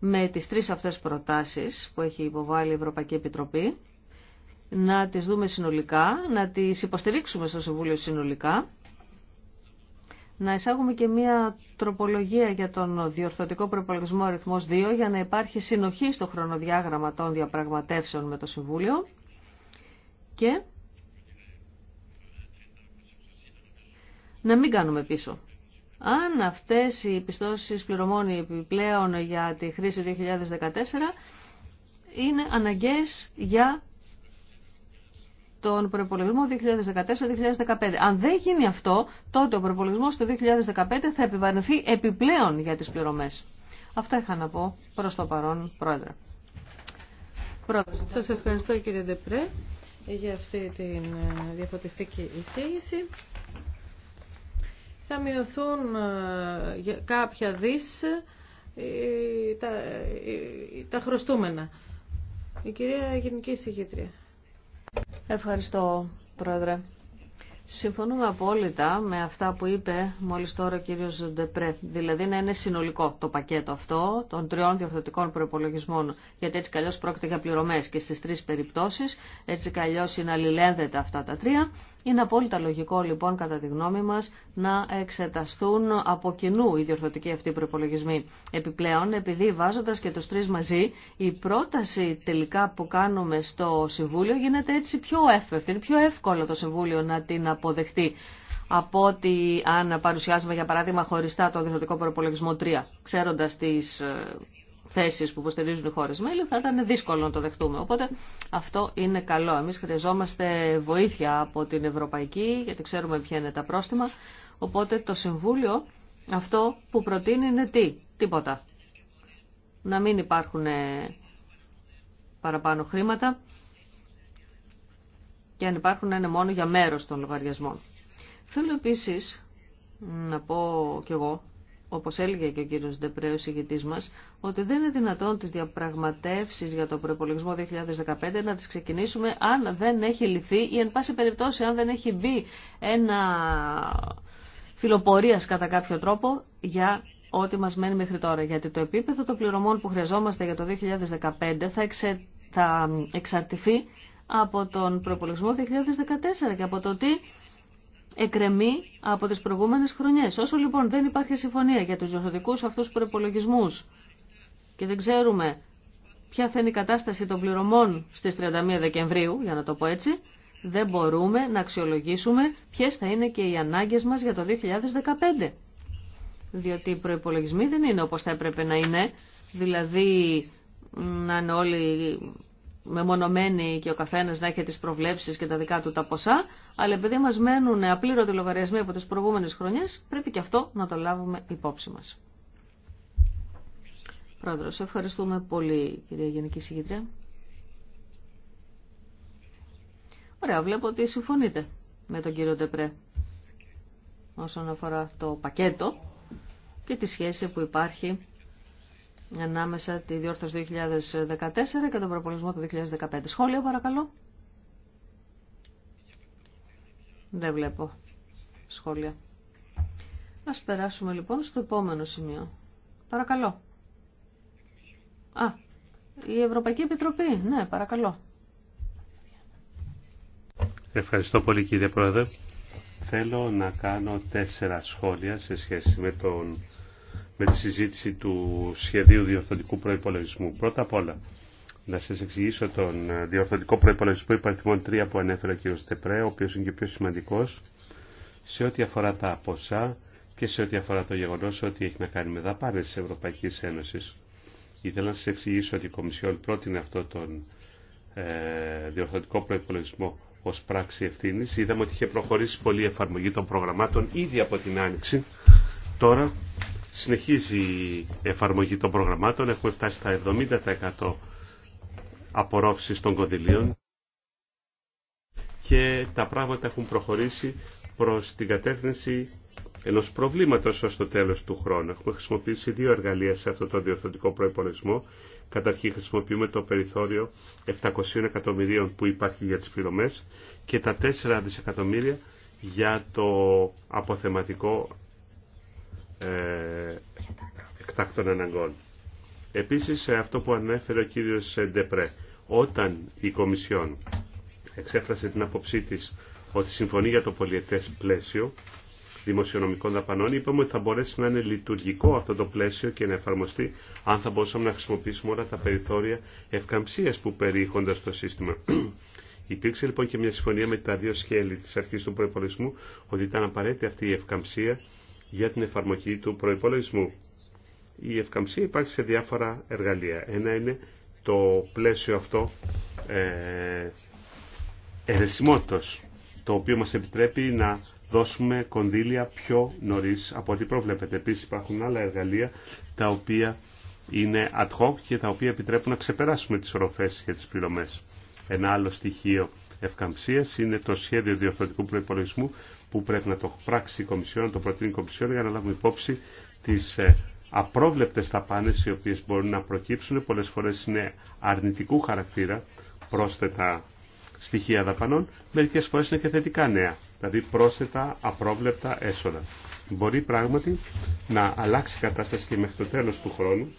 με τις τρεις αυτές προτάσεις που έχει υποβάλει η Ευρωπαϊκή Επιτροπή να τις δούμε συνολικά, να τις υποστηρίξουμε στο Συμβούλιο συνολικά, να εισάγουμε και μία τροπολογία για τον διορθωτικό προπολογισμό αριθμός 2 για να υπάρχει συνοχή στο χρονοδιάγραμμα των διαπραγματεύσεων με το Συμβούλιο και να μην κάνουμε πίσω. Αν αυτές οι πιστώσεις πληρωμών επιπλέον για τη χρήση 2014 είναι αναγκαίες για τον προπολογισμό 2014-2015. Αν δεν γίνει αυτό, τότε ο προπολογισμό του 2015 θα επιβαρυνθεί επιπλέον για τι πληρωμέ. Αυτά είχα να πω προ το παρόν, Πρόεδρε. Σα ευχαριστώ κύριε Ντεπρέ για αυτή τη ε, διαφωτιστική εισήγηση. Θα μειωθούν ε, κάποια δι ε, τα, τα χρωστούμενα. Η κυρία Γενική Συγγήτρια. Ευχαριστώ, Πρόεδρε. Συμφωνούμε απόλυτα με αυτά που είπε μόλις τώρα ο κύριος Ντεπρέ, δηλαδή να είναι συνολικό το πακέτο αυτό των τριών διορθωτικών προπολογισμών, γιατί έτσι καλλιώς πρόκειται για πληρωμές και στις τρεις περιπτώσεις, έτσι καλώς είναι αυτά τα τρία είναι απόλυτα λογικό λοιπόν κατά τη γνώμη μας να εξεταστούν από κοινού οι διορθωτικοί αυτοί προπολογισμοί. Επιπλέον, επειδή βάζοντας και τους τρεις μαζί, η πρόταση τελικά που κάνουμε στο Συμβούλιο γίνεται έτσι πιο εύπευτη, είναι πιο εύκολο το Συμβούλιο να την αποδεχτεί από ότι αν παρουσιάζουμε για παράδειγμα χωριστά το διορθωτικό προπολογισμό 3, ξέροντας τις ε, θέσεις που υποστηρίζουν οι χώρε μέλη θα ήταν δύσκολο να το δεχτούμε. Οπότε αυτό είναι καλό. Εμείς χρειαζόμαστε βοήθεια από την Ευρωπαϊκή γιατί ξέρουμε ποια είναι τα πρόστιμα. Οπότε το Συμβούλιο αυτό που προτείνει είναι τι, τίποτα. Να μην υπάρχουν ε, παραπάνω χρήματα και αν υπάρχουν να είναι μόνο για μέρος των λογαριασμών. Θέλω επίσης να πω κι εγώ όπως έλεγε και ο κύριος ο ηγητής μας, ότι δεν είναι δυνατόν τις διαπραγματεύσεις για το προπολογισμό 2015 να τις ξεκινήσουμε αν δεν έχει λυθεί ή εν πάση περιπτώσει αν δεν έχει μπει ένα φιλοπορίας κατά κάποιο τρόπο για ό,τι μας μένει μέχρι τώρα. Γιατί το επίπεδο των πληρωμών που χρειαζόμαστε για το 2015 θα, εξαρτηθεί από τον προπολογισμό 2014 και από το τι εκρεμεί από τις προηγούμενες χρονιές. Όσο λοιπόν δεν υπάρχει συμφωνία για τους διορθωτικούς αυτούς προπολογισμού και δεν ξέρουμε ποια θα είναι η κατάσταση των πληρωμών στις 31 Δεκεμβρίου, για να το πω έτσι, δεν μπορούμε να αξιολογήσουμε ποιες θα είναι και οι ανάγκες μας για το 2015. Διότι οι προϋπολογισμοί δεν είναι όπως θα έπρεπε να είναι, δηλαδή να είναι όλοι μεμονωμένοι και ο καθένας να έχει τις προβλέψεις και τα δικά του τα ποσά, αλλά επειδή μας μένουν απλήρωτοι λογαριασμοί από τις προηγούμενες χρονιές, πρέπει και αυτό να το λάβουμε υπόψη μας. Προέδρο, ευχαριστούμε πολύ κυρία Γενική Συγκητρία. Ωραία, βλέπω ότι συμφωνείτε με τον κύριο Ντεπρέ όσον αφορά το πακέτο και τη σχέση που υπάρχει ανάμεσα τη διόρθωση 2014 και τον προπολισμό του 2015. Σχόλιο παρακαλώ. Δεν βλέπω σχόλια. Ας περάσουμε λοιπόν στο επόμενο σημείο. Παρακαλώ. Α, η Ευρωπαϊκή Επιτροπή. Ναι, παρακαλώ. Ευχαριστώ πολύ κύριε Πρόεδρε. Θέλω να κάνω τέσσερα σχόλια σε σχέση με τον με τη συζήτηση του σχεδίου διορθωτικού προπολογισμού. Πρώτα απ' όλα, να σα εξηγήσω τον ε, διορθωτικό προπολογισμό υπαριθμών 3 που ανέφερε ο κ. Στεπρέ, ο οποίο είναι και πιο σημαντικό σε ό,τι αφορά τα ποσά και σε ό,τι αφορά το γεγονό ότι έχει να κάνει με δάπάνε τη Ευρωπαϊκή Ένωση, Ήθελα να σα εξηγήσω ότι η Κομισιόν πρότεινε αυτό τον ε, διορθωτικό προπολογισμό ω πράξη ευθύνη. Είδαμε ότι είχε προχωρήσει πολύ η εφαρμογή των προγραμμάτων ήδη από την Άνοιξη. Τώρα Συνεχίζει η εφαρμογή των προγραμμάτων. Έχουμε φτάσει στα 70% απορρόφηση των κονδυλίων και τα πράγματα έχουν προχωρήσει προς την κατεύθυνση ενός προβλήματος ως το τέλος του χρόνου. Έχουμε χρησιμοποιήσει δύο εργαλεία σε αυτό το διορθωτικό προϋπολογισμό. Καταρχήν χρησιμοποιούμε το περιθώριο 700 εκατομμυρίων που υπάρχει για τις πληρωμές και τα 4 δισεκατομμύρια για το αποθεματικό ε, εκτάκτων αναγκών. Επίσης, ε, αυτό που ανέφερε ο κύριος Ντεπρέ, όταν η Κομισιόν εξέφρασε την απόψή της ότι συμφωνεί για το πολιετές πλαίσιο δημοσιονομικών δαπανών, είπαμε ότι θα μπορέσει να είναι λειτουργικό αυτό το πλαίσιο και να εφαρμοστεί αν θα μπορούσαμε να χρησιμοποιήσουμε όλα τα περιθώρια ευκαμψίας που περιείχονται στο σύστημα. Υπήρξε λοιπόν και μια συμφωνία με τα δύο σκέλη της αρχής του προπολογισμού ότι ήταν απαραίτητη αυτή η ευκαμψία για την εφαρμογή του προϋπολογισμού. Η ευκαμψία υπάρχει σε διάφορα εργαλεία. Ένα είναι το πλαίσιο αυτό ε, ερεσιμότητος, το οποίο μας επιτρέπει να δώσουμε κονδύλια πιο νωρίς από ό,τι προβλέπετε. Επίσης υπάρχουν άλλα εργαλεία τα οποία είναι ad hoc και τα οποία επιτρέπουν να ξεπεράσουμε τις οροφές και τις πληρωμές. Ένα άλλο στοιχείο ευκαμψίας είναι το σχέδιο διορθωτικού προπολογισμού που πρέπει να το πράξει η Κομισιόν, να το προτείνει η Κομισιόν για να λάβουμε υπόψη τις ε, απρόβλεπτες ταπάνες οι οποίες μπορούν να προκύψουν, πολλές φορές είναι αρνητικού χαρακτήρα πρόσθετα στοιχεία δαπανών, μερικές φορές είναι και θετικά νέα, δηλαδή πρόσθετα απρόβλεπτα έσοδα. Μπορεί πράγματι να αλλάξει η κατάσταση και μέχρι το τέλος του χρόνου.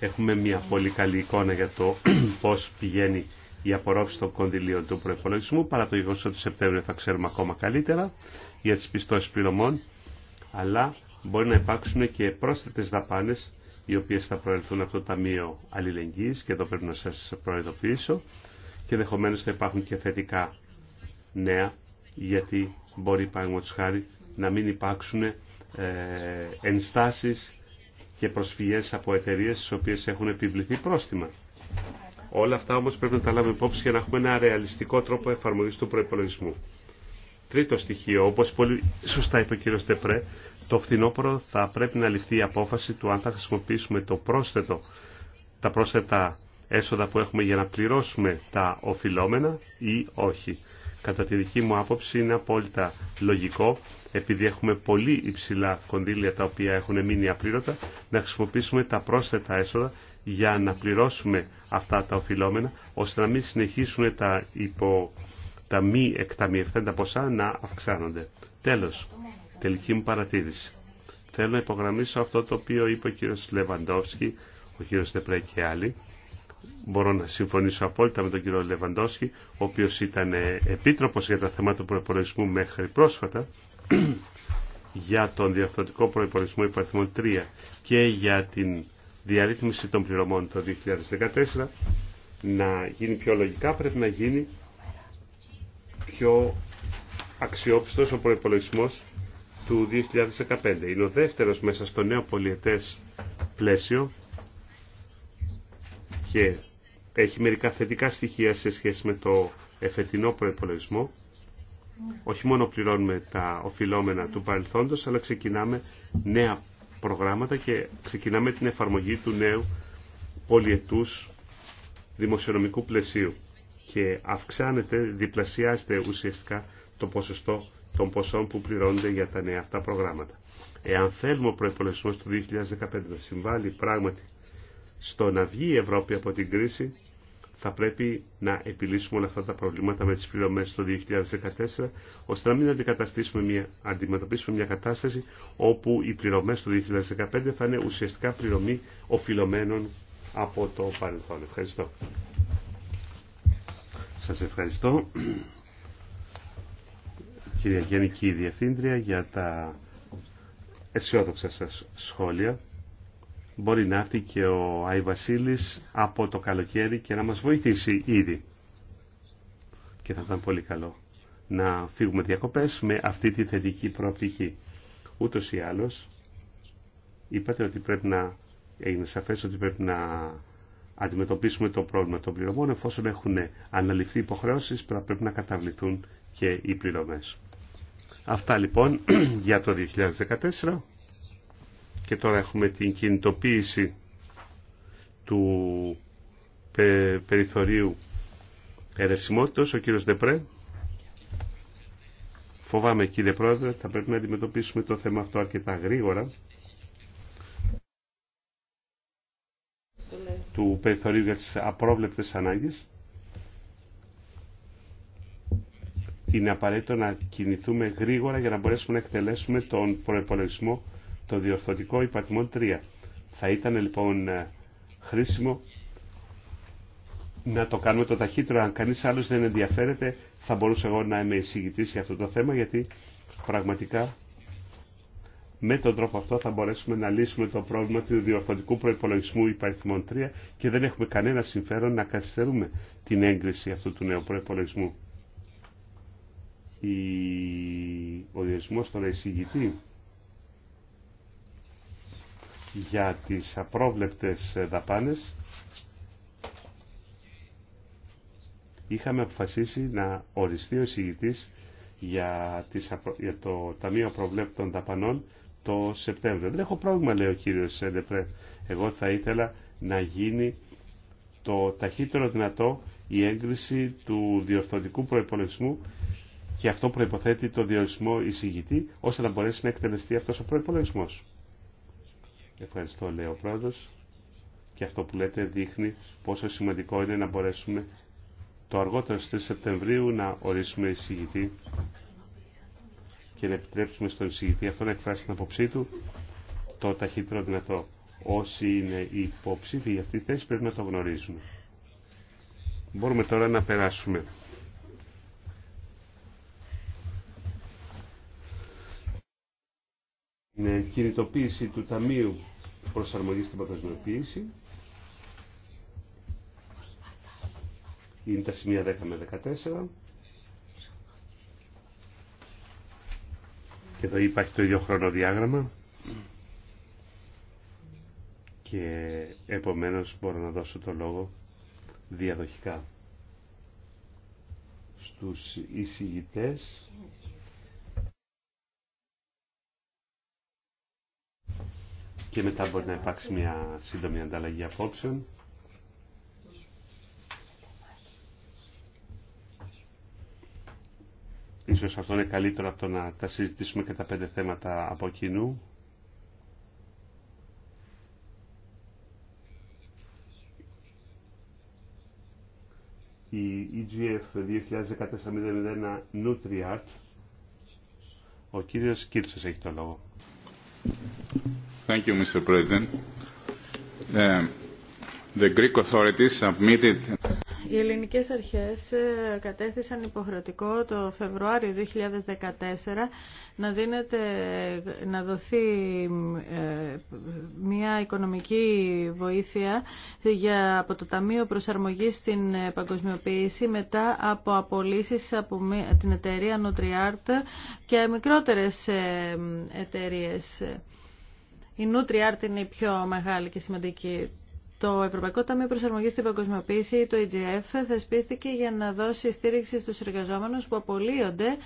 Έχουμε μια πολύ καλή εικόνα για το πώς πηγαίνει η απορρόφηση των κονδυλίων του προπολογισμού, παρά το γεγονό ότι Σεπτέμβριο θα ξέρουμε ακόμα καλύτερα για τι πιστώσει πληρωμών, αλλά μπορεί να υπάρξουν και πρόσθετε δαπάνε οι οποίε θα προελθούν από το Ταμείο Αλληλεγγύη και εδώ πρέπει να σα προειδοποιήσω και ενδεχομένω θα υπάρχουν και θετικά νέα γιατί μπορεί παραδείγματο χάρη να μην υπάρξουν ε, ενστάσεις και προσφυγές από εταιρείες στις οποίες έχουν επιβληθεί πρόστιμα. Όλα αυτά όμως πρέπει να τα λάβουμε υπόψη για να έχουμε ένα ρεαλιστικό τρόπο εφαρμογής του προϋπολογισμού. Τρίτο στοιχείο, όπως πολύ σωστά είπε ο κ. Τεπρέ, το φθινόπωρο θα πρέπει να ληφθεί η απόφαση του αν θα χρησιμοποιήσουμε το πρόσθετο, τα πρόσθετα έσοδα που έχουμε για να πληρώσουμε τα οφειλόμενα ή όχι. Κατά τη δική μου άποψη είναι απόλυτα λογικό, επειδή έχουμε πολύ υψηλά κονδύλια τα οποία έχουν μείνει απλήρωτα, να χρησιμοποιήσουμε τα πρόσθετα έσοδα για να πληρώσουμε αυτά τα οφειλόμενα, ώστε να μην συνεχίσουν τα, υπο, τα μη εκταμιευθέντα ποσά να αυξάνονται. Τέλος, τελική μου παρατήρηση. Θέλω να υπογραμμίσω αυτό το οποίο είπε ο κ. Λεβαντόφσκι, ο κ. Δεπρέ και άλλοι. Μπορώ να συμφωνήσω απόλυτα με τον κύριο Λεβαντόφσκι, ο οποίος ήταν επίτροπος για τα θέματα του προπολογισμού μέχρι πρόσφατα, για τον διορθωτικό προπολογισμό υπαριθμών 3 και για την διαρρύθμιση των πληρωμών το 2014 να γίνει πιο λογικά πρέπει να γίνει πιο αξιόπιστος ο προϋπολογισμός του 2015. Είναι ο δεύτερος μέσα στο νέο πολιετές πλαίσιο και έχει μερικά θετικά στοιχεία σε σχέση με το εφετινό προϋπολογισμό. Όχι μόνο πληρώνουμε τα οφειλόμενα του παρελθόντος, αλλά ξεκινάμε νέα προγράμματα και ξεκινάμε την εφαρμογή του νέου πολιετούς δημοσιονομικού πλαισίου και αυξάνεται, διπλασιάζεται ουσιαστικά το ποσοστό των ποσών που πληρώνονται για τα νέα αυτά προγράμματα. Εάν θέλουμε ο προπολογισμό του 2015 να συμβάλλει πράγματι στο να βγει η Ευρώπη από την κρίση, θα πρέπει να επιλύσουμε όλα αυτά τα προβλήματα με τις πληρωμές το 2014, ώστε να μην αντικαταστήσουμε μια, αντιμετωπίσουμε μια κατάσταση όπου οι πληρωμές το 2015 θα είναι ουσιαστικά πληρωμή οφειλωμένων από το παρελθόν. Ευχαριστώ. Σας ευχαριστώ. Κυρία Γενική Διευθύντρια για τα αισιόδοξα σας σχόλια μπορεί να έρθει και ο Άι Βασίλης από το καλοκαίρι και να μας βοηθήσει ήδη. Και θα ήταν πολύ καλό να φύγουμε διακοπές με αυτή τη θετική προοπτική. Ούτως ή άλλως, είπατε ότι πρέπει να, είναι σαφές ότι πρέπει να αντιμετωπίσουμε το πρόβλημα των πληρωμών, εφόσον έχουν αναλυφθεί υποχρεώσεις, πρέπει να καταβληθούν και οι πληρωμές. Αυτά λοιπόν για το 2014. Και τώρα έχουμε την κινητοποίηση του περιθωρίου ερεσιμότητος, ο κύριος Δεπρέ. Φοβάμαι κύριε Πρόεδρε, θα πρέπει να αντιμετωπίσουμε το θέμα αυτό αρκετά γρήγορα. του περιθωρίου για τις απρόβλεπτες ανάγκες. Είναι απαραίτητο να κινηθούμε γρήγορα για να μπορέσουμε να εκτελέσουμε τον προπολογισμό το διορθωτικό υπαριθμών 3. Θα ήταν λοιπόν ε, χρήσιμο να το κάνουμε το ταχύτερο. Αν κανείς άλλος δεν ενδιαφέρεται θα μπορούσα εγώ να είμαι εισηγητής για αυτό το θέμα γιατί πραγματικά με τον τρόπο αυτό θα μπορέσουμε να λύσουμε το πρόβλημα του διορθωτικού προπολογισμού υπαριθμών 3 και δεν έχουμε κανένα συμφέρον να καθυστερούμε την έγκριση αυτού του νέου προπολογισμού. Ο διορισμός τώρα εισηγητή για τις απρόβλεπτες δαπάνες είχαμε αποφασίσει να οριστεί ο εισηγητής για, για το Ταμείο Προβλέπτων Δαπανών το Σεπτέμβριο. Δεν έχω πρόβλημα, λέει ο κύριος Σέντεπρε. Εγώ θα ήθελα να γίνει το ταχύτερο δυνατό η έγκριση του διορθωτικού προϋπολογισμού και αυτό προϋποθέτει το διορισμό εισηγητή ώστε να μπορέσει να εκτελεστεί αυτός ο προϋπολογισμός. Ευχαριστώ, λέει ο πρόεδρο. Και αυτό που λέτε δείχνει πόσο σημαντικό είναι να μπορέσουμε το αργότερο στις 3 Σεπτεμβρίου να ορίσουμε εισηγητή και να επιτρέψουμε στον εισηγητή αυτό να εκφράσει την απόψή του το ταχύτερο δυνατό. Όσοι είναι υποψήφοι για αυτή τη θέση πρέπει να το γνωρίζουμε Μπορούμε τώρα να περάσουμε την ε, κινητοποίηση του Ταμείου προσαρμογή στην Παγκοσμιοποίηση. Είναι τα σημεία 10 με 14. Και εδώ υπάρχει το ίδιο χρονοδιάγραμμα. Και επομένως μπορώ να δώσω το λόγο διαδοχικά στους εισηγητές και μετά μπορεί να υπάρξει μια σύντομη ανταλλαγή απόψεων. Ίσως αυτό είναι καλύτερο από το να τα συζητήσουμε και τα πέντε θέματα από κοινού. Η EGF 2014-01 Nutriart, ο κύριος Κίρτσος έχει το λόγο. Thank you, Mr. President. The Greek authorities submitted... Οι ελληνικές αρχές ε, κατέστησαν υποχρεωτικό το Φεβρουάριο 2014 να, δίνεται, να δοθεί ε, μια οικονομική βοήθεια για, από το Ταμείο Προσαρμογής στην ε, Παγκοσμιοποίηση μετά από απολύσεις από την εταιρεία Nutriart και μικρότερες εταιρείες. Η Nutriart είναι η πιο μεγάλη και σημαντική το Ευρωπαϊκό Ταμείο Προσαρμογή στην Παγκοσμιοποίηση, το EGF, θεσπίστηκε για να δώσει στήριξη στου εργαζόμενου που απολύονται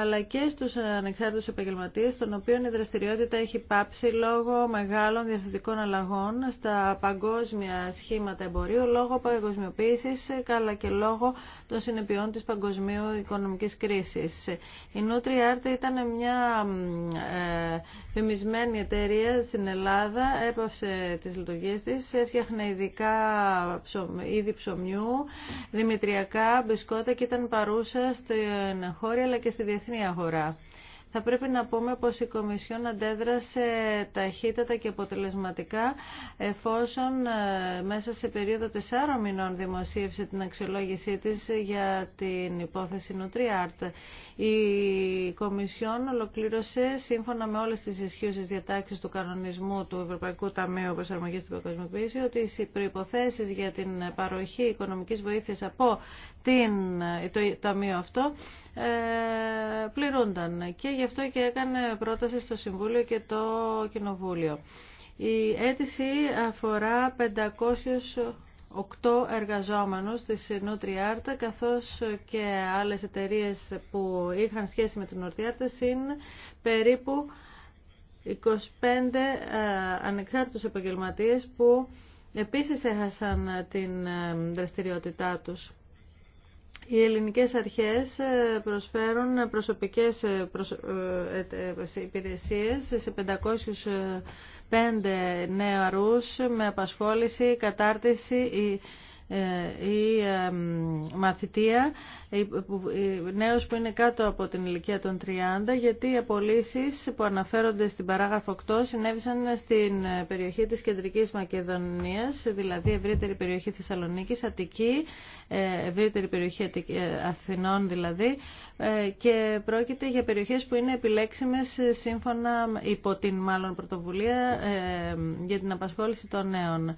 αλλά και στου ανεξάρτητους επαγγελματίε, των οποίων η δραστηριότητα έχει πάψει λόγω μεγάλων διαθετικών αλλαγών στα παγκόσμια σχήματα εμπορίου, λόγω παγκοσμιοποίηση αλλά και λόγω των συνεπειών τη παγκοσμίου οικονομική κρίση. Η Νούτρι Άρτε ήταν μια ε, φημισμένη εταιρεία στην Ελλάδα έπαυσε τις λειτουργίες της, έφτιαχνε ειδικά είδη ψωμιού, δημητριακά, μπισκότα και ήταν παρούσα στην χώρια αλλά και στη διεθνή αγορά. Θα πρέπει να πούμε πως η Κομισιόν αντέδρασε ταχύτατα και αποτελεσματικά εφόσον ε, μέσα σε περίοδο τεσσάρων μηνών δημοσίευσε την αξιολόγησή της για την υπόθεση Νουτριάρτ. Η Κομισιόν ολοκλήρωσε σύμφωνα με όλες τις ισχύουσες διατάξεις του κανονισμού του Ευρωπαϊκού Ταμείου Προσαρμογής στην Παγκοσμιοποίηση ότι οι προϋποθέσεις για την παροχή οικονομικής βοήθειας από την, ε, το Ταμείο αυτό ε, πληρούνταν. Και γι' αυτό και έκανε πρόταση στο Συμβούλιο και το Κοινοβούλιο. Η αίτηση αφορά 508 εργαζόμενους της Nutriart καθώς και άλλες εταιρείες που είχαν σχέση με την Nutriart είναι περίπου 25 ε, ανεξάρτητους επαγγελματίες που επίσης έχασαν την ε, δραστηριότητά τους. Οι ελληνικές αρχές ε, προσφέρουν προσωπικές ε, ε, υπηρεσίες σε 505 νεαρούς με απασχόληση, κατάρτιση, ε, η μαθητεία, νέος που είναι κάτω από την ηλικία των 30, γιατί οι απολύσεις που αναφέρονται στην παράγραφο 8 συνέβησαν στην ε, περιοχή της Κεντρικής Μακεδονίας, δηλαδή ευρύτερη περιοχή Θεσσαλονίκης, Αττική, ε, ευρύτερη περιοχή Αθηνών δηλαδή, και πρόκειται για περιοχές που είναι επιλέξιμες σύμφωνα υπό την μάλλον πρωτοβουλία για την απασχόληση των νέων.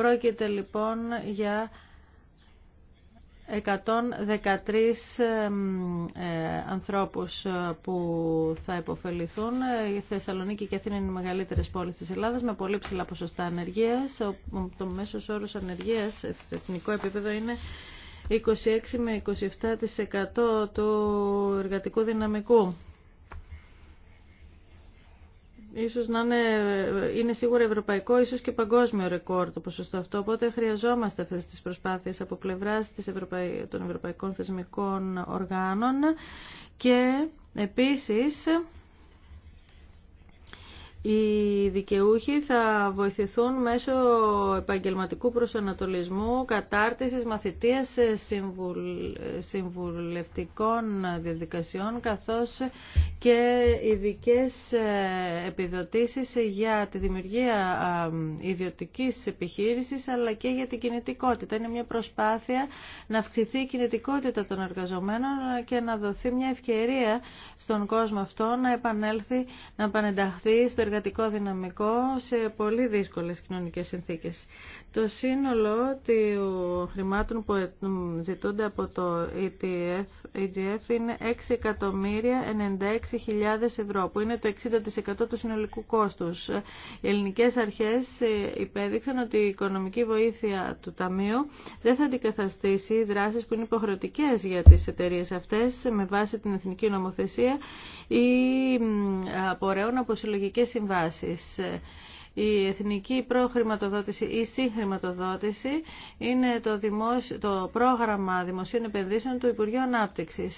Πρόκειται λοιπόν για 113 ε, ανθρώπους ε, που θα υποφεληθούν. Η Θεσσαλονίκη και Αθήνα είναι οι μεγαλύτερες πόλεις της Ελλάδας με πολύ ψηλά ποσοστά ανεργίας. Το μέσος όρος ανεργίας σε εθνικό επίπεδο είναι 26 με 27% του εργατικού δυναμικού ίσως να είναι, είναι σίγουρα ευρωπαϊκό, ίσως και παγκόσμιο ρεκόρ το ποσοστό αυτό. Οπότε χρειαζόμαστε αυτές τις προσπάθειες από πλευράς της των ευρωπαϊκών θεσμικών οργάνων και επίσης οι δικαιούχοι θα βοηθηθούν μέσω επαγγελματικού προσανατολισμού, κατάρτισης, μαθητείας ε, συμβουλευτικών διαδικασιών, καθώς και ειδικέ ε, επιδοτήσεις για τη δημιουργία ιδιωτικής επιχείρησης, αλλά και για την κινητικότητα. Είναι μια προσπάθεια να αυξηθεί η κινητικότητα των εργαζομένων και να δοθεί μια ευκαιρία στον κόσμο αυτό να επανέλθει, να επανενταχθεί εργατικό δυναμικό σε πολύ δύσκολες κοινωνικές συνθήκες. Το σύνολο των χρημάτων που ζητούνται από το ETF, EGF είναι 6.096.000 ευρώ, που είναι το 60% του συνολικού κόστους. Οι ελληνικές αρχές υπέδειξαν ότι η οικονομική βοήθεια του Ταμείου δεν θα αντικαθαστήσει δράσεις που είναι υποχρεωτικές για τις εταιρείες αυτές με βάση την εθνική νομοθεσία ή απορρέουν από συλλογικές συμβάσεις. Η εθνική προχρηματοδότηση ή συγχρηματοδότηση είναι το, το πρόγραμμα δημοσίων επενδύσεων του Υπουργείου Ανάπτυξη.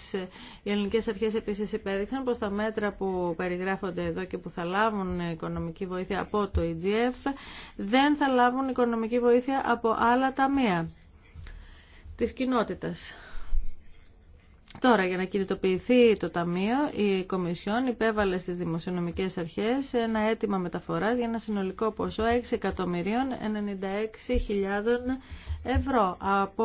Οι ελληνικέ αρχέ επίση υπέδειξαν πω τα μέτρα που περιγράφονται εδώ και που θα λάβουν οικονομική βοήθεια από το EGF δεν θα λάβουν οικονομική βοήθεια από άλλα ταμεία της κοινότητας. Τώρα, για να κινητοποιηθεί το Ταμείο, η Κομισιόν υπέβαλε στις δημοσιονομικές αρχές ένα αίτημα μεταφοράς για ένα συνολικό ποσό 6.096.000 ευρώ από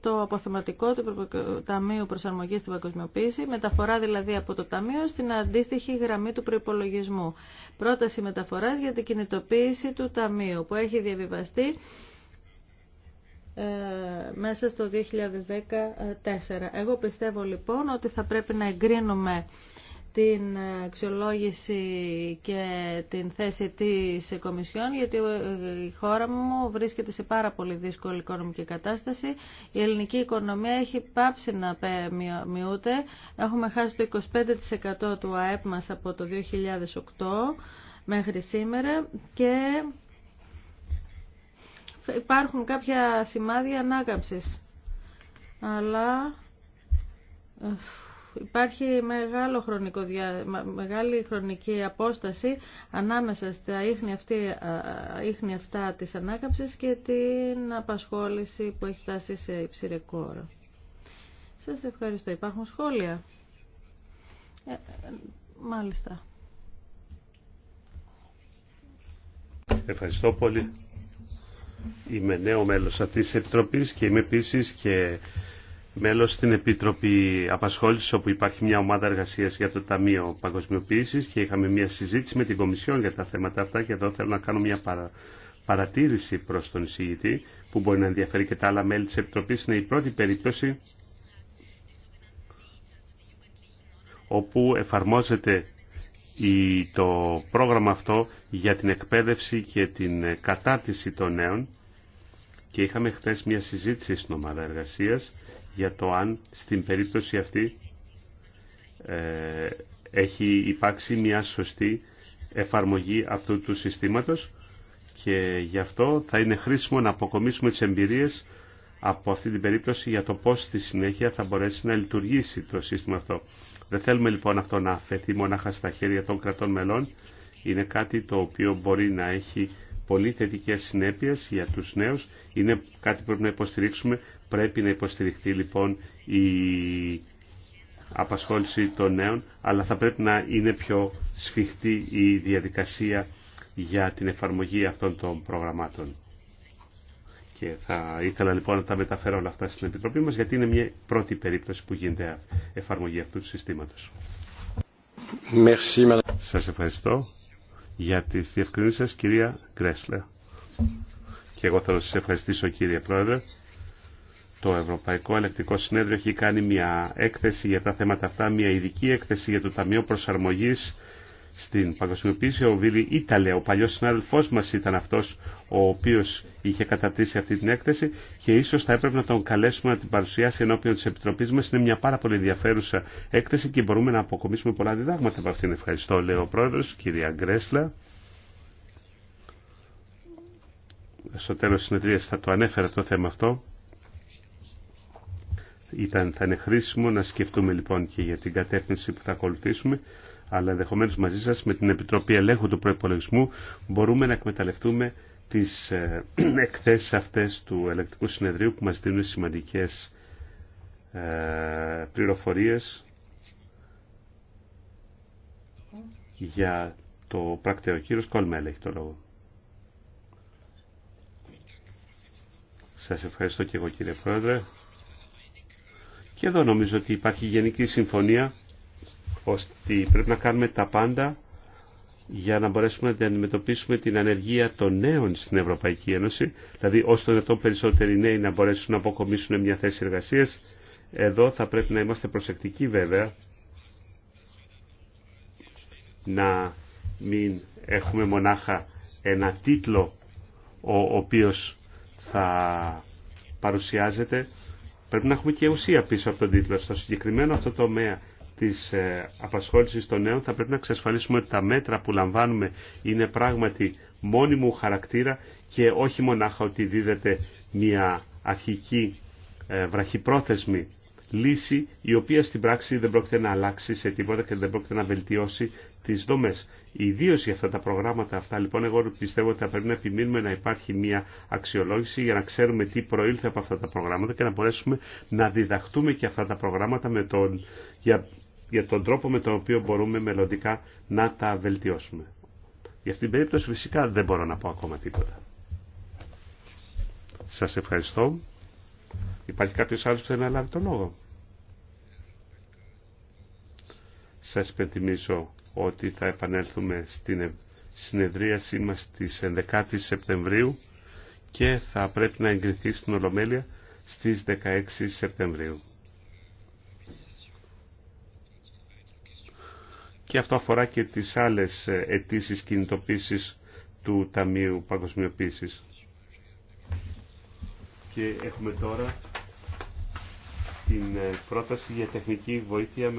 το αποθεματικό του Ταμείου Προσαρμογής στην Παγκοσμιοποίηση, μεταφορά δηλαδή από το Ταμείο στην αντίστοιχη γραμμή του προϋπολογισμού. Πρόταση μεταφοράς για την κινητοποίηση του Ταμείου που έχει διαβιβαστεί ε, μέσα στο 2014. Εγώ πιστεύω λοιπόν ότι θα πρέπει να εγκρίνουμε την αξιολόγηση και την θέση της Κομισιόν, γιατί ε, η χώρα μου βρίσκεται σε πάρα πολύ δύσκολη οικονομική κατάσταση. Η ελληνική οικονομία έχει πάψει να μειούται. Έχουμε χάσει το 25% του ΑΕΠ μας από το 2008 μέχρι σήμερα και υπάρχουν κάποια σημάδια ανάκαμψης. Αλλά υπάρχει μεγάλο χρονικό μεγάλη χρονική απόσταση ανάμεσα στα ίχνη, αυτή, ίχνη αυτά της ανάκαμψης και την απασχόληση που έχει φτάσει σε υψηρή κόρο. Σας ευχαριστώ. Υπάρχουν σχόλια. Ε, ε μάλιστα. Ευχαριστώ πολύ. Είμαι νέο μέλος αυτής της Επιτροπής και είμαι επίσης και μέλος στην Επιτροπή Απασχόλησης όπου υπάρχει μια ομάδα εργασίας για το Ταμείο Παγκοσμιοποίησης και είχαμε μια συζήτηση με την Κομισιόν για τα θέματα αυτά και εδώ θέλω να κάνω μια παρατήρηση προς τον εισηγητή που μπορεί να ενδιαφέρει και τα άλλα μέλη της Επιτροπής. Είναι η πρώτη περίπτωση όπου εφαρμόζεται το πρόγραμμα αυτό για την εκπαίδευση και την ε, κατάρτιση των νέων και είχαμε χθε μια συζήτηση στην ομάδα εργασίας για το αν στην περίπτωση αυτή ε, έχει υπάρξει μια σωστή εφαρμογή αυτού του συστήματος και γι' αυτό θα είναι χρήσιμο να αποκομίσουμε τις εμπειρίες από αυτή την περίπτωση για το πώς στη συνέχεια θα μπορέσει να λειτουργήσει το σύστημα αυτό. Δεν θέλουμε λοιπόν αυτό να αφαιθεί μονάχα στα χέρια των κρατών μελών. Είναι κάτι το οποίο μπορεί να έχει πολύ θετικέ συνέπειε για του νέου. Είναι κάτι που πρέπει να υποστηρίξουμε. Πρέπει να υποστηριχθεί λοιπόν η απασχόληση των νέων, αλλά θα πρέπει να είναι πιο σφιχτή η διαδικασία για την εφαρμογή αυτών των προγραμμάτων. Και θα ήθελα λοιπόν να τα μεταφέρω όλα αυτά στην Επιτροπή μας, γιατί είναι μια πρώτη περίπτωση που γίνεται εφαρμογή αυτού του συστήματος. Merci, σας ευχαριστώ για τις διευκρινήσεις σα, κυρία Γκρέσλε. Και εγώ θέλω να σας ευχαριστήσω, κύριε Πρόεδρε. Το Ευρωπαϊκό Ελεκτικό Συνέδριο έχει κάνει μια έκθεση για τα θέματα αυτά, μια ειδική έκθεση για το Ταμείο Προσαρμογής στην παγκοσμιοποίηση. Ο Βίλι Ήταλε, ο παλιός συνάδελφός μας ήταν αυτός ο οποίος είχε καταρτήσει αυτή την έκθεση και ίσως θα έπρεπε να τον καλέσουμε να την παρουσιάσει ενώπιον της Επιτροπής μας. Είναι μια πάρα πολύ ενδιαφέρουσα έκθεση και μπορούμε να αποκομίσουμε πολλά διδάγματα από αυτήν. Ευχαριστώ, λέει ο πρόεδρος, κυρία Γκρέσλα. Στο τέλος της συνεδρίας θα το ανέφερα το θέμα αυτό. Ήταν, θα είναι χρήσιμο να σκεφτούμε λοιπόν και για την κατεύθυνση που θα ακολουθήσουμε αλλά ενδεχομένω μαζί σας με την Επιτροπή Ελέγχου του Προϋπολογισμού μπορούμε να εκμεταλλευτούμε τις ε, εκθέσεις αυτές του ελεκτικού συνεδρίου που μας δίνουν σημαντικές ε, πληροφορίες για το πράκτο Ο κύριο Κολμέλ έχει το λόγο. Σας ευχαριστώ και εγώ κύριε Πρόεδρε. Και εδώ νομίζω ότι υπάρχει γενική συμφωνία ότι πρέπει να κάνουμε τα πάντα για να μπορέσουμε να αντιμετωπίσουμε την ανεργία των νέων στην Ευρωπαϊκή Ένωση, δηλαδή όσο το δυνατόν περισσότεροι νέοι να μπορέσουν να αποκομίσουν μια θέση εργασία. Εδώ θα πρέπει να είμαστε προσεκτικοί βέβαια, να μην έχουμε μονάχα ένα τίτλο ο οποίος θα παρουσιάζεται. Πρέπει να έχουμε και ουσία πίσω από τον τίτλο. Στο συγκεκριμένο αυτό το τομέα της ε, απασχόλησης των νέων θα πρέπει να εξασφαλίσουμε ότι τα μέτρα που λαμβάνουμε είναι πράγματι μόνιμου χαρακτήρα και όχι μονάχα ότι δίδεται μια αρχική ε, βραχυπρόθεσμη λύση η οποία στην πράξη δεν πρόκειται να αλλάξει σε τίποτα και δεν πρόκειται να βελτιώσει τις δομές. Ιδίω για αυτά τα προγράμματα αυτά, λοιπόν, εγώ πιστεύω ότι θα πρέπει να επιμείνουμε να υπάρχει μια αξιολόγηση για να ξέρουμε τι προήλθε από αυτά τα προγράμματα και να μπορέσουμε να διδαχτούμε και αυτά τα προγράμματα με τον, για, για τον τρόπο με τον οποίο μπορούμε μελλοντικά να τα βελτιώσουμε. Για αυτήν την περίπτωση φυσικά δεν μπορώ να πω ακόμα τίποτα. Σας ευχαριστώ. Υπάρχει κάποιος άλλος που θέλει να λάβει τον λόγο. Σας υπενθυμίζω ότι θα επανέλθουμε στην συνεδρίασή μας στις 11 Σεπτεμβρίου και θα πρέπει να εγκριθεί στην Ολομέλεια στις 16 Σεπτεμβρίου. Και αυτό αφορά και τις άλλες αιτήσει κινητοποίησης του Ταμείου Παγκοσμιοποίησης. Και έχουμε τώρα την πρόταση για τεχνική βοήθεια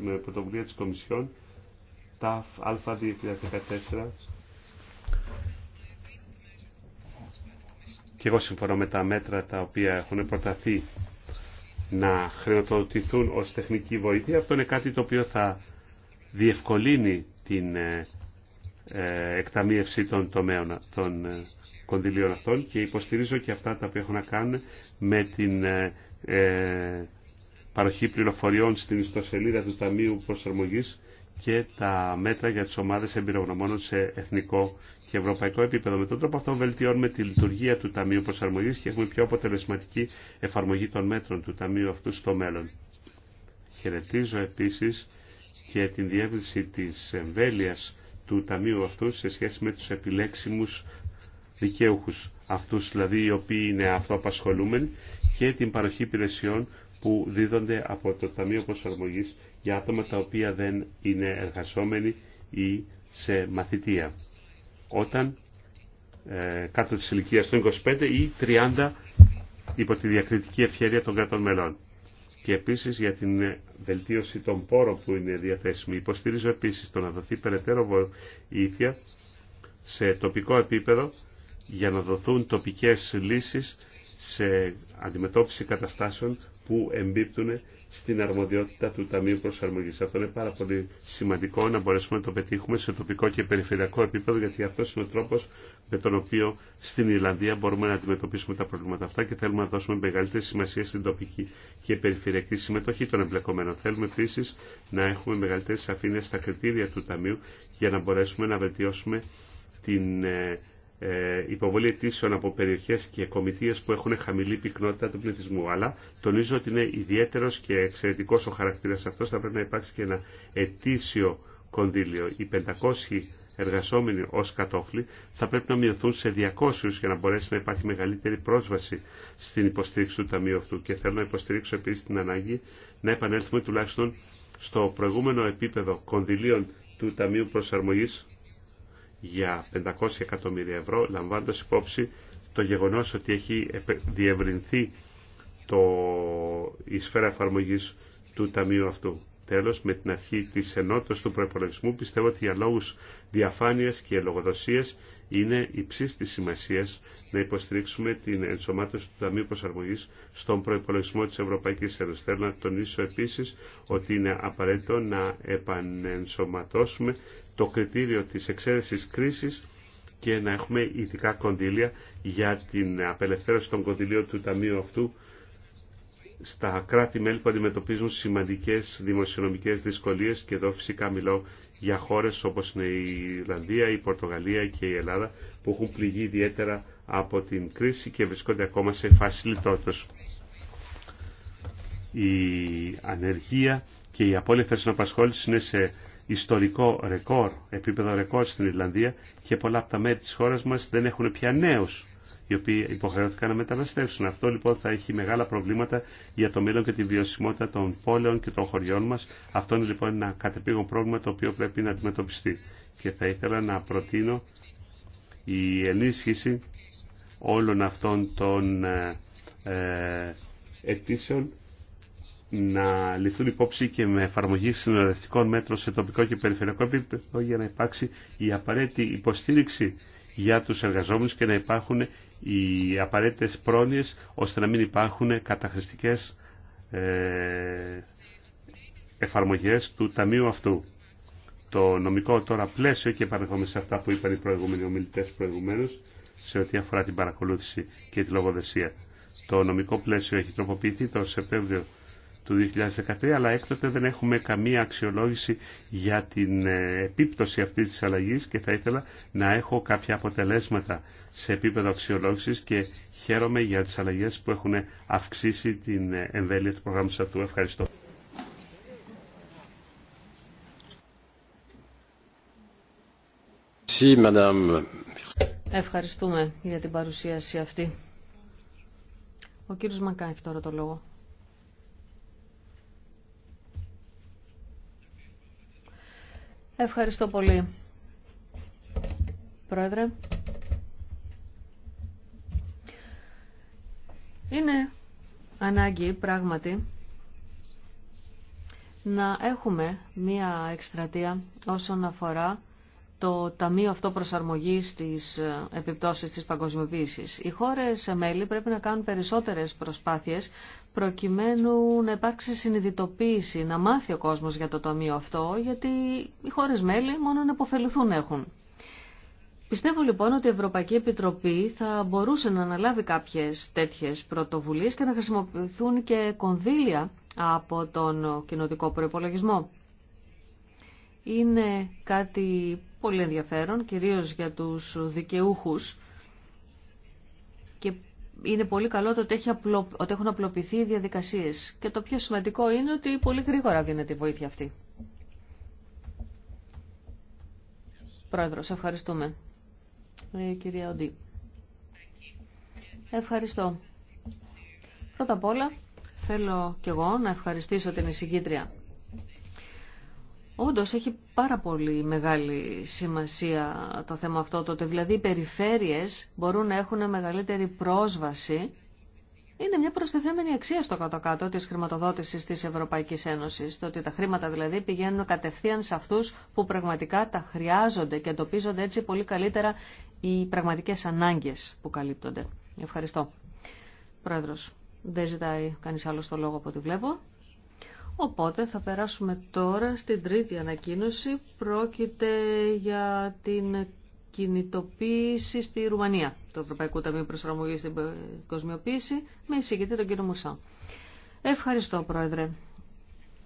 με, πρωτοβουλία της Κομισιόν ΤΑΦ Α2014. Και εγώ συμφωνώ με τα μέτρα τα οποία έχουν προταθεί να χρηματοδοτηθούν ως τεχνική βοήθεια. Αυτό είναι κάτι το οποίο θα διευκολύνει την ε, ε, εκταμείευση των τομέων των ε, κονδυλίων αυτών και υποστηρίζω και αυτά τα οποία έχουν να κάνουν με την παροχή πληροφοριών στην ιστοσελίδα του Ταμείου Προσαρμογής και τα μέτρα για τις ομάδες εμπειρογνωμόνων σε εθνικό και ευρωπαϊκό επίπεδο. Με τον τρόπο αυτό βελτιώνουμε τη λειτουργία του Ταμείου Προσαρμογής και έχουμε πιο αποτελεσματική εφαρμογή των μέτρων του Ταμείου αυτού στο μέλλον. Χαιρετίζω επίσης και την διεύρυνση της εμβέλειας του Ταμείου αυτού σε σχέση με τους επιλέξιμους δικαίουχους, αυτούς δηλαδή οι οποίοι είναι αυτοαπασχολούμενοι και την παροχή υπηρεσιών που δίδονται από το Ταμείο προσαρμογή για άτομα τα οποία δεν είναι εργασόμενοι ή σε μαθητεία. Όταν ε, κάτω της ηλικία των 25 ή 30 υπό τη διακριτική ευχαίρεια των κρατών μελών. Και επίσης για την ε, βελτίωση των πόρων που είναι διαθέσιμοι. Υποστηρίζω επίσης το να δοθεί περαιτέρω βοήθεια σε τοπικό επίπεδο για να δοθούν τοπικές λύσεις σε αντιμετώπιση καταστάσεων που εμπίπτουν στην αρμοδιότητα του Ταμείου προσαρμογή. Αυτό είναι πάρα πολύ σημαντικό να μπορέσουμε να το πετύχουμε σε τοπικό και περιφερειακό επίπεδο, γιατί αυτό είναι ο τρόπο με τον οποίο στην Ιρλανδία μπορούμε να αντιμετωπίσουμε τα προβλήματα αυτά και θέλουμε να δώσουμε μεγαλύτερη σημασία στην τοπική και περιφερειακή συμμετοχή των εμπλεκομένων. Θέλουμε επίση να έχουμε μεγαλύτερη σαφήνεια στα κριτήρια του Ταμείου για να μπορέσουμε να βελτιώσουμε την ε, ε, υποβολή αιτήσεων από περιοχέ και κομιτείε που έχουν χαμηλή πυκνότητα του πληθυσμού. Αλλά τονίζω ότι είναι ιδιαίτερο και εξαιρετικό ο χαρακτήρας αυτό. Θα πρέπει να υπάρξει και ένα αιτήσιο κονδύλιο. Οι 500 εργασόμενοι ως κατόφλοι θα πρέπει να μειωθούν σε 200 για να μπορέσει να υπάρχει μεγαλύτερη πρόσβαση στην υποστήριξη του Ταμείου αυτού. Και θέλω να υποστηρίξω επίσης την ανάγκη να επανέλθουμε τουλάχιστον στο προηγούμενο επίπεδο κονδυλίων του Ταμείου Προσαρμογής για 500 εκατομμύρια ευρώ, λαμβάνοντας υπόψη το γεγονός ότι έχει διευρυνθεί το, η σφαίρα εφαρμογής του ταμείου αυτού. Τέλος, με την αρχή της ενότητας του προπολογισμού πιστεύω ότι για λόγους διαφάνειας και λογοδοσίας είναι υψής της σημασίας να υποστηρίξουμε την ενσωμάτωση του Ταμείου Προσαρμογής στον προπολογισμό της Ευρωπαϊκής Ένωση. Θέλω να τονίσω επίσης ότι είναι απαραίτητο να επανενσωματώσουμε το κριτήριο της εξαίρεσης κρίσης και να έχουμε ειδικά κονδύλια για την απελευθέρωση των κονδυλίων του Ταμείου αυτού στα κράτη-μέλη που αντιμετωπίζουν σημαντικές δημοσιονομικές δυσκολίες και εδώ φυσικά μιλώ για χώρες όπως είναι η Ιρλανδία, η Πορτογαλία και η Ελλάδα που έχουν πληγεί ιδιαίτερα από την κρίση και βρισκόνται ακόμα σε φάση λιτότητας. Η ανεργία και η απώλεια θέσεων είναι σε ιστορικό ρεκόρ, επίπεδο ρεκόρ στην Ιρλανδία και πολλά από τα μέρη της χώρας μας δεν έχουν πια νέους οι οποίοι υποχρεώθηκαν να μεταναστεύσουν. Αυτό λοιπόν θα έχει μεγάλα προβλήματα για το μέλλον και τη βιωσιμότητα των πόλεων και των χωριών μας. Αυτό είναι λοιπόν ένα κατεπήγον πρόβλημα το οποίο πρέπει να αντιμετωπιστεί. Και θα ήθελα να προτείνω η ενίσχυση όλων αυτών των ε, ε αιτήσεων να ληφθούν υπόψη και με εφαρμογή συνοδευτικών μέτρων σε τοπικό και περιφερειακό επίπεδο για να υπάρξει η απαραίτητη υποστήριξη για τους εργαζόμενους και να υπάρχουν οι απαραίτητες πρόνοιες ώστε να μην υπάρχουν καταχρηστικές ε, εφαρμογές του Ταμείου αυτού. Το νομικό τώρα πλαίσιο και παρεχόμαστε σε αυτά που είπαν οι προηγούμενοι ομιλητές προηγουμένως σε ό,τι αφορά την παρακολούθηση και τη λογοδεσία. Το νομικό πλαίσιο έχει τροποποιηθεί το Σεπτέμβριο του 2013, αλλά έκτοτε δεν έχουμε καμία αξιολόγηση για την ε, επίπτωση αυτής της αλλαγής και θα ήθελα να έχω κάποια αποτελέσματα σε επίπεδο αξιολόγησης και χαίρομαι για τις αλλαγές που έχουν αυξήσει την ε, εμβέλεια του προγράμματος αυτού. Ευχαριστώ. Ευχαριστούμε για την παρουσίαση αυτή. Ο κύριος Μακά τώρα το λόγο. Ευχαριστώ πολύ. Πρόεδρε. Είναι ανάγκη πράγματι να έχουμε μία εκστρατεία όσον αφορά το Ταμείο αυτό προσαρμογής στις ε, επιπτώσεις της παγκοσμιοποίησης. Οι χώρες ε, μέλη πρέπει να κάνουν περισσότερες προσπάθειες προκειμένου να υπάρξει συνειδητοποίηση, να μάθει ο κόσμος για το Ταμείο αυτό, γιατί οι χώρες μέλη μόνο να αποφεληθούν έχουν. Πιστεύω λοιπόν ότι η Ευρωπαϊκή Επιτροπή θα μπορούσε να αναλάβει κάποιες τέτοιες πρωτοβουλίες και να χρησιμοποιηθούν και κονδύλια από τον κοινοτικό προϋπολογισμό είναι κάτι πολύ ενδιαφέρον, κυρίως για τους δικαιούχους και είναι πολύ καλό το ότι, έχουν απλοποιηθεί οι διαδικασίες. Και το πιο σημαντικό είναι ότι πολύ γρήγορα δίνεται η βοήθεια αυτή. Πρόεδρος, ευχαριστούμε. Ε, κυρία Οντή. Ευχαριστώ. Πρώτα απ' όλα θέλω κι εγώ να ευχαριστήσω την εισηγήτρια Όντω έχει πάρα πολύ μεγάλη σημασία το θέμα αυτό, τότε, δηλαδή οι περιφέρειες μπορούν να έχουν μεγαλύτερη πρόσβαση. Είναι μια προσθεθέμενη αξία στο κάτω-κάτω της χρηματοδότησης της Ευρωπαϊκής Ένωσης, το ότι τα χρήματα δηλαδή πηγαίνουν κατευθείαν σε αυτούς που πραγματικά τα χρειάζονται και εντοπίζονται έτσι πολύ καλύτερα οι πραγματικές ανάγκες που καλύπτονται. Ευχαριστώ. Πρόεδρος, δεν ζητάει κανείς άλλο το λόγο από ό,τι βλέπω. Οπότε θα περάσουμε τώρα στην τρίτη ανακοίνωση. Πρόκειται για την κινητοποίηση στη Ρουμανία. του Ευρωπαϊκού Ταμείου Προσαρμογής στην Κοσμιοποίηση με εισηγητή τον κύριο Μουσά. Ευχαριστώ Πρόεδρε.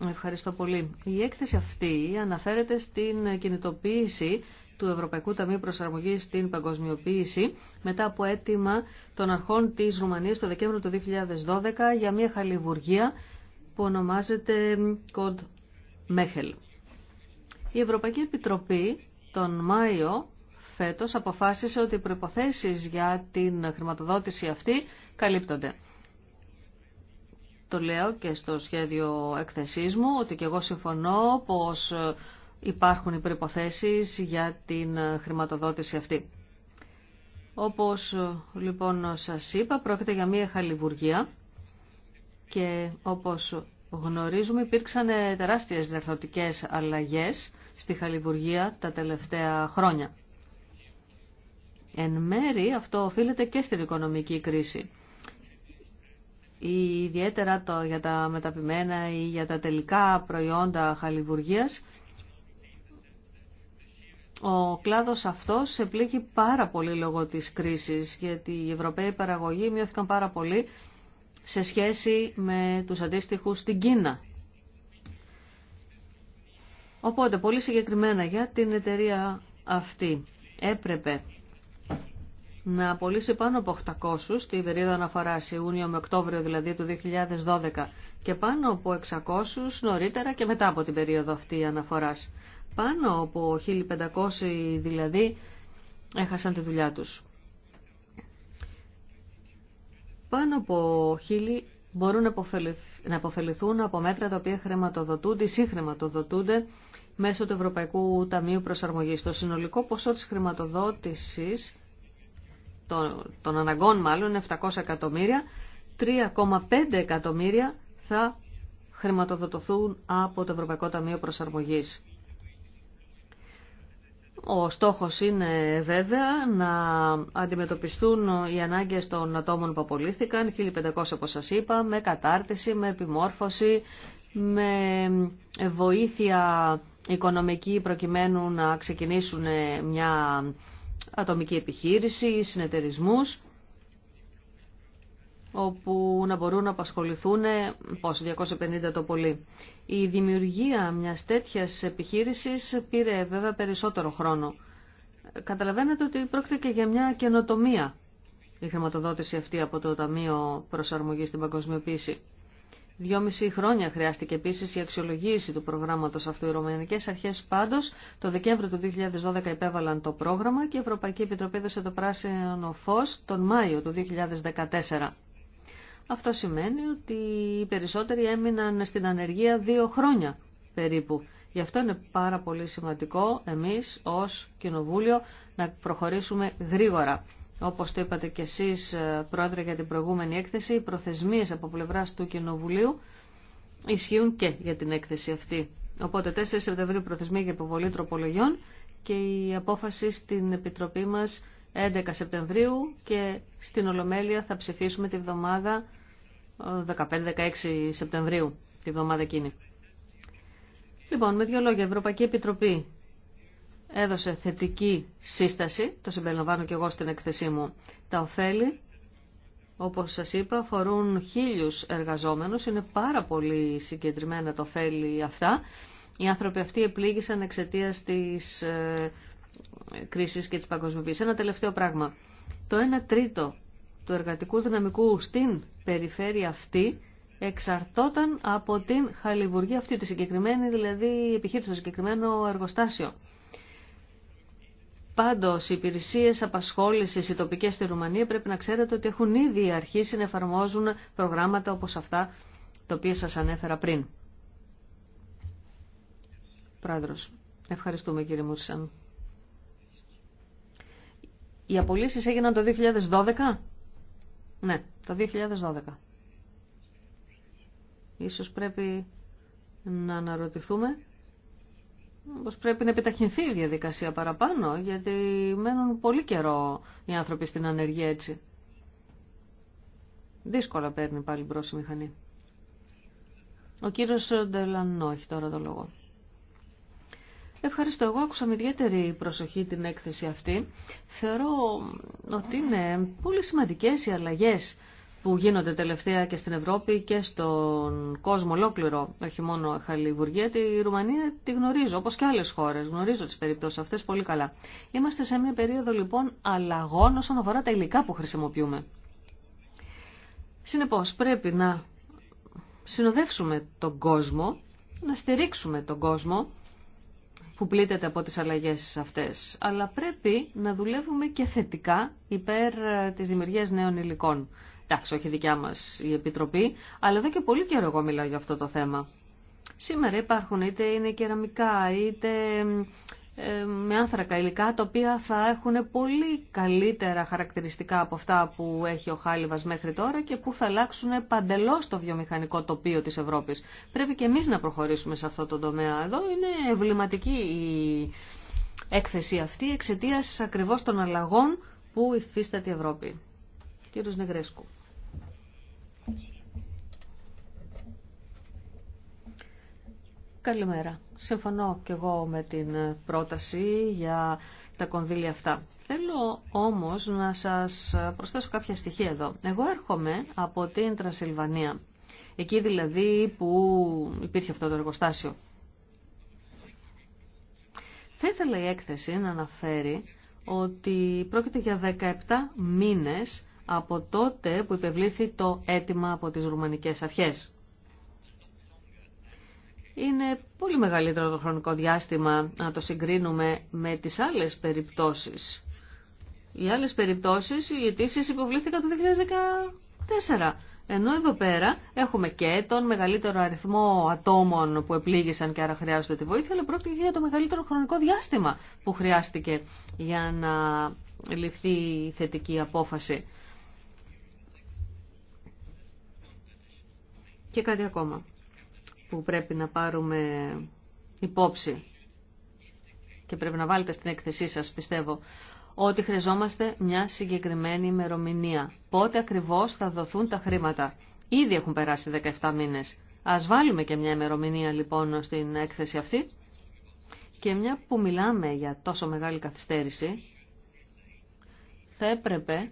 Ευχαριστώ πολύ. Η έκθεση αυτή αναφέρεται στην κινητοποίηση του Ευρωπαϊκού Ταμείου Προσαρμογής στην Παγκοσμιοποίηση μετά από αίτημα των αρχών τη Ρουμανίας το Δεκέμβριο του 2012 για μια χαλιβουργία που ονομάζεται Κοντ Μέχελ. Η Ευρωπαϊκή Επιτροπή τον Μάιο φέτος αποφάσισε ότι οι προϋποθέσεις για την χρηματοδότηση αυτή καλύπτονται. Το λέω και στο σχέδιο εκθεσής μου ότι και εγώ συμφωνώ πως υπάρχουν οι προϋποθέσεις για την χρηματοδότηση αυτή. Όπως λοιπόν σας είπα, πρόκειται για μια χαλιβουργία και όπως γνωρίζουμε υπήρξαν ε, τεράστιες διαρθρωτικές αλλαγές στη Χαλιβουργία τα τελευταία χρόνια. Εν μέρη αυτό οφείλεται και στην οικονομική κρίση. Ή Ιδιαίτερα το για τα μεταπημένα ή για τα τελικά προϊόντα χαλιβουργίας, ο κλάδος αυτός επλήγει πάρα πολύ λόγω της κρίσης, γιατί οι Ευρωπαίοι παραγωγοί μειώθηκαν πάρα πολύ σε σχέση με τους αντίστοιχους στην Κίνα. Οπότε, πολύ συγκεκριμένα για την εταιρεία αυτή έπρεπε να απολύσει πάνω από 800 στη περίοδο αναφοράς Ιούνιο με Οκτώβριο δηλαδή του 2012 και πάνω από 600 νωρίτερα και μετά από την περίοδο αυτή αναφοράς. Πάνω από 1500 δηλαδή έχασαν τη δουλειά τους. Πάνω από χίλιοι μπορούν να αποφεληθούν από μέτρα τα οποία χρηματοδοτούνται ή συγχρηματοδοτούνται μέσω του Ευρωπαϊκού Ταμείου Προσαρμογής. Το συνολικό ποσό της χρηματοδότησης, των, αναγκών μάλλον, είναι 700 εκατομμύρια, 3,5 εκατομμύρια θα χρηματοδοτηθούν από το Ευρωπαϊκό Ταμείο Προσαρμογής. Ο στόχος είναι βέβαια να αντιμετωπιστούν οι ανάγκες των ατόμων που απολύθηκαν, 1500 όπως σας είπα, με κατάρτιση, με επιμόρφωση, με βοήθεια οικονομική προκειμένου να ξεκινήσουν μια ατομική επιχείρηση, ή συνεταιρισμούς όπου να μπορούν να απασχοληθούν 250 το πολύ. Η δημιουργία μιας τέτοιας επιχείρησης πήρε βέβαια περισσότερο χρόνο. Καταλαβαίνετε ότι πρόκειται και για μια καινοτομία η χρηματοδότηση αυτή από το Ταμείο Προσαρμογής στην Παγκοσμιοποίηση. Δυόμιση χρόνια χρειάστηκε επίση η αξιολογήση του προγράμματο αυτού. Οι Ρωμανικέ Αρχέ πάντω το Δεκέμβριο του 2012 επέβαλαν το πρόγραμμα και η Ευρωπαϊκή Επιτροπή έδωσε το πράσινο φω τον Μάιο του 2014. Αυτό σημαίνει ότι οι περισσότεροι έμειναν στην ανεργία δύο χρόνια περίπου. Γι' αυτό είναι πάρα πολύ σημαντικό εμείς ως Κοινοβούλιο να προχωρήσουμε γρήγορα. Όπως το είπατε και εσείς ε, πρόεδρε για την προηγούμενη έκθεση, οι προθεσμίες από πλευράς του Κοινοβουλίου ισχύουν και για την έκθεση αυτή. Οπότε 4 Σεπτεμβρίου προθεσμία για υποβολή τροπολογιών και η απόφαση στην Επιτροπή μας 11 Σεπτεμβρίου και στην Ολομέλεια θα ψηφίσουμε τη βδομάδα 15-16 Σεπτεμβρίου, τη βδομάδα εκείνη. Λοιπόν, με δύο λόγια, η Ευρωπαϊκή Επιτροπή έδωσε θετική σύσταση, το συμπεριλαμβάνω και εγώ στην εκθεσή μου. Τα ωφέλη, όπως σας είπα, αφορούν χίλιους εργαζόμενους, είναι πάρα πολύ συγκεντρημένα τα ωφέλη αυτά. Οι άνθρωποι αυτοί επλήγησαν εξαιτία της ε, κρίσης και της παγκοσμιοποίησης. Ένα τελευταίο πράγμα. Το 1 τρίτο του εργατικού δυναμικού στην περιφέρεια αυτή εξαρτόταν από την χαλιβουργία αυτή, τη συγκεκριμένη δηλαδή επιχείρηση, το συγκεκριμένο εργοστάσιο. Πάντω οι υπηρεσίε απασχόληση, οι τοπικέ στη Ρουμανία πρέπει να ξέρετε ότι έχουν ήδη αρχίσει να εφαρμόζουν προγράμματα όπω αυτά τα οποία σα ανέφερα πριν. Πρόεδρο, ευχαριστούμε κύριε Μούρσαν. Οι απολύσει έγιναν το 2012. Ναι, το 2012. Ίσως πρέπει να αναρωτηθούμε πως πρέπει να επιταχυνθεί η διαδικασία παραπάνω, γιατί μένουν πολύ καιρό οι άνθρωποι στην ανεργία έτσι. Δύσκολα παίρνει πάλι μπρος η μηχανή. Ο κύριος Ντελανό έχει τώρα το λόγο. Ευχαριστώ. Εγώ άκουσα με ιδιαίτερη προσοχή την έκθεση αυτή. Θεωρώ ότι είναι πολύ σημαντικές οι αλλαγές που γίνονται τελευταία και στην Ευρώπη και στον κόσμο ολόκληρο, όχι μόνο Χαλιβουργία, τη Ρουμανία τη γνωρίζω, όπως και άλλες χώρες, γνωρίζω τις περιπτώσεις αυτές πολύ καλά. Είμαστε σε μια περίοδο λοιπόν αλλαγών όσον αφορά τα υλικά που χρησιμοποιούμε. Συνεπώς πρέπει να συνοδεύσουμε τον κόσμο, να στηρίξουμε τον κόσμο που πλήττεται από τις αλλαγές αυτές. Αλλά πρέπει να δουλεύουμε και θετικά υπέρ ε, της δημιουργίας νέων υλικών. Εντάξει, όχι δικιά μας η Επιτροπή, αλλά εδώ και πολύ καιρό εγώ μιλάω για αυτό το θέμα. Σήμερα υπάρχουν είτε είναι κεραμικά, είτε με άνθρακα υλικά, τα οποία θα έχουν πολύ καλύτερα χαρακτηριστικά από αυτά που έχει ο Χάλιβας μέχρι τώρα και που θα αλλάξουν παντελώς το βιομηχανικό τοπίο της Ευρώπης. Πρέπει και εμείς να προχωρήσουμε σε αυτό το τομέα. Εδώ είναι εμβληματική η έκθεση αυτή εξαιτία ακριβώς των αλλαγών που υφίσταται η Ευρώπη. Κύριος Νεγρέσκου. Καλημέρα συμφωνώ και εγώ με την πρόταση για τα κονδύλια αυτά. Θέλω όμως να σας προσθέσω κάποια στοιχεία εδώ. Εγώ έρχομαι από την Τρασιλβανία, εκεί δηλαδή που υπήρχε αυτό το εργοστάσιο. Θα ήθελα η έκθεση να αναφέρει ότι πρόκειται για 17 μήνες από τότε που υπευλήθη το αίτημα από τις ρουμανικές αρχές είναι πολύ μεγαλύτερο το χρονικό διάστημα να το συγκρίνουμε με τις άλλες περιπτώσεις. Οι άλλες περιπτώσεις, οι αιτήσει υποβλήθηκαν το 2014. Ενώ εδώ πέρα έχουμε και τον μεγαλύτερο αριθμό ατόμων που επλήγησαν και άρα χρειάζονται τη βοήθεια, αλλά πρόκειται για το μεγαλύτερο χρονικό διάστημα που χρειάστηκε για να ληφθεί η θετική απόφαση. Και κάτι ακόμα που πρέπει να πάρουμε υπόψη και πρέπει να βάλετε στην έκθεσή σας, πιστεύω, ότι χρειαζόμαστε μια συγκεκριμένη ημερομηνία. Πότε ακριβώς θα δοθούν τα χρήματα. Ήδη έχουν περάσει 17 μήνες. Ας βάλουμε και μια ημερομηνία λοιπόν στην έκθεση αυτή. Και μια που μιλάμε για τόσο μεγάλη καθυστέρηση, θα έπρεπε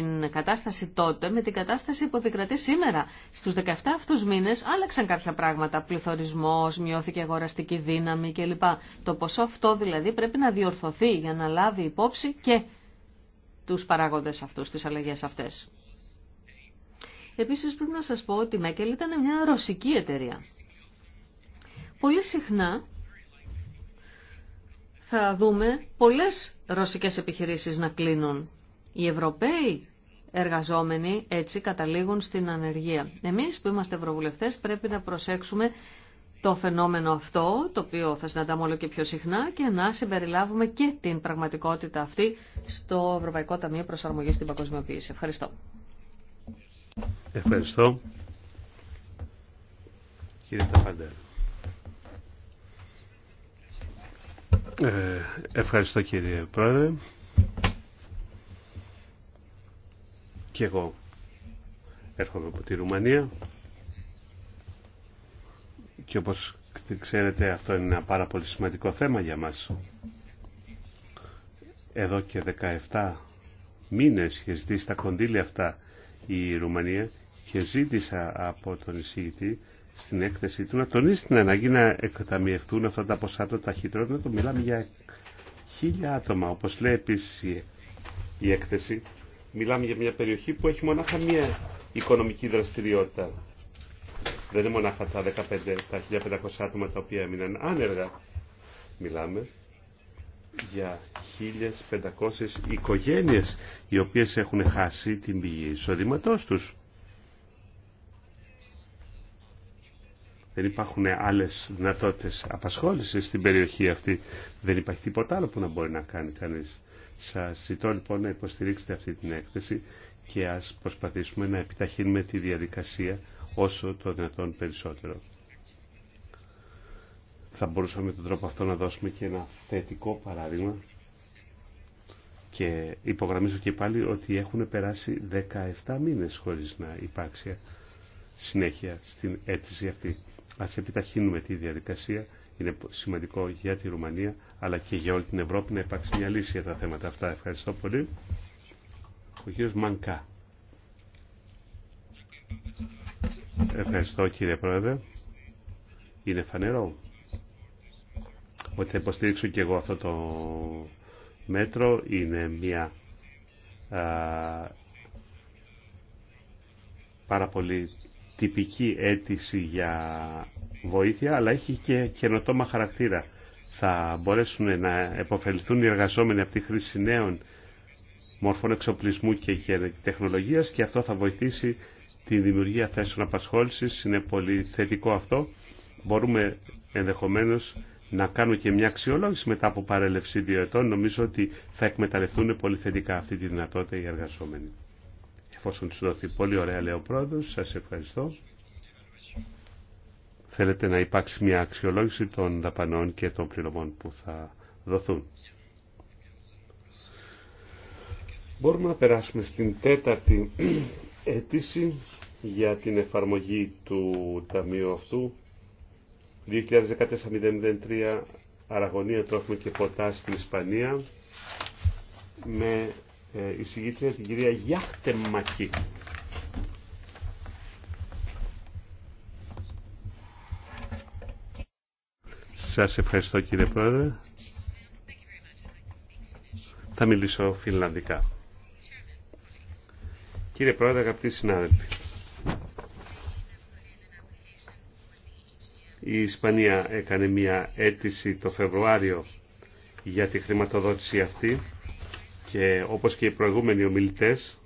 την κατάσταση τότε με την κατάσταση που επικρατεί σήμερα. Στους 17 αυτούς μήνες άλλαξαν κάποια πράγματα, πληθωρισμός, μειώθηκε αγοραστική δύναμη κλπ. Το ποσό αυτό δηλαδή πρέπει να διορθωθεί για να λάβει υπόψη και τους παράγοντες αυτούς, τις αλλαγές αυτές. Επίσης πρέπει να σας πω ότι η Μέκελ ήταν μια ρωσική εταιρεία. Πολύ συχνά θα δούμε πολλές ρωσικές επιχειρήσεις να κλείνουν οι Ευρωπαίοι εργαζόμενοι έτσι καταλήγουν στην ανεργία. Εμείς που είμαστε ευρωβουλευτές πρέπει να προσέξουμε το φαινόμενο αυτό, το οποίο θα συναντάμε όλο και πιο συχνά, και να συμπεριλάβουμε και την πραγματικότητα αυτή στο Ευρωπαϊκό Ταμείο Προσαρμογής στην Παγκοσμιοποίηση. Ευχαριστώ. Ευχαριστώ. Κύριε Ταφαντέρ. Ε, ευχαριστώ κύριε Πρόεδρε. Και εγώ έρχομαι από τη Ρουμανία και όπως ξέρετε αυτό είναι ένα πάρα πολύ σημαντικό θέμα για μας. Εδώ και 17 μήνες είχε ζητήσει τα κονδύλια αυτά η Ρουμανία και ζήτησα από τον εισηγητή στην έκθεση του να τονίσει την ανάγκη να εκταμιευτούν αυτά τα ποσά τα ταχύτερο να το μιλάμε για χίλια άτομα όπως λέει επίση η έκθεση μιλάμε για μια περιοχή που έχει μονάχα μία οικονομική δραστηριότητα. Δεν είναι μονάχα τα, 15, τα 1500 άτομα τα οποία έμειναν άνεργα. Μιλάμε για 1500 οικογένειες οι οποίες έχουν χάσει την πηγή εισοδήματός τους. Δεν υπάρχουν άλλες δυνατότητες απασχόλησης στην περιοχή αυτή. Δεν υπάρχει τίποτα άλλο που να μπορεί να κάνει κανείς. Σας ζητώ λοιπόν να υποστηρίξετε αυτή την έκθεση και ας προσπαθήσουμε να επιταχύνουμε τη διαδικασία όσο το δυνατόν περισσότερο. Θα μπορούσαμε με τον τρόπο αυτό να δώσουμε και ένα θετικό παράδειγμα και υπογραμμίζω και πάλι ότι έχουν περάσει 17 μήνες χωρίς να υπάρξει συνέχεια στην αίτηση αυτή. Ας επιταχύνουμε τη διαδικασία. Είναι σημαντικό για τη Ρουμανία αλλά και για όλη την Ευρώπη να υπάρξει μια λύση για τα θέματα αυτά. Ευχαριστώ πολύ. Ο κ. Μανκά. Ευχαριστώ κύριε Πρόεδρε. Είναι φανερό ότι θα υποστηρίξω και εγώ αυτό το μέτρο. Είναι μια πάρα πολύ τυπική αίτηση για βοήθεια, αλλά έχει και καινοτόμα χαρακτήρα. Θα μπορέσουν να επωφεληθούν οι εργαζόμενοι από τη χρήση νέων μορφών εξοπλισμού και τεχνολογίας και αυτό θα βοηθήσει τη δημιουργία θέσεων απασχόλησης. Είναι πολύ θετικό αυτό. Μπορούμε ενδεχομένως να κάνουμε και μια αξιολόγηση μετά από παρέλευση δύο ετών. Νομίζω ότι θα εκμεταλλευτούν πολύ θετικά αυτή τη δυνατότητα οι εργαζόμενοι εφόσον του δοθεί. Πολύ ωραία λέει ο πρόεδρο. Σα ευχαριστώ. Θέλετε να υπάρξει μια αξιολόγηση των δαπανών και των πληρωμών που θα δοθούν. Μπορούμε να περάσουμε στην τέταρτη αίτηση για την εφαρμογή του Ταμείου αυτού 2014-003 Αραγωνία, Τρόφιμο και Ποτά στην Ισπανία με ε, εισηγήτρια, την κυρία Γιάχτεμακή. Σας ευχαριστώ κύριε Πρόεδρε. Θα μιλήσω φιλανδικά. Κύριε Πρόεδρε, αγαπητοί συνάδελφοι. Η Ισπανία έκανε μια αίτηση το Φεβρουάριο για τη χρηματοδότηση αυτή και όπως και οι προηγούμενοι ομιλητές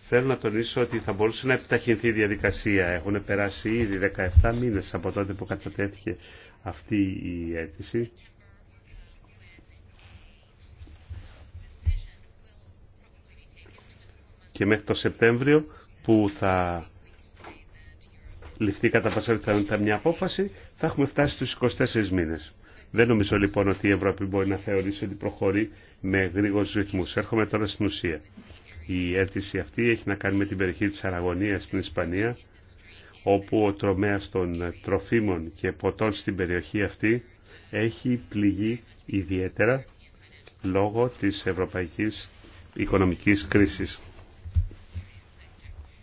θέλω να τονίσω ότι θα μπορούσε να επιταχυνθεί η διαδικασία. Έχουν περάσει ήδη 17 μήνες από τότε που κατατέθηκε αυτή η αίτηση. Και μέχρι το Σεπτέμβριο που θα ληφθεί κατά πάσα μια απόφαση, θα έχουμε φτάσει στους 24 μήνες. Δεν νομίζω λοιπόν ότι η Ευρώπη μπορεί να θεωρήσει ότι προχωρεί με γρήγορου ρυθμού. Έρχομαι τώρα στην ουσία. Η αίτηση αυτή έχει να κάνει με την περιοχή της Αραγωνίας στην Ισπανία, όπου ο τρομέα των τροφίμων και ποτών στην περιοχή αυτή έχει πληγεί ιδιαίτερα λόγω της ευρωπαϊκής οικονομικής κρίσης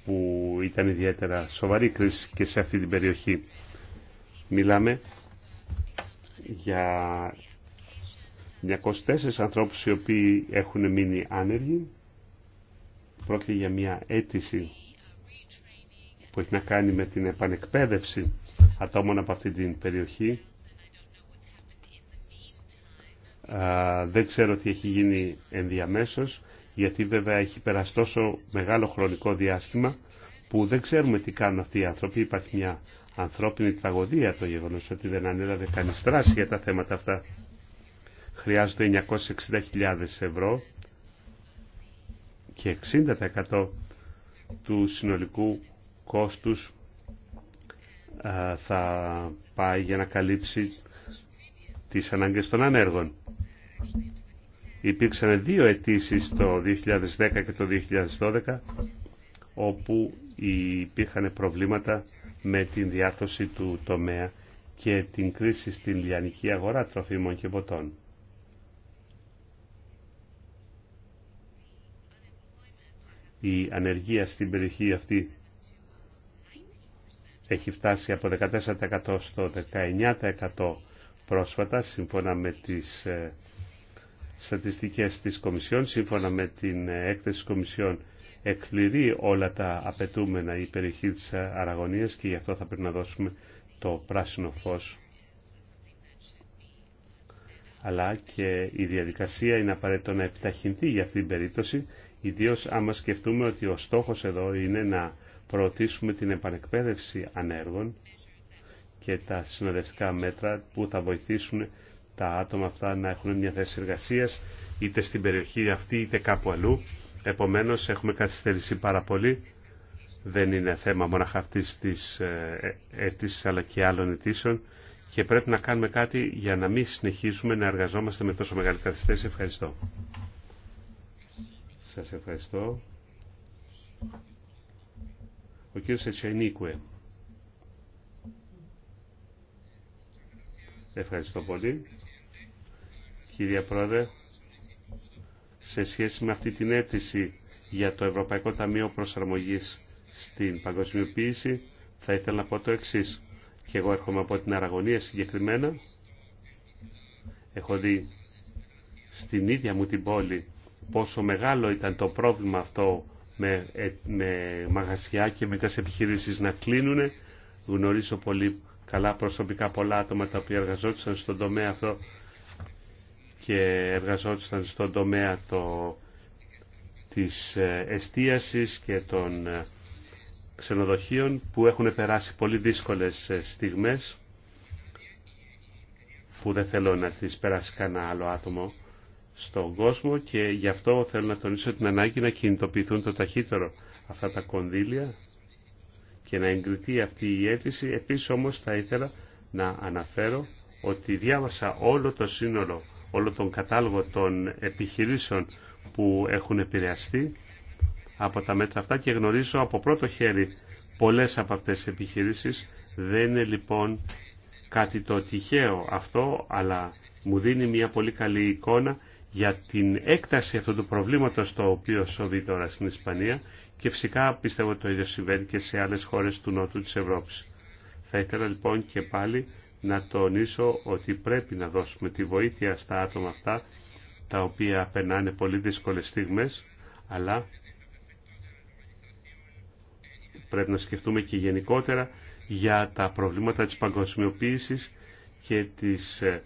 που ήταν ιδιαίτερα σοβαρή κρίση και σε αυτή την περιοχή. Μιλάμε για 204 ανθρώπους οι οποίοι έχουν μείνει άνεργοι. Πρόκειται για μια αίτηση που έχει να κάνει με την επανεκπαίδευση ατόμων από αυτή την περιοχή. δεν ξέρω τι έχει γίνει ενδιαμέσως, γιατί βέβαια έχει περάσει τόσο μεγάλο χρονικό διάστημα που δεν ξέρουμε τι κάνουν αυτοί οι άνθρωποι. Υπάρχει μια ανθρώπινη τραγωδία το γεγονός ότι δεν ανέλαβε κανείς δράση για τα θέματα αυτά. Χρειάζονται 960.000 ευρώ και 60% του συνολικού κόστους θα πάει για να καλύψει τις ανάγκες των ανέργων. Υπήρξαν δύο αιτήσει το 2010 και το 2012 όπου υπήρχαν προβλήματα με την διάρθρωση του τομέα και την κρίση στην λιανική αγορά τροφίμων και ποτών. Η ανεργία στην περιοχή αυτή έχει φτάσει από 14% στο 19% πρόσφατα, σύμφωνα με τις ε, στατιστικές της Κομισιόν, σύμφωνα με την ε, έκθεση της Κομισιόν εκπληρεί όλα τα απαιτούμενα η περιοχή της Αραγωνίας και γι' αυτό θα πρέπει να δώσουμε το πράσινο φως. Αλλά και η διαδικασία είναι απαραίτητο να επιταχυνθεί για αυτήν την περίπτωση, ιδίως άμα σκεφτούμε ότι ο στόχος εδώ είναι να προωθήσουμε την επανεκπαίδευση ανέργων και τα συνοδευτικά μέτρα που θα βοηθήσουν τα άτομα αυτά να έχουν μια θέση εργασίας είτε στην περιοχή αυτή είτε κάπου αλλού Επομένως έχουμε καθυστερήσει πάρα πολύ. Δεν είναι θέμα μόνο αυτής της ε, ε, αίτηση αλλά και άλλων αιτήσεων και πρέπει να κάνουμε κάτι για να μην συνεχίσουμε να εργαζόμαστε με τόσο μεγάλη καθυστέρηση. Ευχαριστώ. Σας ευχαριστώ. Ο κύριος Ετσιανίκουε. Ευχαριστώ πολύ. Κυρία Πρόεδρε, σε σχέση με αυτή την αίτηση για το Ευρωπαϊκό Ταμείο Προσαρμογής στην παγκοσμιοποίηση, θα ήθελα να πω το εξή. Και εγώ έρχομαι από την Αραγωνία συγκεκριμένα. Έχω δει στην ίδια μου την πόλη πόσο μεγάλο ήταν το πρόβλημα αυτό με, ε, με μαγαζιά και μικρές επιχειρήσεις να κλείνουν. Γνωρίζω πολύ καλά προσωπικά πολλά άτομα τα οποία εργαζόντουσαν στον τομέα αυτό και εργαζόντουσαν στον τομέα το, της ε, εστίασης και των ε, ξενοδοχείων που έχουν περάσει πολύ δύσκολες ε, στιγμές που δεν θέλω να τις περάσει κανένα άλλο άτομο στον κόσμο και γι' αυτό θέλω να τονίσω την ανάγκη να κινητοποιηθούν το ταχύτερο αυτά τα κονδύλια και να εγκριθεί αυτή η αίτηση. Επίσης όμως θα ήθελα να αναφέρω ότι διάβασα όλο το σύνολο όλο τον κατάλογο των επιχειρήσεων που έχουν επηρεαστεί από τα μέτρα αυτά και γνωρίζω από πρώτο χέρι πολλές από αυτές τις επιχειρήσεις. Δεν είναι λοιπόν κάτι το τυχαίο αυτό, αλλά μου δίνει μια πολύ καλή εικόνα για την έκταση αυτού του προβλήματος το οποίο σοβεί τώρα στην Ισπανία και φυσικά πιστεύω το ίδιο συμβαίνει και σε άλλες χώρες του Νότου της Ευρώπης. Θα ήθελα λοιπόν και πάλι να τονίσω ότι πρέπει να δώσουμε τη βοήθεια στα άτομα αυτά τα οποία περνάνε πολύ δύσκολες στιγμές, αλλά πρέπει να σκεφτούμε και γενικότερα για τα προβλήματα της παγκοσμιοποίησης και της ε,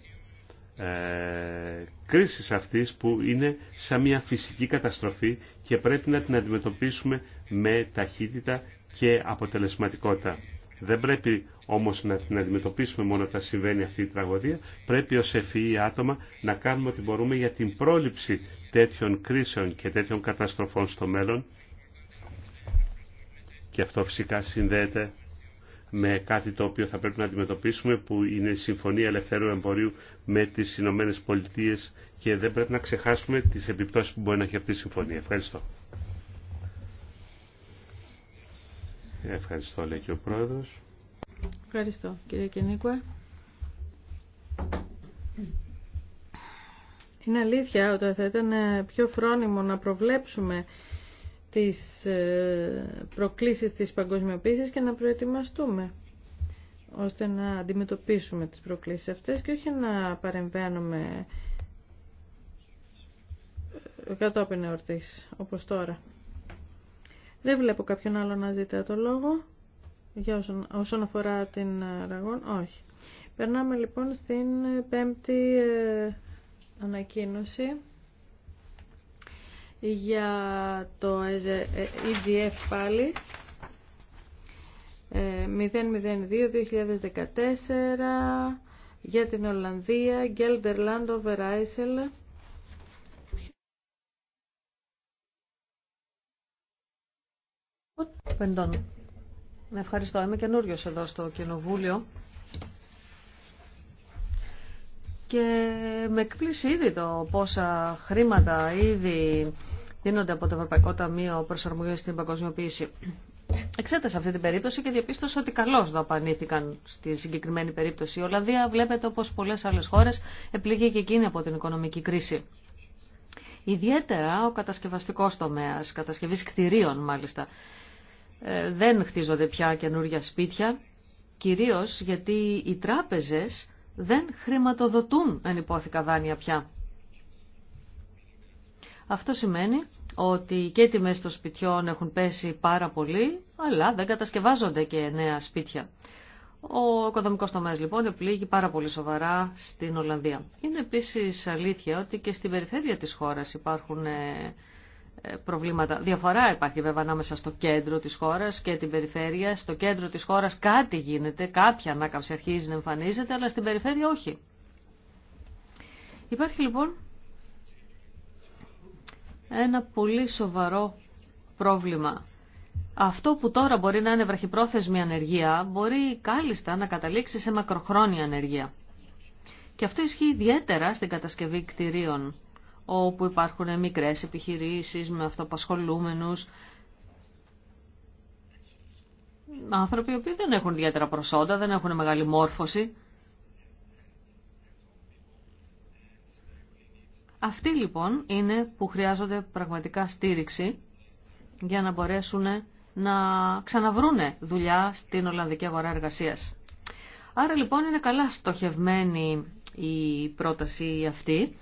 ε κρίσης αυτής που είναι σαν μια φυσική καταστροφή και πρέπει να την αντιμετωπίσουμε με ταχύτητα και αποτελεσματικότητα. Δεν πρέπει όμως να την αντιμετωπίσουμε μόνο όταν συμβαίνει αυτή η τραγωδία, πρέπει ως ευφυή άτομα να κάνουμε ό,τι μπορούμε για την πρόληψη τέτοιων κρίσεων και τέτοιων καταστροφών στο μέλλον. Και αυτό φυσικά συνδέεται με κάτι το οποίο θα πρέπει να αντιμετωπίσουμε που είναι η Συμφωνία Ελευθερού Εμπορίου με τις Ηνωμένε Πολιτείε και δεν πρέπει να ξεχάσουμε τις επιπτώσεις που μπορεί να έχει αυτή η συμφωνία. Ευχαριστώ. Ευχαριστώ λέει και ο Πρόεδρος. Ευχαριστώ κύριε Κενίκουε. Είναι αλήθεια ότι θα ήταν ε, πιο φρόνιμο να προβλέψουμε τις ε, προκλήσεις της παγκοσμιοποίησης και να προετοιμαστούμε ώστε να αντιμετωπίσουμε τις προκλήσεις αυτές και όχι να παρεμβαίνουμε ε, κατόπιν εορτής όπως τώρα. Δεν βλέπω κάποιον άλλο να ζητά το λόγο για όσον, όσον αφορά την Ραγόν, όχι. Περνάμε λοιπόν στην πέμπτη ε, ανακοίνωση για το EGF ε, e πάλι 002-2014 ε, για την Ολλανδία Gelderland over Eisel. Πεντών. Ευχαριστώ. Είμαι καινούριο εδώ στο Κοινοβούλιο. Και με εκπλήσει ήδη το πόσα χρήματα ήδη δίνονται από το Ευρωπαϊκό Ταμείο προσαρμογή στην Παγκοσμιοποίηση. Εξέτασα αυτή την περίπτωση και διαπίστωσα ότι καλώς δαπανήθηκαν στη συγκεκριμένη περίπτωση. Η Ολλανδία βλέπετε όπω πολλέ άλλε χώρε επλήγει και εκείνη από την οικονομική κρίση. Ιδιαίτερα ο κατασκευαστικό τομέα, κατασκευή κτηρίων μάλιστα. Ε, δεν χτίζονται πια καινούργια σπίτια, κυρίως γιατί οι τράπεζες δεν χρηματοδοτούν ενυπόθηκα δάνεια πια. Αυτό σημαίνει ότι και οι τιμές των σπιτιών έχουν πέσει πάρα πολύ, αλλά δεν κατασκευάζονται και νέα σπίτια. Ο οικοδομικό τομέας λοιπόν επλήγει πάρα πολύ σοβαρά στην Ολλανδία. Είναι επίσης αλήθεια ότι και στην περιφέρεια της χώρας υπάρχουν ε, ε, προβλήματα. Διαφορά υπάρχει βέβαια ανάμεσα στο κέντρο της χώρας και την περιφέρεια. Στο κέντρο της χώρας κάτι γίνεται, κάποια ανάκαμψη αρχίζει να εμφανίζεται, αλλά στην περιφέρεια όχι. Υπάρχει λοιπόν ένα πολύ σοβαρό πρόβλημα. Αυτό που τώρα μπορεί να είναι βραχυπρόθεσμη ανεργία, μπορεί κάλλιστα να καταλήξει σε μακροχρόνια ανεργία. Και αυτό ισχύει ιδιαίτερα στην κατασκευή κτηρίων όπου υπάρχουν μικρές επιχειρήσεις με αυτοπασχολούμενους, άνθρωποι οι δεν έχουν ιδιαίτερα προσόντα, δεν έχουν μεγάλη μόρφωση. Αυτοί λοιπόν είναι που χρειάζονται πραγματικά στήριξη για να μπορέσουν να ξαναβρούν δουλειά στην Ολλανδική αγορά εργασίας. Άρα λοιπόν είναι καλά στοχευμένη η πρόταση αυτή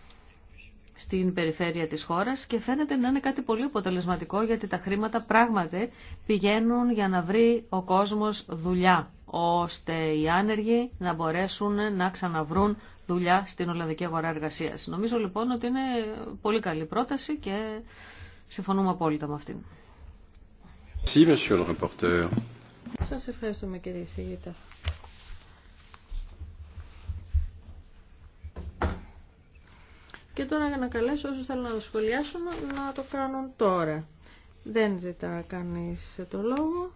στην περιφέρεια της χώρας και φαίνεται να είναι κάτι πολύ αποτελεσματικό γιατί τα χρήματα πράγματι πηγαίνουν για να βρει ο κόσμος δουλειά ώστε οι άνεργοι να μπορέσουν να ξαναβρούν δουλειά στην Ολλανδική Αγορά Εργασίας. Νομίζω λοιπόν ότι είναι πολύ καλή πρόταση και συμφωνούμε απόλυτα με αυτήν. Σας ευχαριστούμε κύριε Σιγήτα. Και τώρα για να καλέσω όσους θέλουν να το σχολιάσουν να το κάνουν τώρα. Δεν ζητά κανείς το λόγο.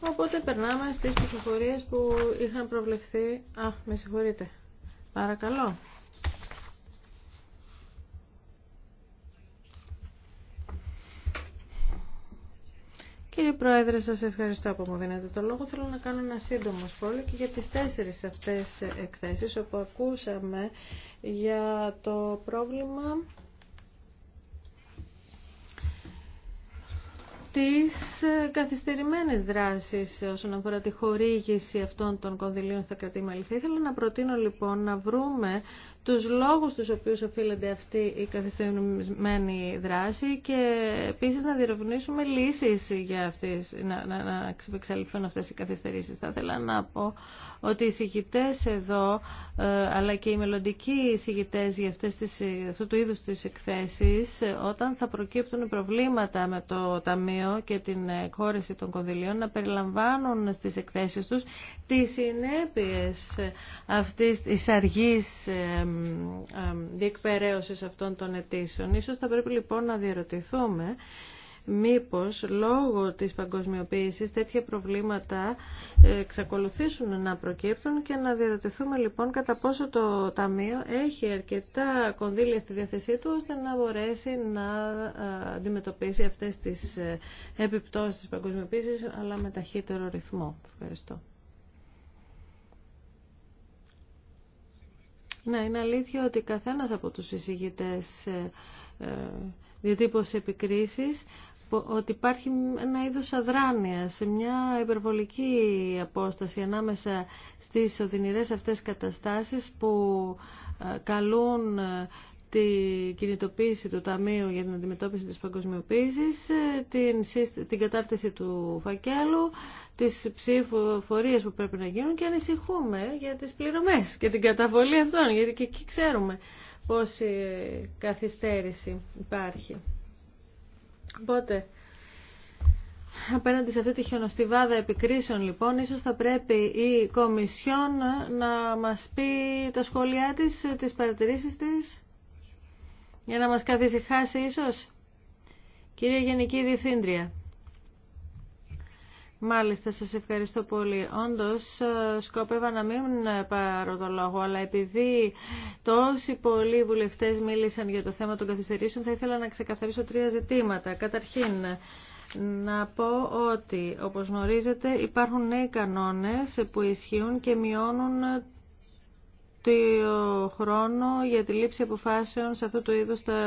Οπότε περνάμε στις πληροφορίε που είχαν προβλεφθεί. Α, με συγχωρείτε. Παρακαλώ. Κύριε Πρόεδρε, σα ευχαριστώ που μου δίνετε το λόγο. Θέλω να κάνω ένα σύντομο σχόλιο και για τι τέσσερι αυτέ εκθέσει όπου ακούσαμε για το πρόβλημα τις ε, καθυστερημένες δράσεις όσον αφορά τη χορήγηση αυτών των κονδυλίων στα κρατήματα. Θα ήθελα να προτείνω λοιπόν να βρούμε τους λόγους τους οποίους οφείλεται αυτή η καθυστερημένη δράση και επίσης να διερευνήσουμε λύσεις για αυτές, να, να, να εξελιχθούν αυτές οι καθυστερήσεις. Θα ήθελα να πω ότι οι συγητές εδώ, ε, αλλά και οι μελλοντικοί συγητές για αυτές τις, ε, αυτού του είδους τις εκθέσεις, όταν θα προκύπτουν προβλήματα με το Ταμείο και την κόρηση ε, των κονδυλίων να περιλαμβάνουν στις εκθέσεις τους τις συνέπειες ε, αυτής της αργής ε, διεκπαιρέωσης αυτών των αιτήσεων. Ίσως θα πρέπει λοιπόν να διαρωτηθούμε μήπως λόγω της παγκοσμιοποίησης τέτοια προβλήματα εξακολουθήσουν να προκύπτουν και να διαρωτηθούμε λοιπόν κατά πόσο το Ταμείο έχει αρκετά κονδύλια στη διάθεσή του ώστε να μπορέσει να ε, αντιμετωπίσει αυτές τις ε, επιπτώσεις της παγκοσμιοποίησης αλλά με ταχύτερο ρυθμό. Ευχαριστώ. Ναι, είναι αλήθεια ότι καθένας από τους εισηγητές ε, διατύπωσε επικρίσεις, ότι υπάρχει ένα είδος αδράνεια σε μια υπερβολική απόσταση ανάμεσα στις οδυνηρές αυτές καταστάσεις που ε, καλούν ε, τη κινητοποίηση του Ταμείου για την αντιμετώπιση της παγκοσμιοποίησης, ε, την, την κατάρτιση του φακέλου, τις ψηφοφορίες που πρέπει να γίνουν και ανησυχούμε για τις πληρωμές και την καταβολή αυτών, γιατί και εκεί ξέρουμε πόση καθυστέρηση υπάρχει. Οπότε, απέναντι σε αυτή τη χιονοστιβάδα επικρίσεων λοιπόν, ίσως θα πρέπει η Κομισιόν να μας πει τα σχόλιά της, τις παρατηρήσεις της, για να μας καθησυχάσει ίσως. Κυρία Γενική Διευθύντρια. Μάλιστα, σας ευχαριστώ πολύ. Όντως, σκόπευα να μην πάρω το λόγο, αλλά επειδή τόσοι πολλοί βουλευτές μίλησαν για το θέμα των καθυστερήσεων, θα ήθελα να ξεκαθαρίσω τρία ζητήματα. Καταρχήν, να πω ότι, όπως γνωρίζετε, υπάρχουν νέοι κανόνες που ισχύουν και μειώνουν το χρόνο για τη λήψη αποφάσεων σε αυτού του είδους τα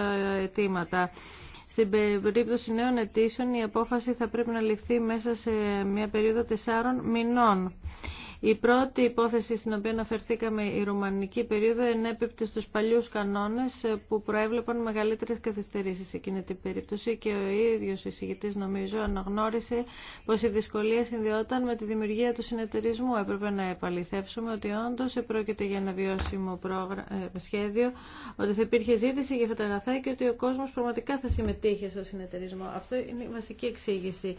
αιτήματα. Στην περίπτωση νέων αιτήσεων η απόφαση θα πρέπει να ληφθεί μέσα σε μια περίοδο τεσσάρων μηνών. Η πρώτη υπόθεση στην οποία αναφερθήκαμε, η ρουμανική περίοδο, ενέπιπτε στους παλιούς κανόνες ε, που προέβλεπαν μεγαλύτερες καθυστερήσεις σε εκείνη την περίπτωση και ο ίδιος ο εισηγητής νομίζω αναγνώρισε πως η δυσκολία συνδυόταν με τη δημιουργία του συνεταιρισμού. Έπρεπε να επαληθεύσουμε ότι όντως πρόκειται για ένα βιώσιμο ε, σχέδιο, ότι θα υπήρχε ζήτηση για αυτά τα και ότι ο κόσμος πραγματικά θα συμμετείχε στο συνεταιρισμό. Αυτό είναι η βασική εξήγηση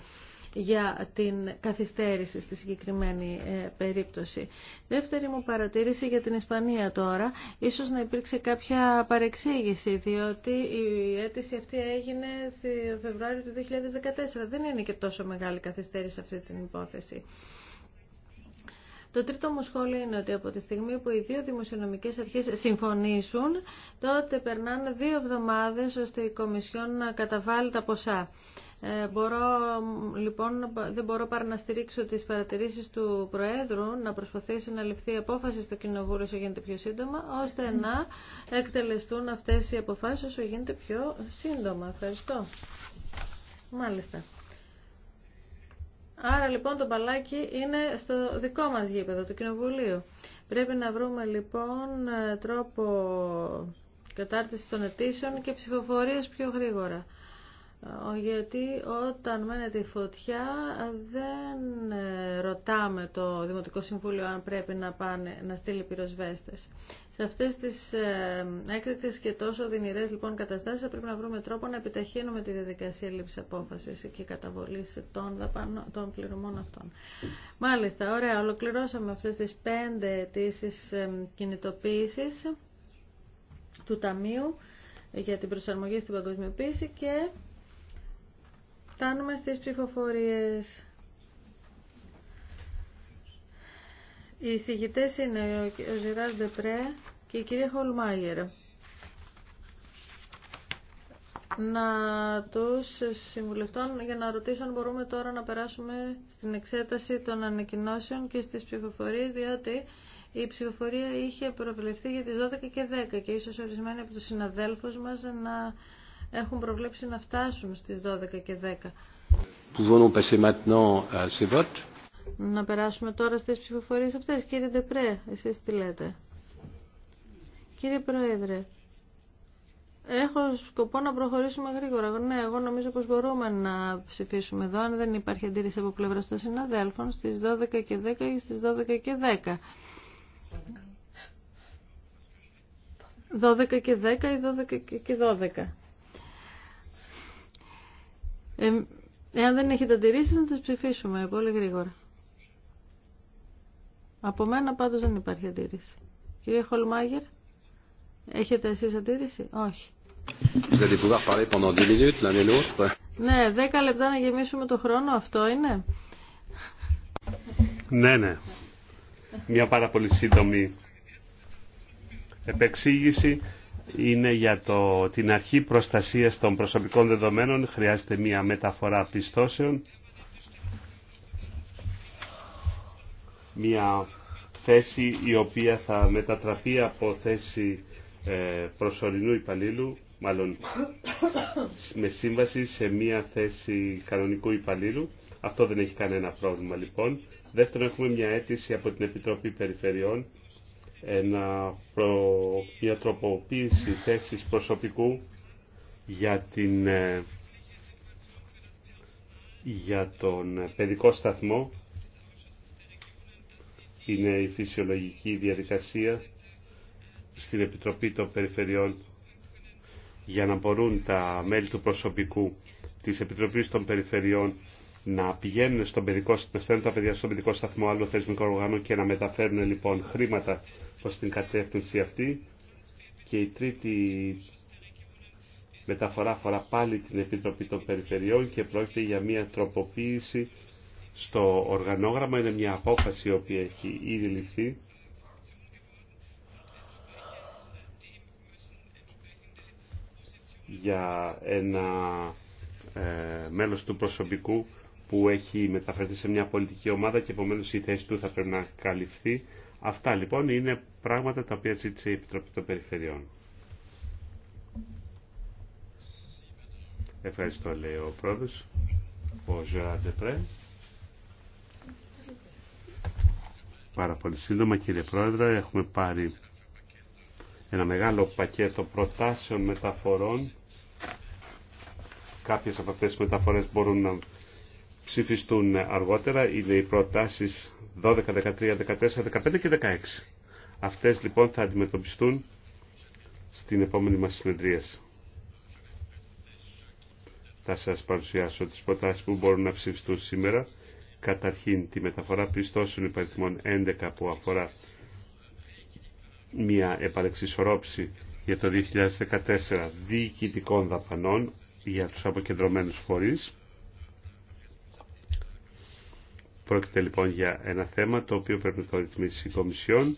για την καθυστέρηση στη συγκεκριμένη ε, περίπτωση. Δεύτερη μου παρατήρηση για την Ισπανία τώρα. Ίσως να υπήρξε κάποια παρεξήγηση, διότι η αίτηση αυτή έγινε σε Φεβρουάριο του 2014. Δεν είναι και τόσο μεγάλη καθυστέρηση αυτή την υπόθεση. Το τρίτο μου σχόλιο είναι ότι από τη στιγμή που οι δύο δημοσιονομικές αρχές συμφωνήσουν, τότε περνάνε δύο εβδομάδες ώστε η Κομισιόν να καταβάλει τα ποσά. Ε, μπορώ, λοιπόν, δεν μπορώ παρά να στηρίξω τις παρατηρήσεις του Προέδρου να προσπαθήσει να ληφθεί η απόφαση στο Κοινοβούλιο όσο γίνεται πιο σύντομα, ώστε να εκτελεστούν αυτέ οι αποφάσει όσο γίνεται πιο σύντομα. Ευχαριστώ. Μάλιστα. Άρα λοιπόν το μπαλάκι είναι στο δικό μας γήπεδο, το κοινοβουλίο. Πρέπει να βρούμε λοιπόν τρόπο κατάρτισης των αιτήσεων και ψηφοφορίες πιο γρήγορα γιατί όταν μένεται η φωτιά δεν ε, ρωτάμε το Δημοτικό Συμβούλιο αν πρέπει να, πάνε, να στείλει πυροσβέστες. Σε αυτές τις ε, έκτακτες και τόσο δυνηρές λοιπόν καταστάσεις θα πρέπει να βρούμε τρόπο να επιταχύνουμε τη διαδικασία λήψης απόφασης και καταβολής των, δαπάνω, των πληρωμών αυτών. Μάλιστα, ωραία, ολοκληρώσαμε αυτές τις πέντε αιτήσει ε, κινητοποίησης του Ταμείου για την προσαρμογή στην παγκοσμιοποίηση και Φτάνουμε στις ψηφοφορίες. Οι εισηγητές είναι ο Ζηράς Δεπρέ και η κυρία Χολμάγερ. Να τους συμβουλευτών για να ρωτήσω αν μπορούμε τώρα να περάσουμε στην εξέταση των ανακοινώσεων και στις ψηφοφορίες, διότι η ψηφοφορία είχε προβλεφθεί για τις 12 και 10 και ίσως ορισμένοι από τους συναδέλφους μας να έχουν προβλέψει να φτάσουν στις 12 και 10. Να περάσουμε τώρα στις ψηφοφορίες αυτές. Κύριε Ντεπρέ, εσείς τι λέτε. Κύριε Πρόεδρε, έχω σκοπό να προχωρήσουμε γρήγορα. Ναι, εγώ νομίζω πως μπορούμε να ψηφίσουμε εδώ, αν δεν υπάρχει αντίρρηση από πλευρά των συναδέλφων, στις 12 και 10 ή στις 12 και 10. 12 και 10 ή 12 και 12 εάν δεν έχετε αντιρρήσεις να τις ψηφίσουμε πολύ γρήγορα. Από μένα πάντως δεν υπάρχει αντίρρηση. Κύριε Χολμάγερ, έχετε εσείς αντίρρηση? Όχι. Ναι, 10 λεπτά να γεμίσουμε το χρόνο, αυτό είναι. Ναι, ναι. Μια πάρα πολύ σύντομη επεξήγηση είναι για το, την αρχή προστασία των προσωπικών δεδομένων. Χρειάζεται μία μεταφορά πιστώσεων. Μία θέση η οποία θα μετατραπεί από θέση ε, προσωρινού υπαλλήλου, μάλλον με σύμβαση σε μία θέση κανονικού υπαλλήλου. Αυτό δεν έχει κανένα πρόβλημα λοιπόν. Δεύτερον, έχουμε μια αίτηση από την Επιτροπή Περιφερειών ένα προ... μια τροποποίηση θέσης προσωπικού για, την... Ε, για τον παιδικό σταθμό. Είναι η φυσιολογική διαδικασία στην Επιτροπή των Περιφερειών για να μπορούν τα μέλη του προσωπικού της Επιτροπής των Περιφερειών να πηγαίνουν στον παιδικό, να στέλνουν τα παιδιά στον παιδικό σταθμό άλλο θεσμικό οργάνο και να μεταφέρουν λοιπόν χρήματα προς την κατεύθυνση αυτή και η τρίτη μεταφορά αφορά πάλι την Επιτροπή των Περιφερειών και πρόκειται για μια τροποποίηση στο οργανόγραμμα. Είναι μια απόφαση η οποία έχει ήδη ληφθεί. για ένα ε, μέλος του προσωπικού που έχει μεταφερθεί σε μια πολιτική ομάδα και επομένως η θέση του θα πρέπει να καλυφθεί. Αυτά λοιπόν είναι πράγματα τα οποία ζήτησε η Επιτροπή των Περιφερειών. Ευχαριστώ λέει ο πρόεδρος, ο Ζωάν Πρέ. Πάρα πολύ σύντομα κύριε πρόεδρε, έχουμε πάρει ένα μεγάλο πακέτο προτάσεων μεταφορών. Κάποιες από αυτές τις μεταφορές μπορούν να ψηφιστούν αργότερα. Είναι οι προτάσεις 12, 13, 14, 15 και 16. Αυτές λοιπόν θα αντιμετωπιστούν στην επόμενη μας συνεδρία. Θα σας παρουσιάσω τις προτάσεις που μπορούν να ψηφιστούν σήμερα. Καταρχήν τη μεταφορά πιστώσεων υπαριθμών 11 που αφορά μια επαλεξισορρόψη για το 2014 διοικητικών δαπανών για τους αποκεντρωμένους φορείς. Πρόκειται λοιπόν για ένα θέμα το οποίο πρέπει να το ρυθμίσει η Κομισιόν.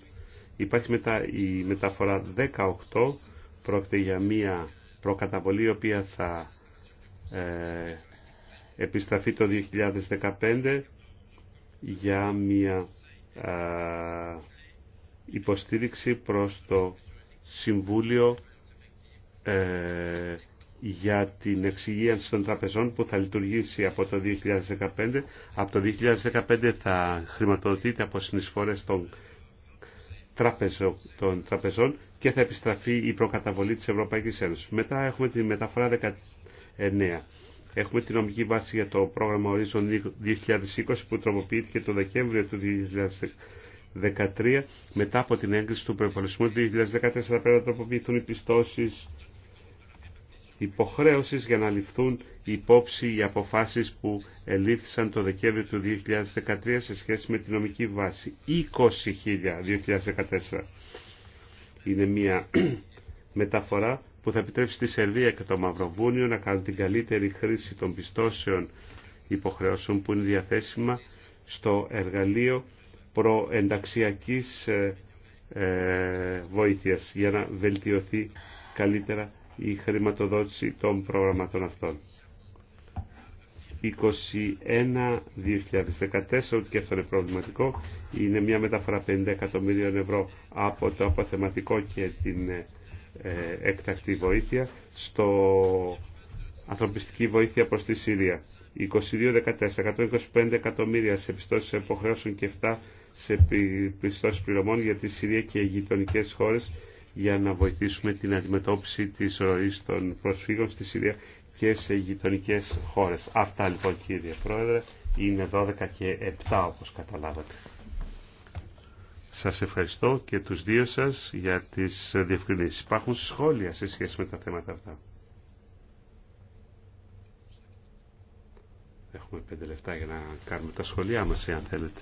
Υπάρχει μετά η μεταφορά 18, πρόκειται για μία προκαταβολή η οποία θα ε, επιστραφεί το 2015 για μία ε, υποστήριξη προς το Συμβούλιο ε, για την εξυγίανση των τραπεζών που θα λειτουργήσει από το 2015. Από το 2015 θα χρηματοδοτείται από συνεισφορές των, τραπεζών και θα επιστραφεί η προκαταβολή της Ευρωπαϊκής Ένωσης. Μετά έχουμε τη μεταφορά 19. Έχουμε την νομική βάση για το πρόγραμμα Horizon 2020 που τροποποιήθηκε το Δεκέμβριο του 2013 μετά από την έγκριση του προπολισμού του 2014 πρέπει να τροποποιηθούν οι πιστώσεις υποχρέωσης για να ληφθούν υπόψη οι αποφάσεις που ελήφθησαν το Δεκέμβριο του 2013 σε σχέση με τη νομική βάση. 20.000 2014. Είναι μια μεταφορά που θα επιτρέψει στη Σερβία και το Μαυροβούνιο να κάνουν την καλύτερη χρήση των πιστώσεων υποχρεώσεων που είναι διαθέσιμα στο εργαλείο προενταξιακής ε, ε, βοήθειας για να βελτιωθεί καλύτερα η χρηματοδότηση των προγραμματών αυτών. 21-2014, και αυτό είναι προβληματικό, είναι μια μεταφορά 50 εκατομμύριων ευρώ από το αποθεματικό και την ε, ε, έκτακτη βοήθεια στο ανθρωπιστική βοήθεια προς τη Συρία. 22-14, 125 εκατομμύρια σε πιστώσεις υποχρέωσεων και 7 σε πιστώσεις πληρωμών για τη Συρία και οι γειτονικέ χώρες για να βοηθήσουμε την αντιμετώπιση της ροής των προσφύγων στη Συρία και σε γειτονικέ χώρες. Αυτά λοιπόν κύριε Πρόεδρε είναι 12 και 7 όπως καταλάβατε. Σας ευχαριστώ και τους δύο σας για τις διευκρινήσεις. Υπάρχουν σχόλια σε σχέση με τα θέματα αυτά. Έχουμε πέντε λεπτά για να κάνουμε τα σχολιά μας, εάν θέλετε.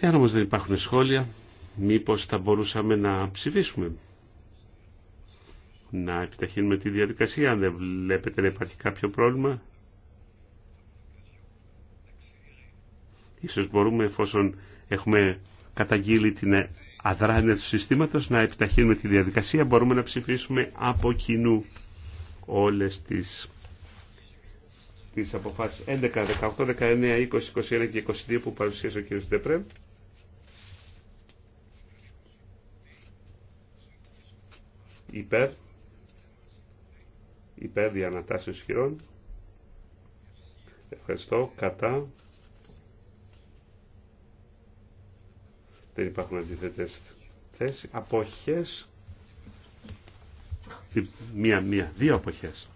Εάν όμως δεν υπάρχουν σχόλια, μήπως θα μπορούσαμε να ψηφίσουμε. Να επιταχύνουμε τη διαδικασία, αν δεν βλέπετε να υπάρχει κάποιο πρόβλημα. Ίσως μπορούμε, εφόσον έχουμε καταγγείλει την αδράνεια του συστήματος, να επιταχύνουμε τη διαδικασία. Μπορούμε να ψηφίσουμε από κοινού όλες τις, τις αποφάσεις 11, 18, 19, 20, 21 και 22 που παρουσίασε ο κ. Ντεπρέμ. υπέρ υπέρ διανατάσεις χειρών ευχαριστώ κατά δεν υπάρχουν αντίθετες θέσεις αποχές μία μία δύο αποχές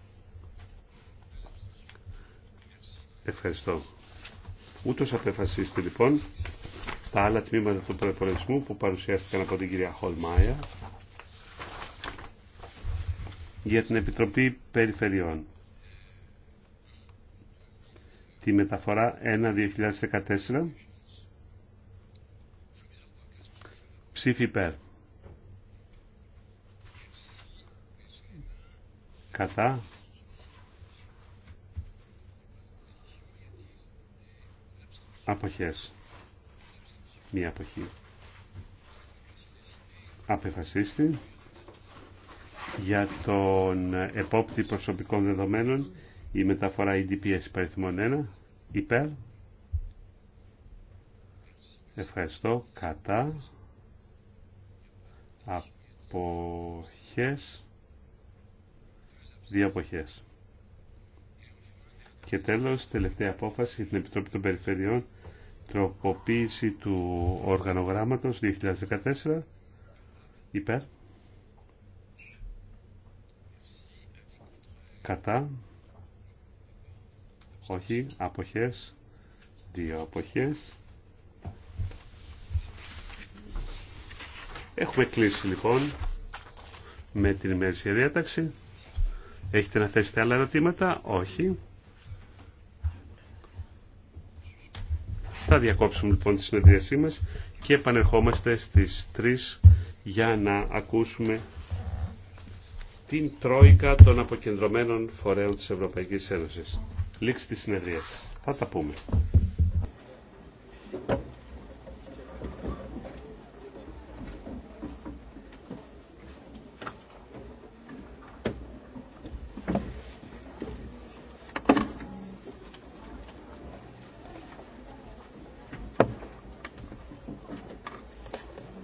ευχαριστώ ούτως απεφασίστε λοιπόν τα άλλα τμήματα του προπολογισμού που παρουσιάστηκαν από την κυρία Χολμάια για την Επιτροπή Περιφερειών. Τη μεταφορά 1-2014. Ψήφι υπέρ. Κατά. Αποχές. Μία αποχή. Απεφασίστη για τον επόπτη προσωπικών δεδομένων η μεταφορά EDPS παριθμών 1 υπέρ ευχαριστώ κατά αποχές δύο αποχές και τέλος τελευταία απόφαση την Επιτροπή των Περιφερειών τροποποίηση του οργανογράμματος 2014 υπέρ κατά όχι αποχές δύο αποχές έχουμε κλείσει λοιπόν με την ημερησία διάταξη έχετε να θέσετε άλλα ερωτήματα όχι θα διακόψουμε λοιπόν τη συνεδρίασή μας και επανερχόμαστε στις 3 για να ακούσουμε την τρόικα των αποκεντρωμένων φορέων της Ευρωπαϊκής Ένωσης. Λήξη της συνεδρίας. Θα τα πούμε.